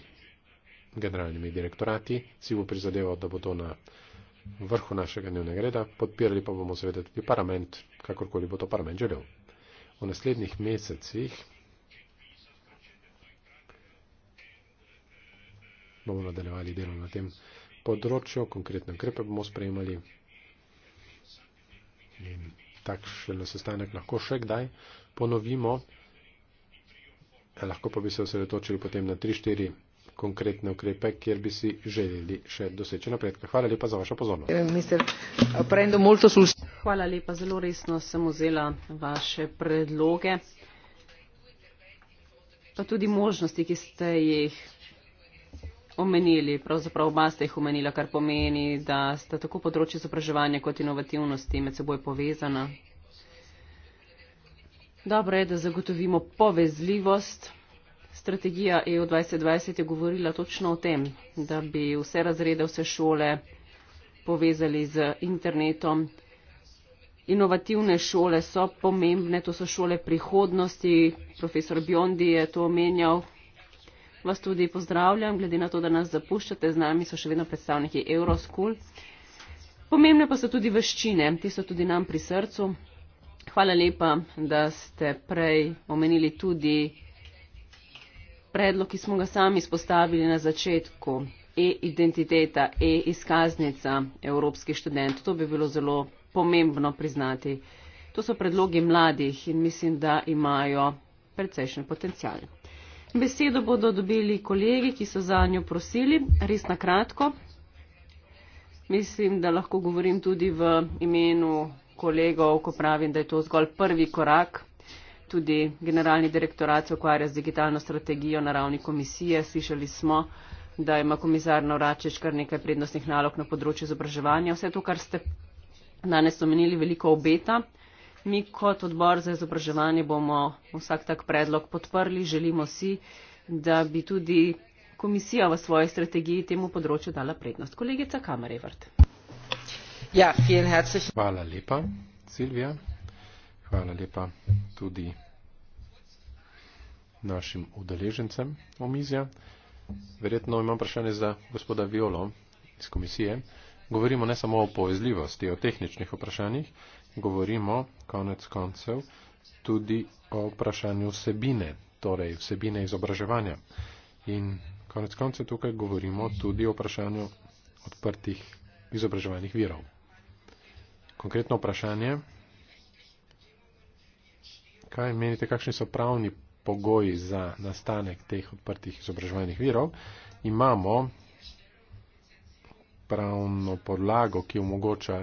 generalnimi direktorati. Si bo prizadeval, da bo to na vrhu našega dnevnega reda, podpirali pa bomo seveda tudi parlament, kakorkoli bo to parlament želel. V naslednjih mesecih bomo nadaljevali delo na tem področju, konkretne ukrepe bomo sprejemali in takšen sestanek lahko še kdaj ponovimo, lahko pa bi se osredotočili potem na 3-4 konkretne ukrepe, kjer bi si želeli še doseči napredka. Hvala lepa za vašo pozornost. Eh,
Hvala lepa, zelo resno sem vzela vaše predloge, pa tudi možnosti, ki ste jih omenili, pravzaprav oba ste jih omenila, kar pomeni, da sta tako področje izobraževanja kot inovativnosti med seboj povezana. Dobro je, da zagotovimo povezljivost. Strategija EU 2020 je govorila točno o tem, da bi vse razrede, vse šole povezali z internetom. Inovativne šole so pomembne, to so šole prihodnosti. Profesor Biondi je to omenjal. Vas tudi pozdravljam, glede na to, da nas zapuščate, z nami so še vedno predstavniki Euroschool. Pomembne pa so tudi veščine, ti so tudi nam pri srcu. Hvala lepa, da ste prej omenili tudi predlog, ki smo ga sami izpostavili na začetku, e-identiteta, e-izkaznica evropskih študentov, to bi bilo zelo pomembno priznati. To so predlogi mladih in mislim, da imajo precejšnje potencijale. Besedo bodo dobili kolegi, ki so za njo prosili, res na kratko. Mislim, da lahko govorim tudi v imenu kolegov, ko pravim, da je to zgolj prvi korak tudi generalni direktorat se ukvarja z digitalno strategijo na ravni komisije. Slišali smo, da ima komisar Navračeč kar nekaj prednostnih nalog na področju izobraževanja. Vse to, kar ste danes omenili, veliko obeta. Mi kot odbor za izobraževanje bomo vsak tak predlog podprli. Želimo si, da bi tudi komisija v svoji strategiji temu področju dala prednost. Kolegica
Kamarevart. Ja, Hvala lepa, Silvija. Hvala lepa tudi našim udeležencem omizja. Verjetno imam vprašanje za gospoda Violo iz komisije. Govorimo ne samo o povezljivosti, o tehničnih vprašanjih, govorimo konec koncev tudi o vprašanju vsebine, torej vsebine izobraževanja. In konec koncev tukaj govorimo tudi o vprašanju odprtih izobraževalnih virov. Konkretno vprašanje kaj menite, kakšni so pravni pogoji za nastanek teh odprtih izobraževalnih virov. Imamo pravno podlago, ki omogoča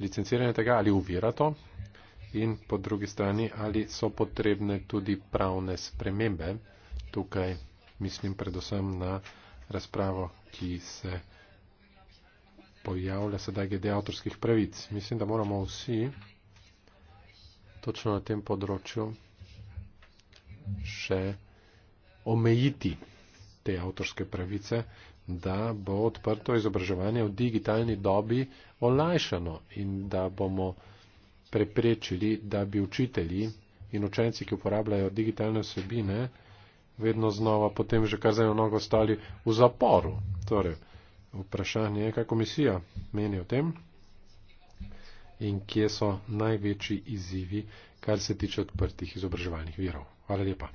licenciranje tega ali uvira to in po drugi strani, ali so potrebne tudi pravne spremembe. Tukaj mislim predvsem na razpravo, ki se pojavlja sedaj glede avtorskih pravic. Mislim, da moramo vsi točno na tem področju še omejiti te avtorske pravice, da bo odprto izobraževanje v digitalni dobi olajšano in da bomo preprečili, da bi učitelji in učenci, ki uporabljajo digitalne vsebine, vedno znova potem že kar za eno nogo stali v zaporu. Torej, vprašanje je, kaj komisija meni o tem in kje so največji izzivi, kar se tiče odprtih izobraževalnih virov. Hvala lepa.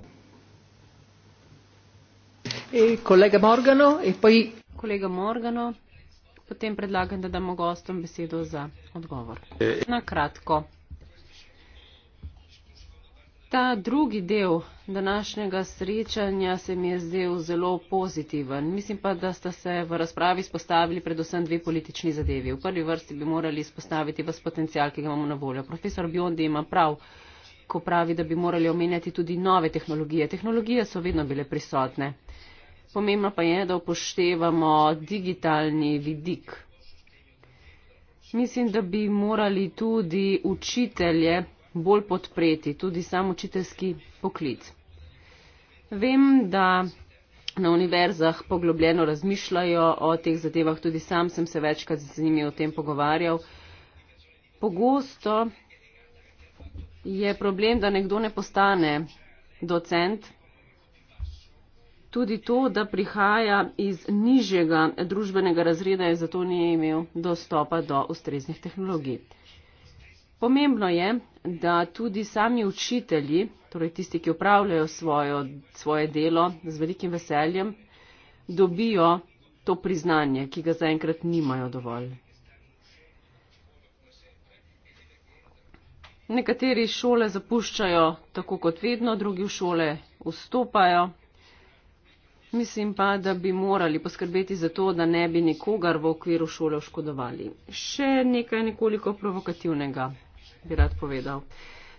E, kolega Morgano, e, poj... kolega Morgano, potem predlagam, da damo gostom besedo za odgovor. E- Na kratko ta drugi del današnjega srečanja se mi je zdel zelo pozitiven. Mislim pa, da sta se v razpravi spostavili predvsem dve politični zadevi. V prvi vrsti bi morali spostaviti vas potencial, ki ga imamo na voljo. Profesor Biondi ima prav, ko pravi, da bi morali omenjati tudi nove tehnologije. Tehnologije so vedno bile prisotne. Pomembno pa je, da upoštevamo digitalni vidik. Mislim, da bi morali tudi učitelje bolj podpreti tudi sam učiteljski poklic. Vem, da na univerzah poglobljeno razmišljajo o teh zadevah, tudi sam sem se večkrat z njimi o tem pogovarjal. Pogosto je problem, da nekdo ne postane docent. Tudi to, da prihaja iz nižjega družbenega razreda in zato ni imel dostopa do ustreznih tehnologij pomembno je da tudi sami učitelji torej tisti ki opravljajo svojo, svoje delo z velikim veseljem dobijo to priznanje ki ga zaenkrat nimajo dovolj Nekateri šole zapuščajo tako kot vedno, drugi v šole vstopajo. Mislim pa, da bi morali poskrbeti za to, da ne bi nikogar v okviru šole oškodovali. Še nekaj nekoliko provokativnega bi rad povedal.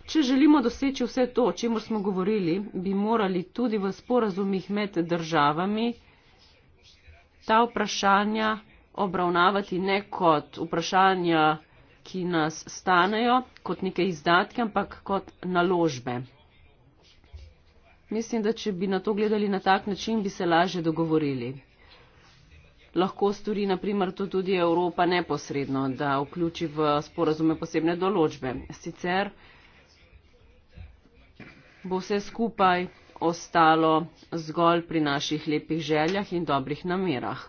Če želimo doseči vse to, o čemer smo govorili, bi morali tudi v sporazumih med državami ta vprašanja obravnavati ne kot vprašanja, ki nas stanejo, kot neke izdatke, ampak kot naložbe. Mislim, da če bi na to gledali na tak način, bi se laže dogovorili lahko stori naprimer to tudi Evropa neposredno, da vključi v sporazume posebne določbe. Sicer bo vse skupaj ostalo zgolj pri naših lepih željah in dobrih namerah.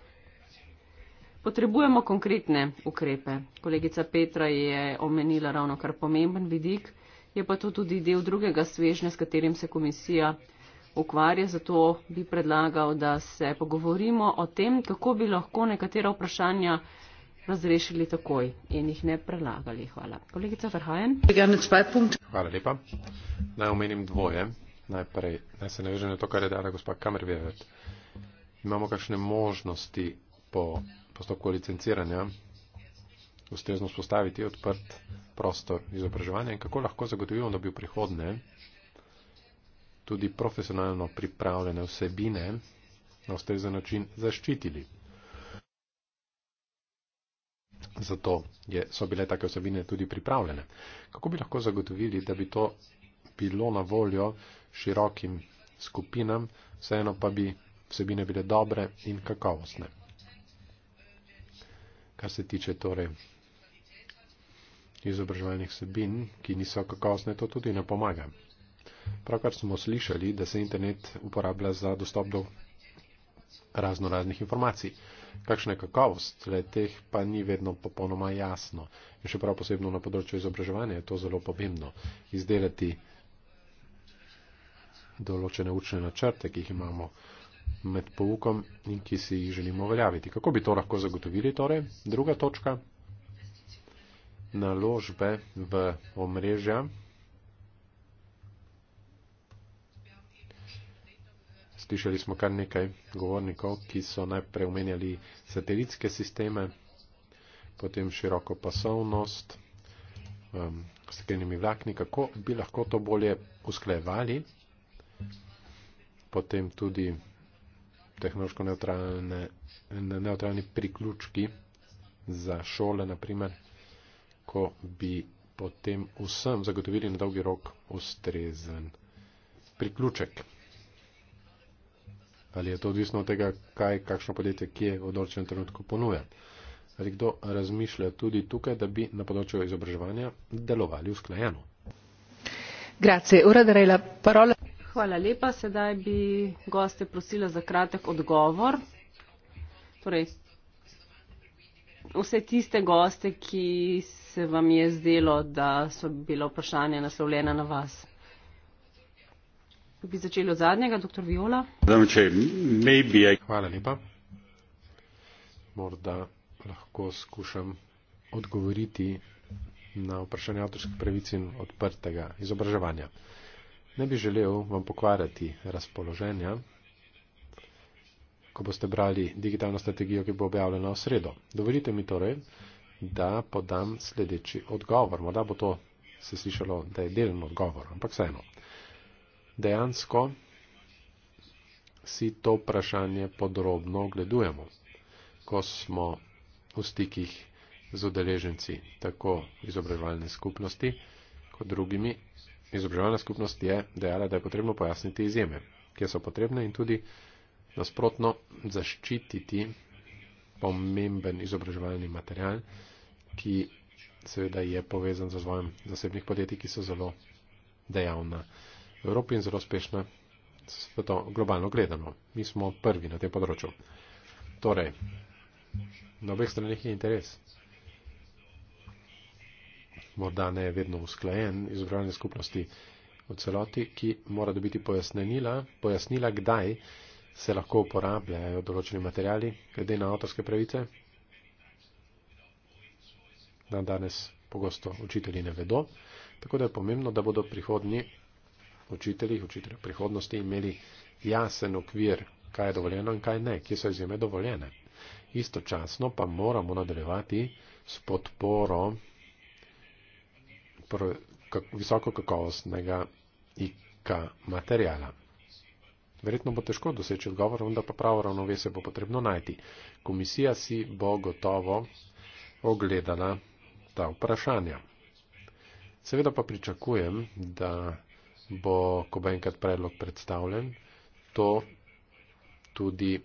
Potrebujemo konkretne ukrepe. Kolegica Petra je omenila ravno kar pomemben vidik, je pa to tudi del drugega svežne, s katerim se komisija ukvarja, zato bi predlagal, da se pogovorimo o tem, kako bi lahko nekatera vprašanja razrešili takoj in jih ne prelagali. Hvala. Kolegica Verhajen.
Hvala lepa. Naj omenim dvoje. Najprej, naj se navežem na to, kar je dala gospa Kamerveved. Imamo kakšne možnosti po postopku licenciranja ustrezno spostaviti odprt prostor izobraževanja in kako lahko zagotovimo, da bi v prihodne tudi profesionalno pripravljene vsebine na ustrezen način zaščitili. Zato je, so bile take vsebine tudi pripravljene. Kako bi lahko zagotovili, da bi to bilo na voljo širokim skupinam, vseeno pa bi vsebine bile dobre in kakovostne? Kar se tiče torej izobraževalnih vsebin, ki niso kakovostne, to tudi ne pomaga. Pravkar smo slišali, da se internet uporablja za dostop do razno raznih informacij. Kakšna je kakovost le teh, pa ni vedno popolnoma jasno. In še prav posebno na področju izobraževanja je to zelo pomembno. Izdelati določene učne načrte, ki jih imamo med poukom in ki si jih želimo uveljaviti. Kako bi to lahko zagotovili? Torej? Druga točka. Naložbe v omrežja slišali smo kar nekaj govornikov, ki so najprej omenjali satelitske sisteme, potem široko pasovnost, um, steklenimi vlakni, kako bi lahko to bolje usklejevali, potem tudi tehnološko neutralni priključki za šole, naprimer, ko bi potem vsem zagotovili na dolgi rok ustrezen priključek. Ali je to odvisno od tega, kaj, kakšno podjetje, kje v določenem trenutku ponuja? Ali kdo razmišlja tudi tukaj, da bi na področju izobraževanja delovali usklajeno?
Hvala lepa. Sedaj bi goste prosila za kratek odgovor. Torej, vse tiste goste, ki se vam je zdelo, da so bila vprašanja naslovljena na vas bi začeli od zadnjega, dr. Viola.
Hvala lepa. Morda lahko skušam odgovoriti na vprašanje avtorskih pravic in odprtega izobraževanja. Ne bi želel vam pokvarjati razpoloženja, ko boste brali digitalno strategijo, ki bo objavljena v sredo. Dovolite mi torej, da podam sledeči odgovor. Morda bo to se slišalo, da je delen odgovor, ampak vseeno dejansko si to vprašanje podrobno ogledujemo, ko smo v stikih z udeleženci tako izobraževalne skupnosti kot drugimi. Izobraževalna skupnost je dejala, da je potrebno pojasniti izjeme, kje so potrebne in tudi nasprotno zaščititi pomemben izobraževalni material, ki seveda je povezan z razvojem zasebnih podjetij, ki so zelo dejavna. Evropi in zelo uspešna sveto globalno gledano. Mi smo prvi na tem področju. Torej, na obeh stranih je interes. Morda ne je vedno usklajen izobraževanje skupnosti v celoti, ki mora dobiti pojasnila, pojasnila, kdaj se lahko uporabljajo določeni materijali, glede na avtorske pravice. Dan danes pogosto učitelji ne vedo, tako da je pomembno, da bodo prihodni učiteljih, učiteljih prihodnosti imeli jasen okvir, kaj je dovoljeno in kaj ne, kje so izjeme dovoljene. Istočasno pa moramo nadaljevati s podporo visoko kakovostnega ika materijala. Verjetno bo težko doseči odgovor, vendar pa pravo ravnovesje bo potrebno najti. Komisija si bo gotovo ogledala ta vprašanja. Seveda pa pričakujem, da bo, ko bo enkrat predlog predstavljen, to tudi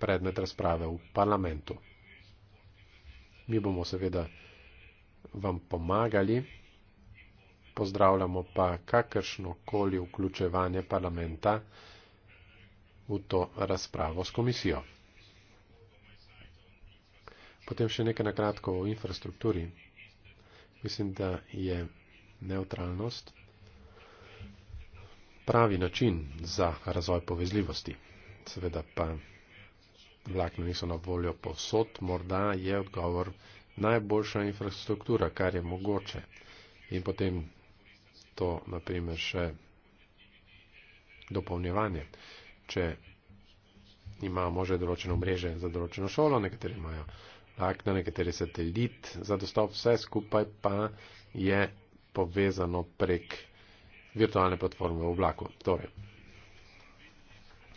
predmet razprave v parlamentu. Mi bomo seveda vam pomagali, pozdravljamo pa kakršno koli vključevanje parlamenta v to razpravo s komisijo. Potem še nekaj nakratko o infrastrukturi. Mislim, da je neutralnost pravi način za razvoj povezljivosti. Seveda pa vlakni niso na voljo posod, morda je odgovor najboljša infrastruktura, kar je mogoče. In potem to, naprimer, še dopolnjevanje. Če imajo možno določeno mreže za določeno šolo, nekateri imajo vlakna, nekateri satelit za dostop, vse skupaj pa je povezano prek virtualne platforme v oblaku. Torej,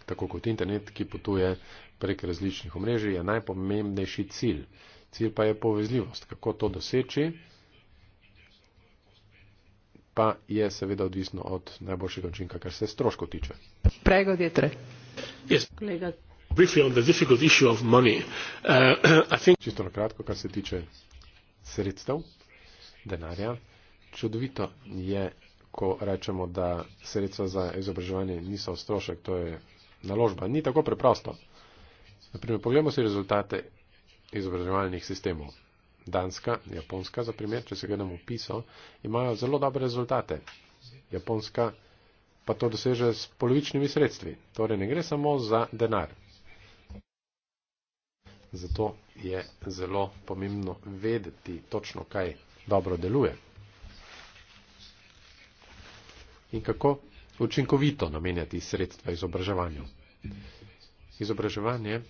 tako kot internet, ki potuje prek različnih omrežij, je najpomembnejši cilj. Cilj pa je povezljivost. Kako to doseči, pa je seveda odvisno od najboljšega učinka, kar se stroško tiče.
Pregod je tre.
Yes. Kolega. Uh, Čisto na kratko, kar se tiče sredstev, denarja. Čudovito je ko rečemo, da sredstva za izobraževanje niso strošek, to je naložba. Ni tako preprosto. Naprimer, pogledamo si rezultate izobraževalnih sistemov. Danska, Japonska, za primer, če se gledamo v piso, imajo zelo dobre rezultate. Japonska pa to doseže s polovičnimi sredstvi. Torej, ne gre samo za denar. Zato je zelo pomembno vedeti točno, kaj dobro deluje in kako učinkovito namenjati sredstva izobraževanju. Izobraževanje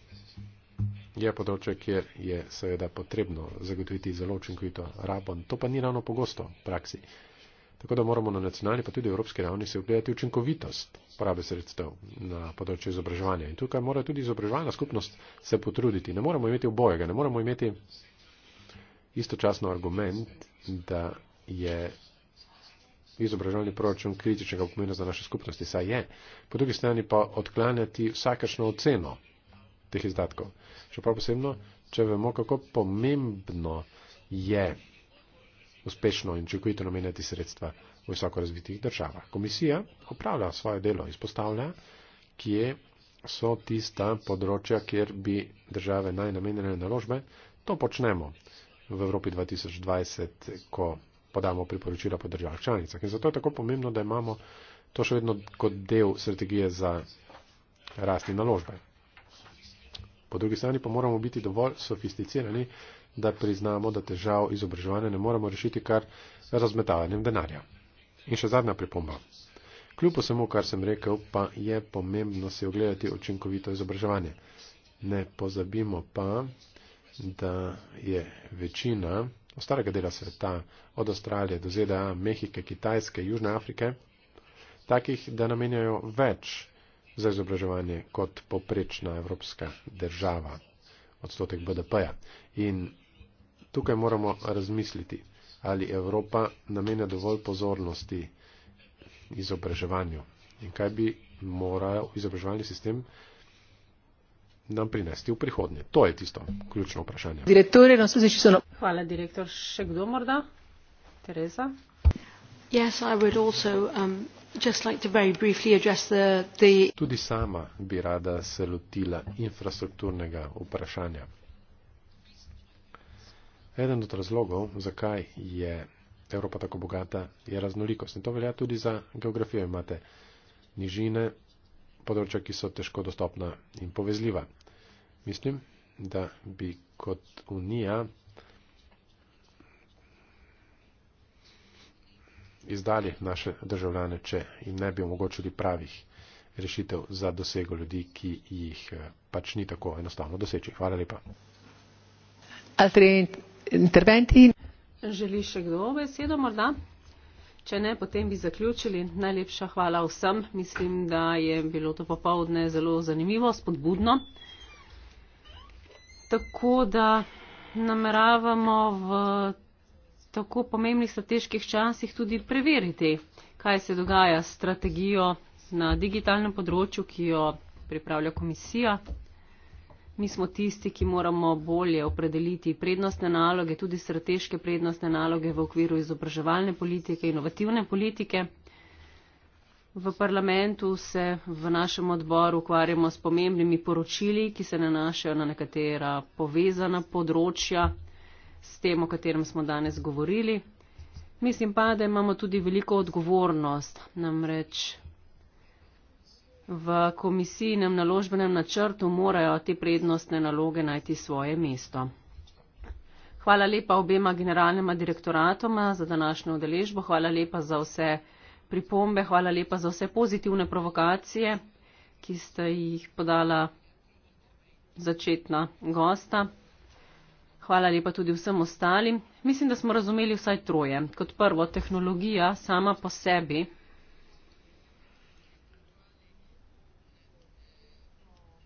je področje, kjer je seveda potrebno zagotoviti zelo učinkovito rabo, to pa ni ravno pogosto v praksi. Tako da moramo na nacionalni, pa tudi evropski ravni se ogledati učinkovitost porabe sredstev na področju izobraževanja. In tukaj mora tudi izobraževalna skupnost se potruditi. Ne moramo imeti obojega, ne moramo imeti istočasno argument, da je izobraževalni proračun kritičnega pomena za naše skupnosti, saj je, po drugi strani pa odklanjati vsakašno oceno teh izdatkov. Še prav posebno, če vemo, kako pomembno je uspešno in čukovito namenjati sredstva v visoko razvitih državah. Komisija opravlja svoje delo, izpostavlja, kje so tista področja, kjer bi države najnamenjene naložbe, to počnemo v Evropi 2020, ko podamo priporočila po državah članicah. In zato je tako pomembno, da imamo to še vedno kot del strategije za rasti naložbe. Po drugi strani pa moramo biti dovolj sofisticirani, da priznamo, da težav izobraževanja ne moremo rešiti kar razmetavanjem denarja. In še zadnja pripomba. Kljub vsemu, kar sem rekel, pa je pomembno si ogledati očinkovito izobraževanje. Ne pozabimo pa, da je večina ostalega dela sveta, od Avstralije do ZDA, Mehike, Kitajske, Južne Afrike, takih, da namenjajo več za izobraževanje kot poprečna evropska država, odstotek BDP-ja. In tukaj moramo razmisliti, ali Evropa namenja dovolj pozornosti izobraževanju in kaj bi moral izobraževalni sistem nam prinesti v prihodnje. To je tisto ključno vprašanje. Direktor,
sono... Hvala, direktor. Še kdo morda? Tereza? Yes, I would also um, just like to very briefly address the, the...
Tudi sama bi rada se lotila infrastrukturnega vprašanja. Eden od razlogov, zakaj je Evropa tako bogata, je raznolikost. In to velja tudi za geografijo. Imate nižine, področja, ki so težko dostopna in povezljiva mislim, da bi kot Unija izdali naše državljane, če jim ne bi omogočili pravih rešitev za dosego ljudi, ki jih eh, pač ni tako enostavno doseči. Hvala lepa.
Želi še kdo besedo morda? Če ne, potem bi zaključili. Najlepša hvala vsem. Mislim, da je bilo to popovdne zelo zanimivo, spodbudno tako da nameravamo v tako pomembnih strateških časih tudi preveriti, kaj se dogaja s strategijo na digitalnem področju, ki jo pripravlja komisija. Mi smo tisti, ki moramo bolje opredeliti prednostne naloge, tudi strateške prednostne naloge v okviru izobraževalne politike, inovativne politike. V parlamentu se v našem odboru ukvarjamo s pomembnimi poročili, ki se nanašajo na nekatera povezana področja s tem, o katerem smo danes govorili. Mislim pa, da imamo tudi veliko odgovornost. Namreč v komisijnem naložbenem načrtu morajo te prednostne naloge najti svoje mesto. Hvala lepa obema generalnima direktoratoma za današnjo udeležbo. Hvala lepa za vse pripombe, hvala lepa za vse pozitivne provokacije, ki ste jih podala začetna gosta. Hvala lepa tudi vsem ostalim. Mislim, da smo razumeli vsaj troje. Kot prvo, tehnologija sama po sebi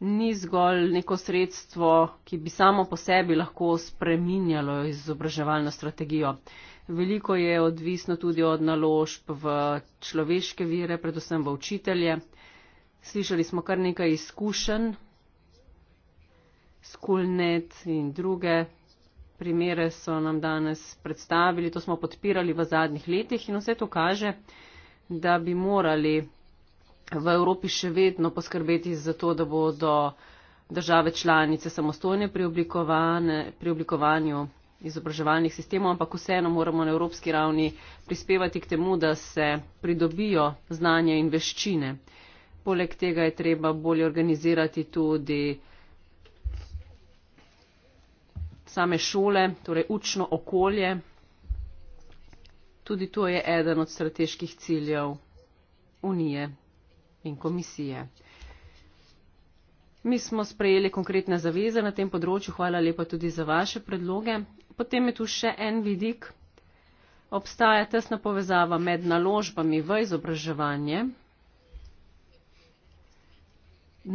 ni zgolj neko sredstvo, ki bi samo po sebi lahko spreminjalo izobraževalno strategijo. Veliko je odvisno tudi od naložb v človeške vire, predvsem v učitelje. Slišali smo kar nekaj izkušenj, Skulnet in druge primere so nam danes predstavili, to smo podpirali v zadnjih letih in vse to kaže, da bi morali v Evropi še vedno poskrbeti za to, da bodo države članice samostojne pri oblikovanju izobraževalnih sistemov, ampak vseeno moramo na evropski ravni prispevati k temu, da se pridobijo znanje in veščine. Poleg tega je treba bolje organizirati tudi same šole, torej učno okolje. Tudi to je eden od strateških ciljev Unije in komisije. Mi smo sprejeli konkretne zaveze na tem področju, hvala lepa tudi za vaše predloge. Potem je tu še en vidik. Obstaja tesna povezava med naložbami v izobraževanje.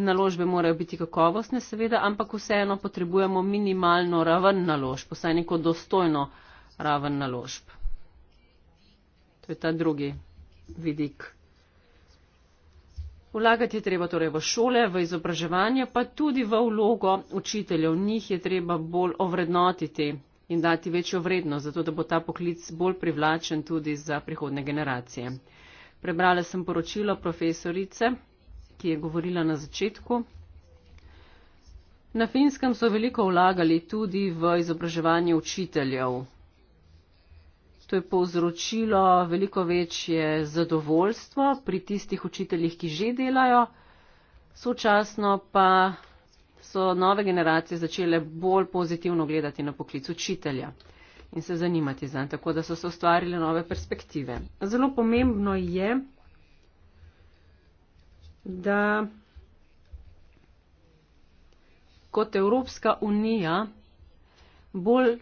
Naložbe morajo biti kakovostne, seveda, ampak vseeno potrebujemo minimalno raven naložb, vsaj neko dostojno raven naložb. To je ta drugi vidik. Vlagati je treba torej v šole, v izobraževanje, pa tudi v vlogo učiteljev. Njih je treba bolj ovrednotiti in dati večjo vrednost, zato da bo ta poklic bolj privlačen tudi za prihodne generacije. Prebrala sem poročilo profesorice, ki je govorila na začetku. Na finskem so veliko vlagali tudi v izobraževanje učiteljev. To je povzročilo veliko večje zadovoljstvo pri tistih učiteljih, ki že delajo, sočasno pa so nove generacije začele bolj pozitivno gledati na poklic učitelja in se zanimati za njega, tako da so se ustvarile nove perspektive. Zelo pomembno je, da kot Evropska unija bolj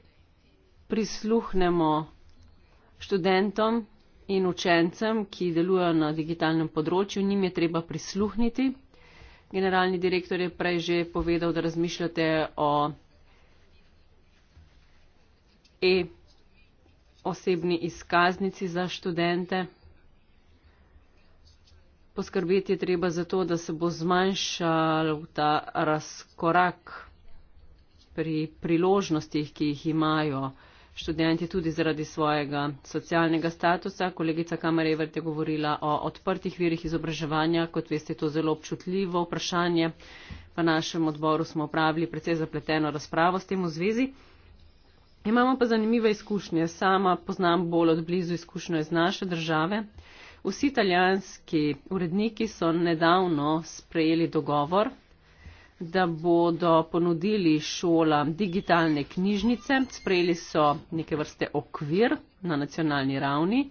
prisluhnemo študentom in učencem, ki delujejo na digitalnem področju, njim je treba prisluhniti generalni direktor je prej že povedal, da razmišljate o e-osebni izkaznici za študente. Poskrbeti je treba za to, da se bo zmanjšal ta razkorak pri priložnostih, ki jih imajo študenti tudi zaradi svojega socialnega statusa. Kolegica Kamarevert je govorila o odprtih virih izobraževanja, kot veste, to zelo občutljivo vprašanje. Pa našem odboru smo opravili precej zapleteno razpravo s tem v zvezi. Imamo pa zanimive izkušnje. Sama poznam bolj odblizu izkušnjo iz naše države. Vsi italijanski uredniki so nedavno sprejeli dogovor da bodo ponudili šolam digitalne knjižnice, sprejeli so neke vrste okvir na nacionalni ravni,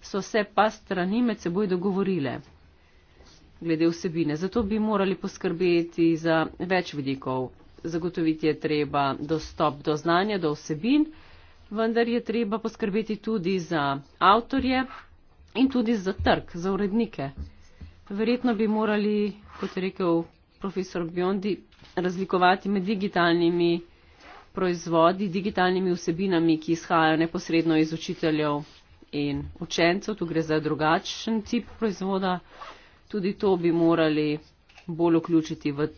so se pa strani med seboj dogovorile glede vsebine. Zato bi morali poskrbeti za več vidikov. Zagotoviti je treba dostop do znanja, do vsebin, vendar je treba poskrbeti tudi za avtorje in tudi za trg, za urednike. Verjetno bi morali, kot je rekel profesor Biondi, razlikovati med digitalnimi proizvodi, digitalnimi vsebinami, ki izhajajo neposredno iz učiteljev in učencev. Tu gre za drugačen tip proizvoda. Tudi to bi morali bolj vključiti v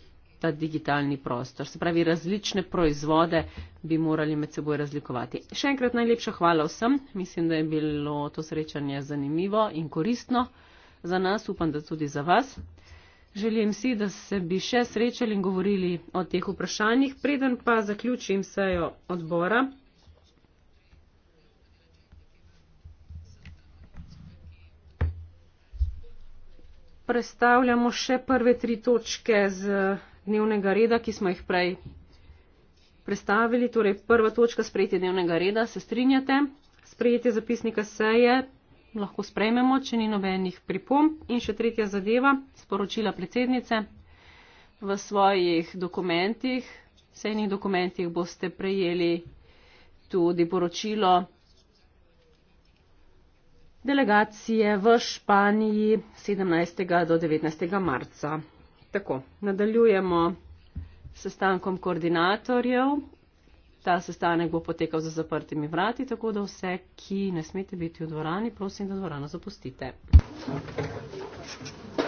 ta digitalni prostor. Se pravi, različne proizvode bi morali med seboj razlikovati. Še enkrat najlepša hvala vsem. Mislim, da je bilo to srečanje zanimivo in koristno za nas, upam, da tudi za vas. Želim si, da se bi še srečali in govorili o teh vprašanjih. Preden pa zaključim sejo odbora. Predstavljamo še prve tri točke z dnevnega reda, ki smo jih prej predstavili. Torej, prva točka sprejetja dnevnega reda, se strinjate? Sprejetje zapisnika seje, lahko sprejmemo, če ni nobenih pripomb. In še tretja zadeva, sporočila predsednice. V svojih dokumentih, vsejnih dokumentih boste prejeli tudi poročilo delegacije v Španiji 17. do 19. marca. Tako, nadaljujemo s sestankom koordinatorjev Ta sestanek bo potekal za zaprtimi vrati, tako da vse, ki ne smete biti v dvorani, prosim, da dvorano zapustite. Thank you.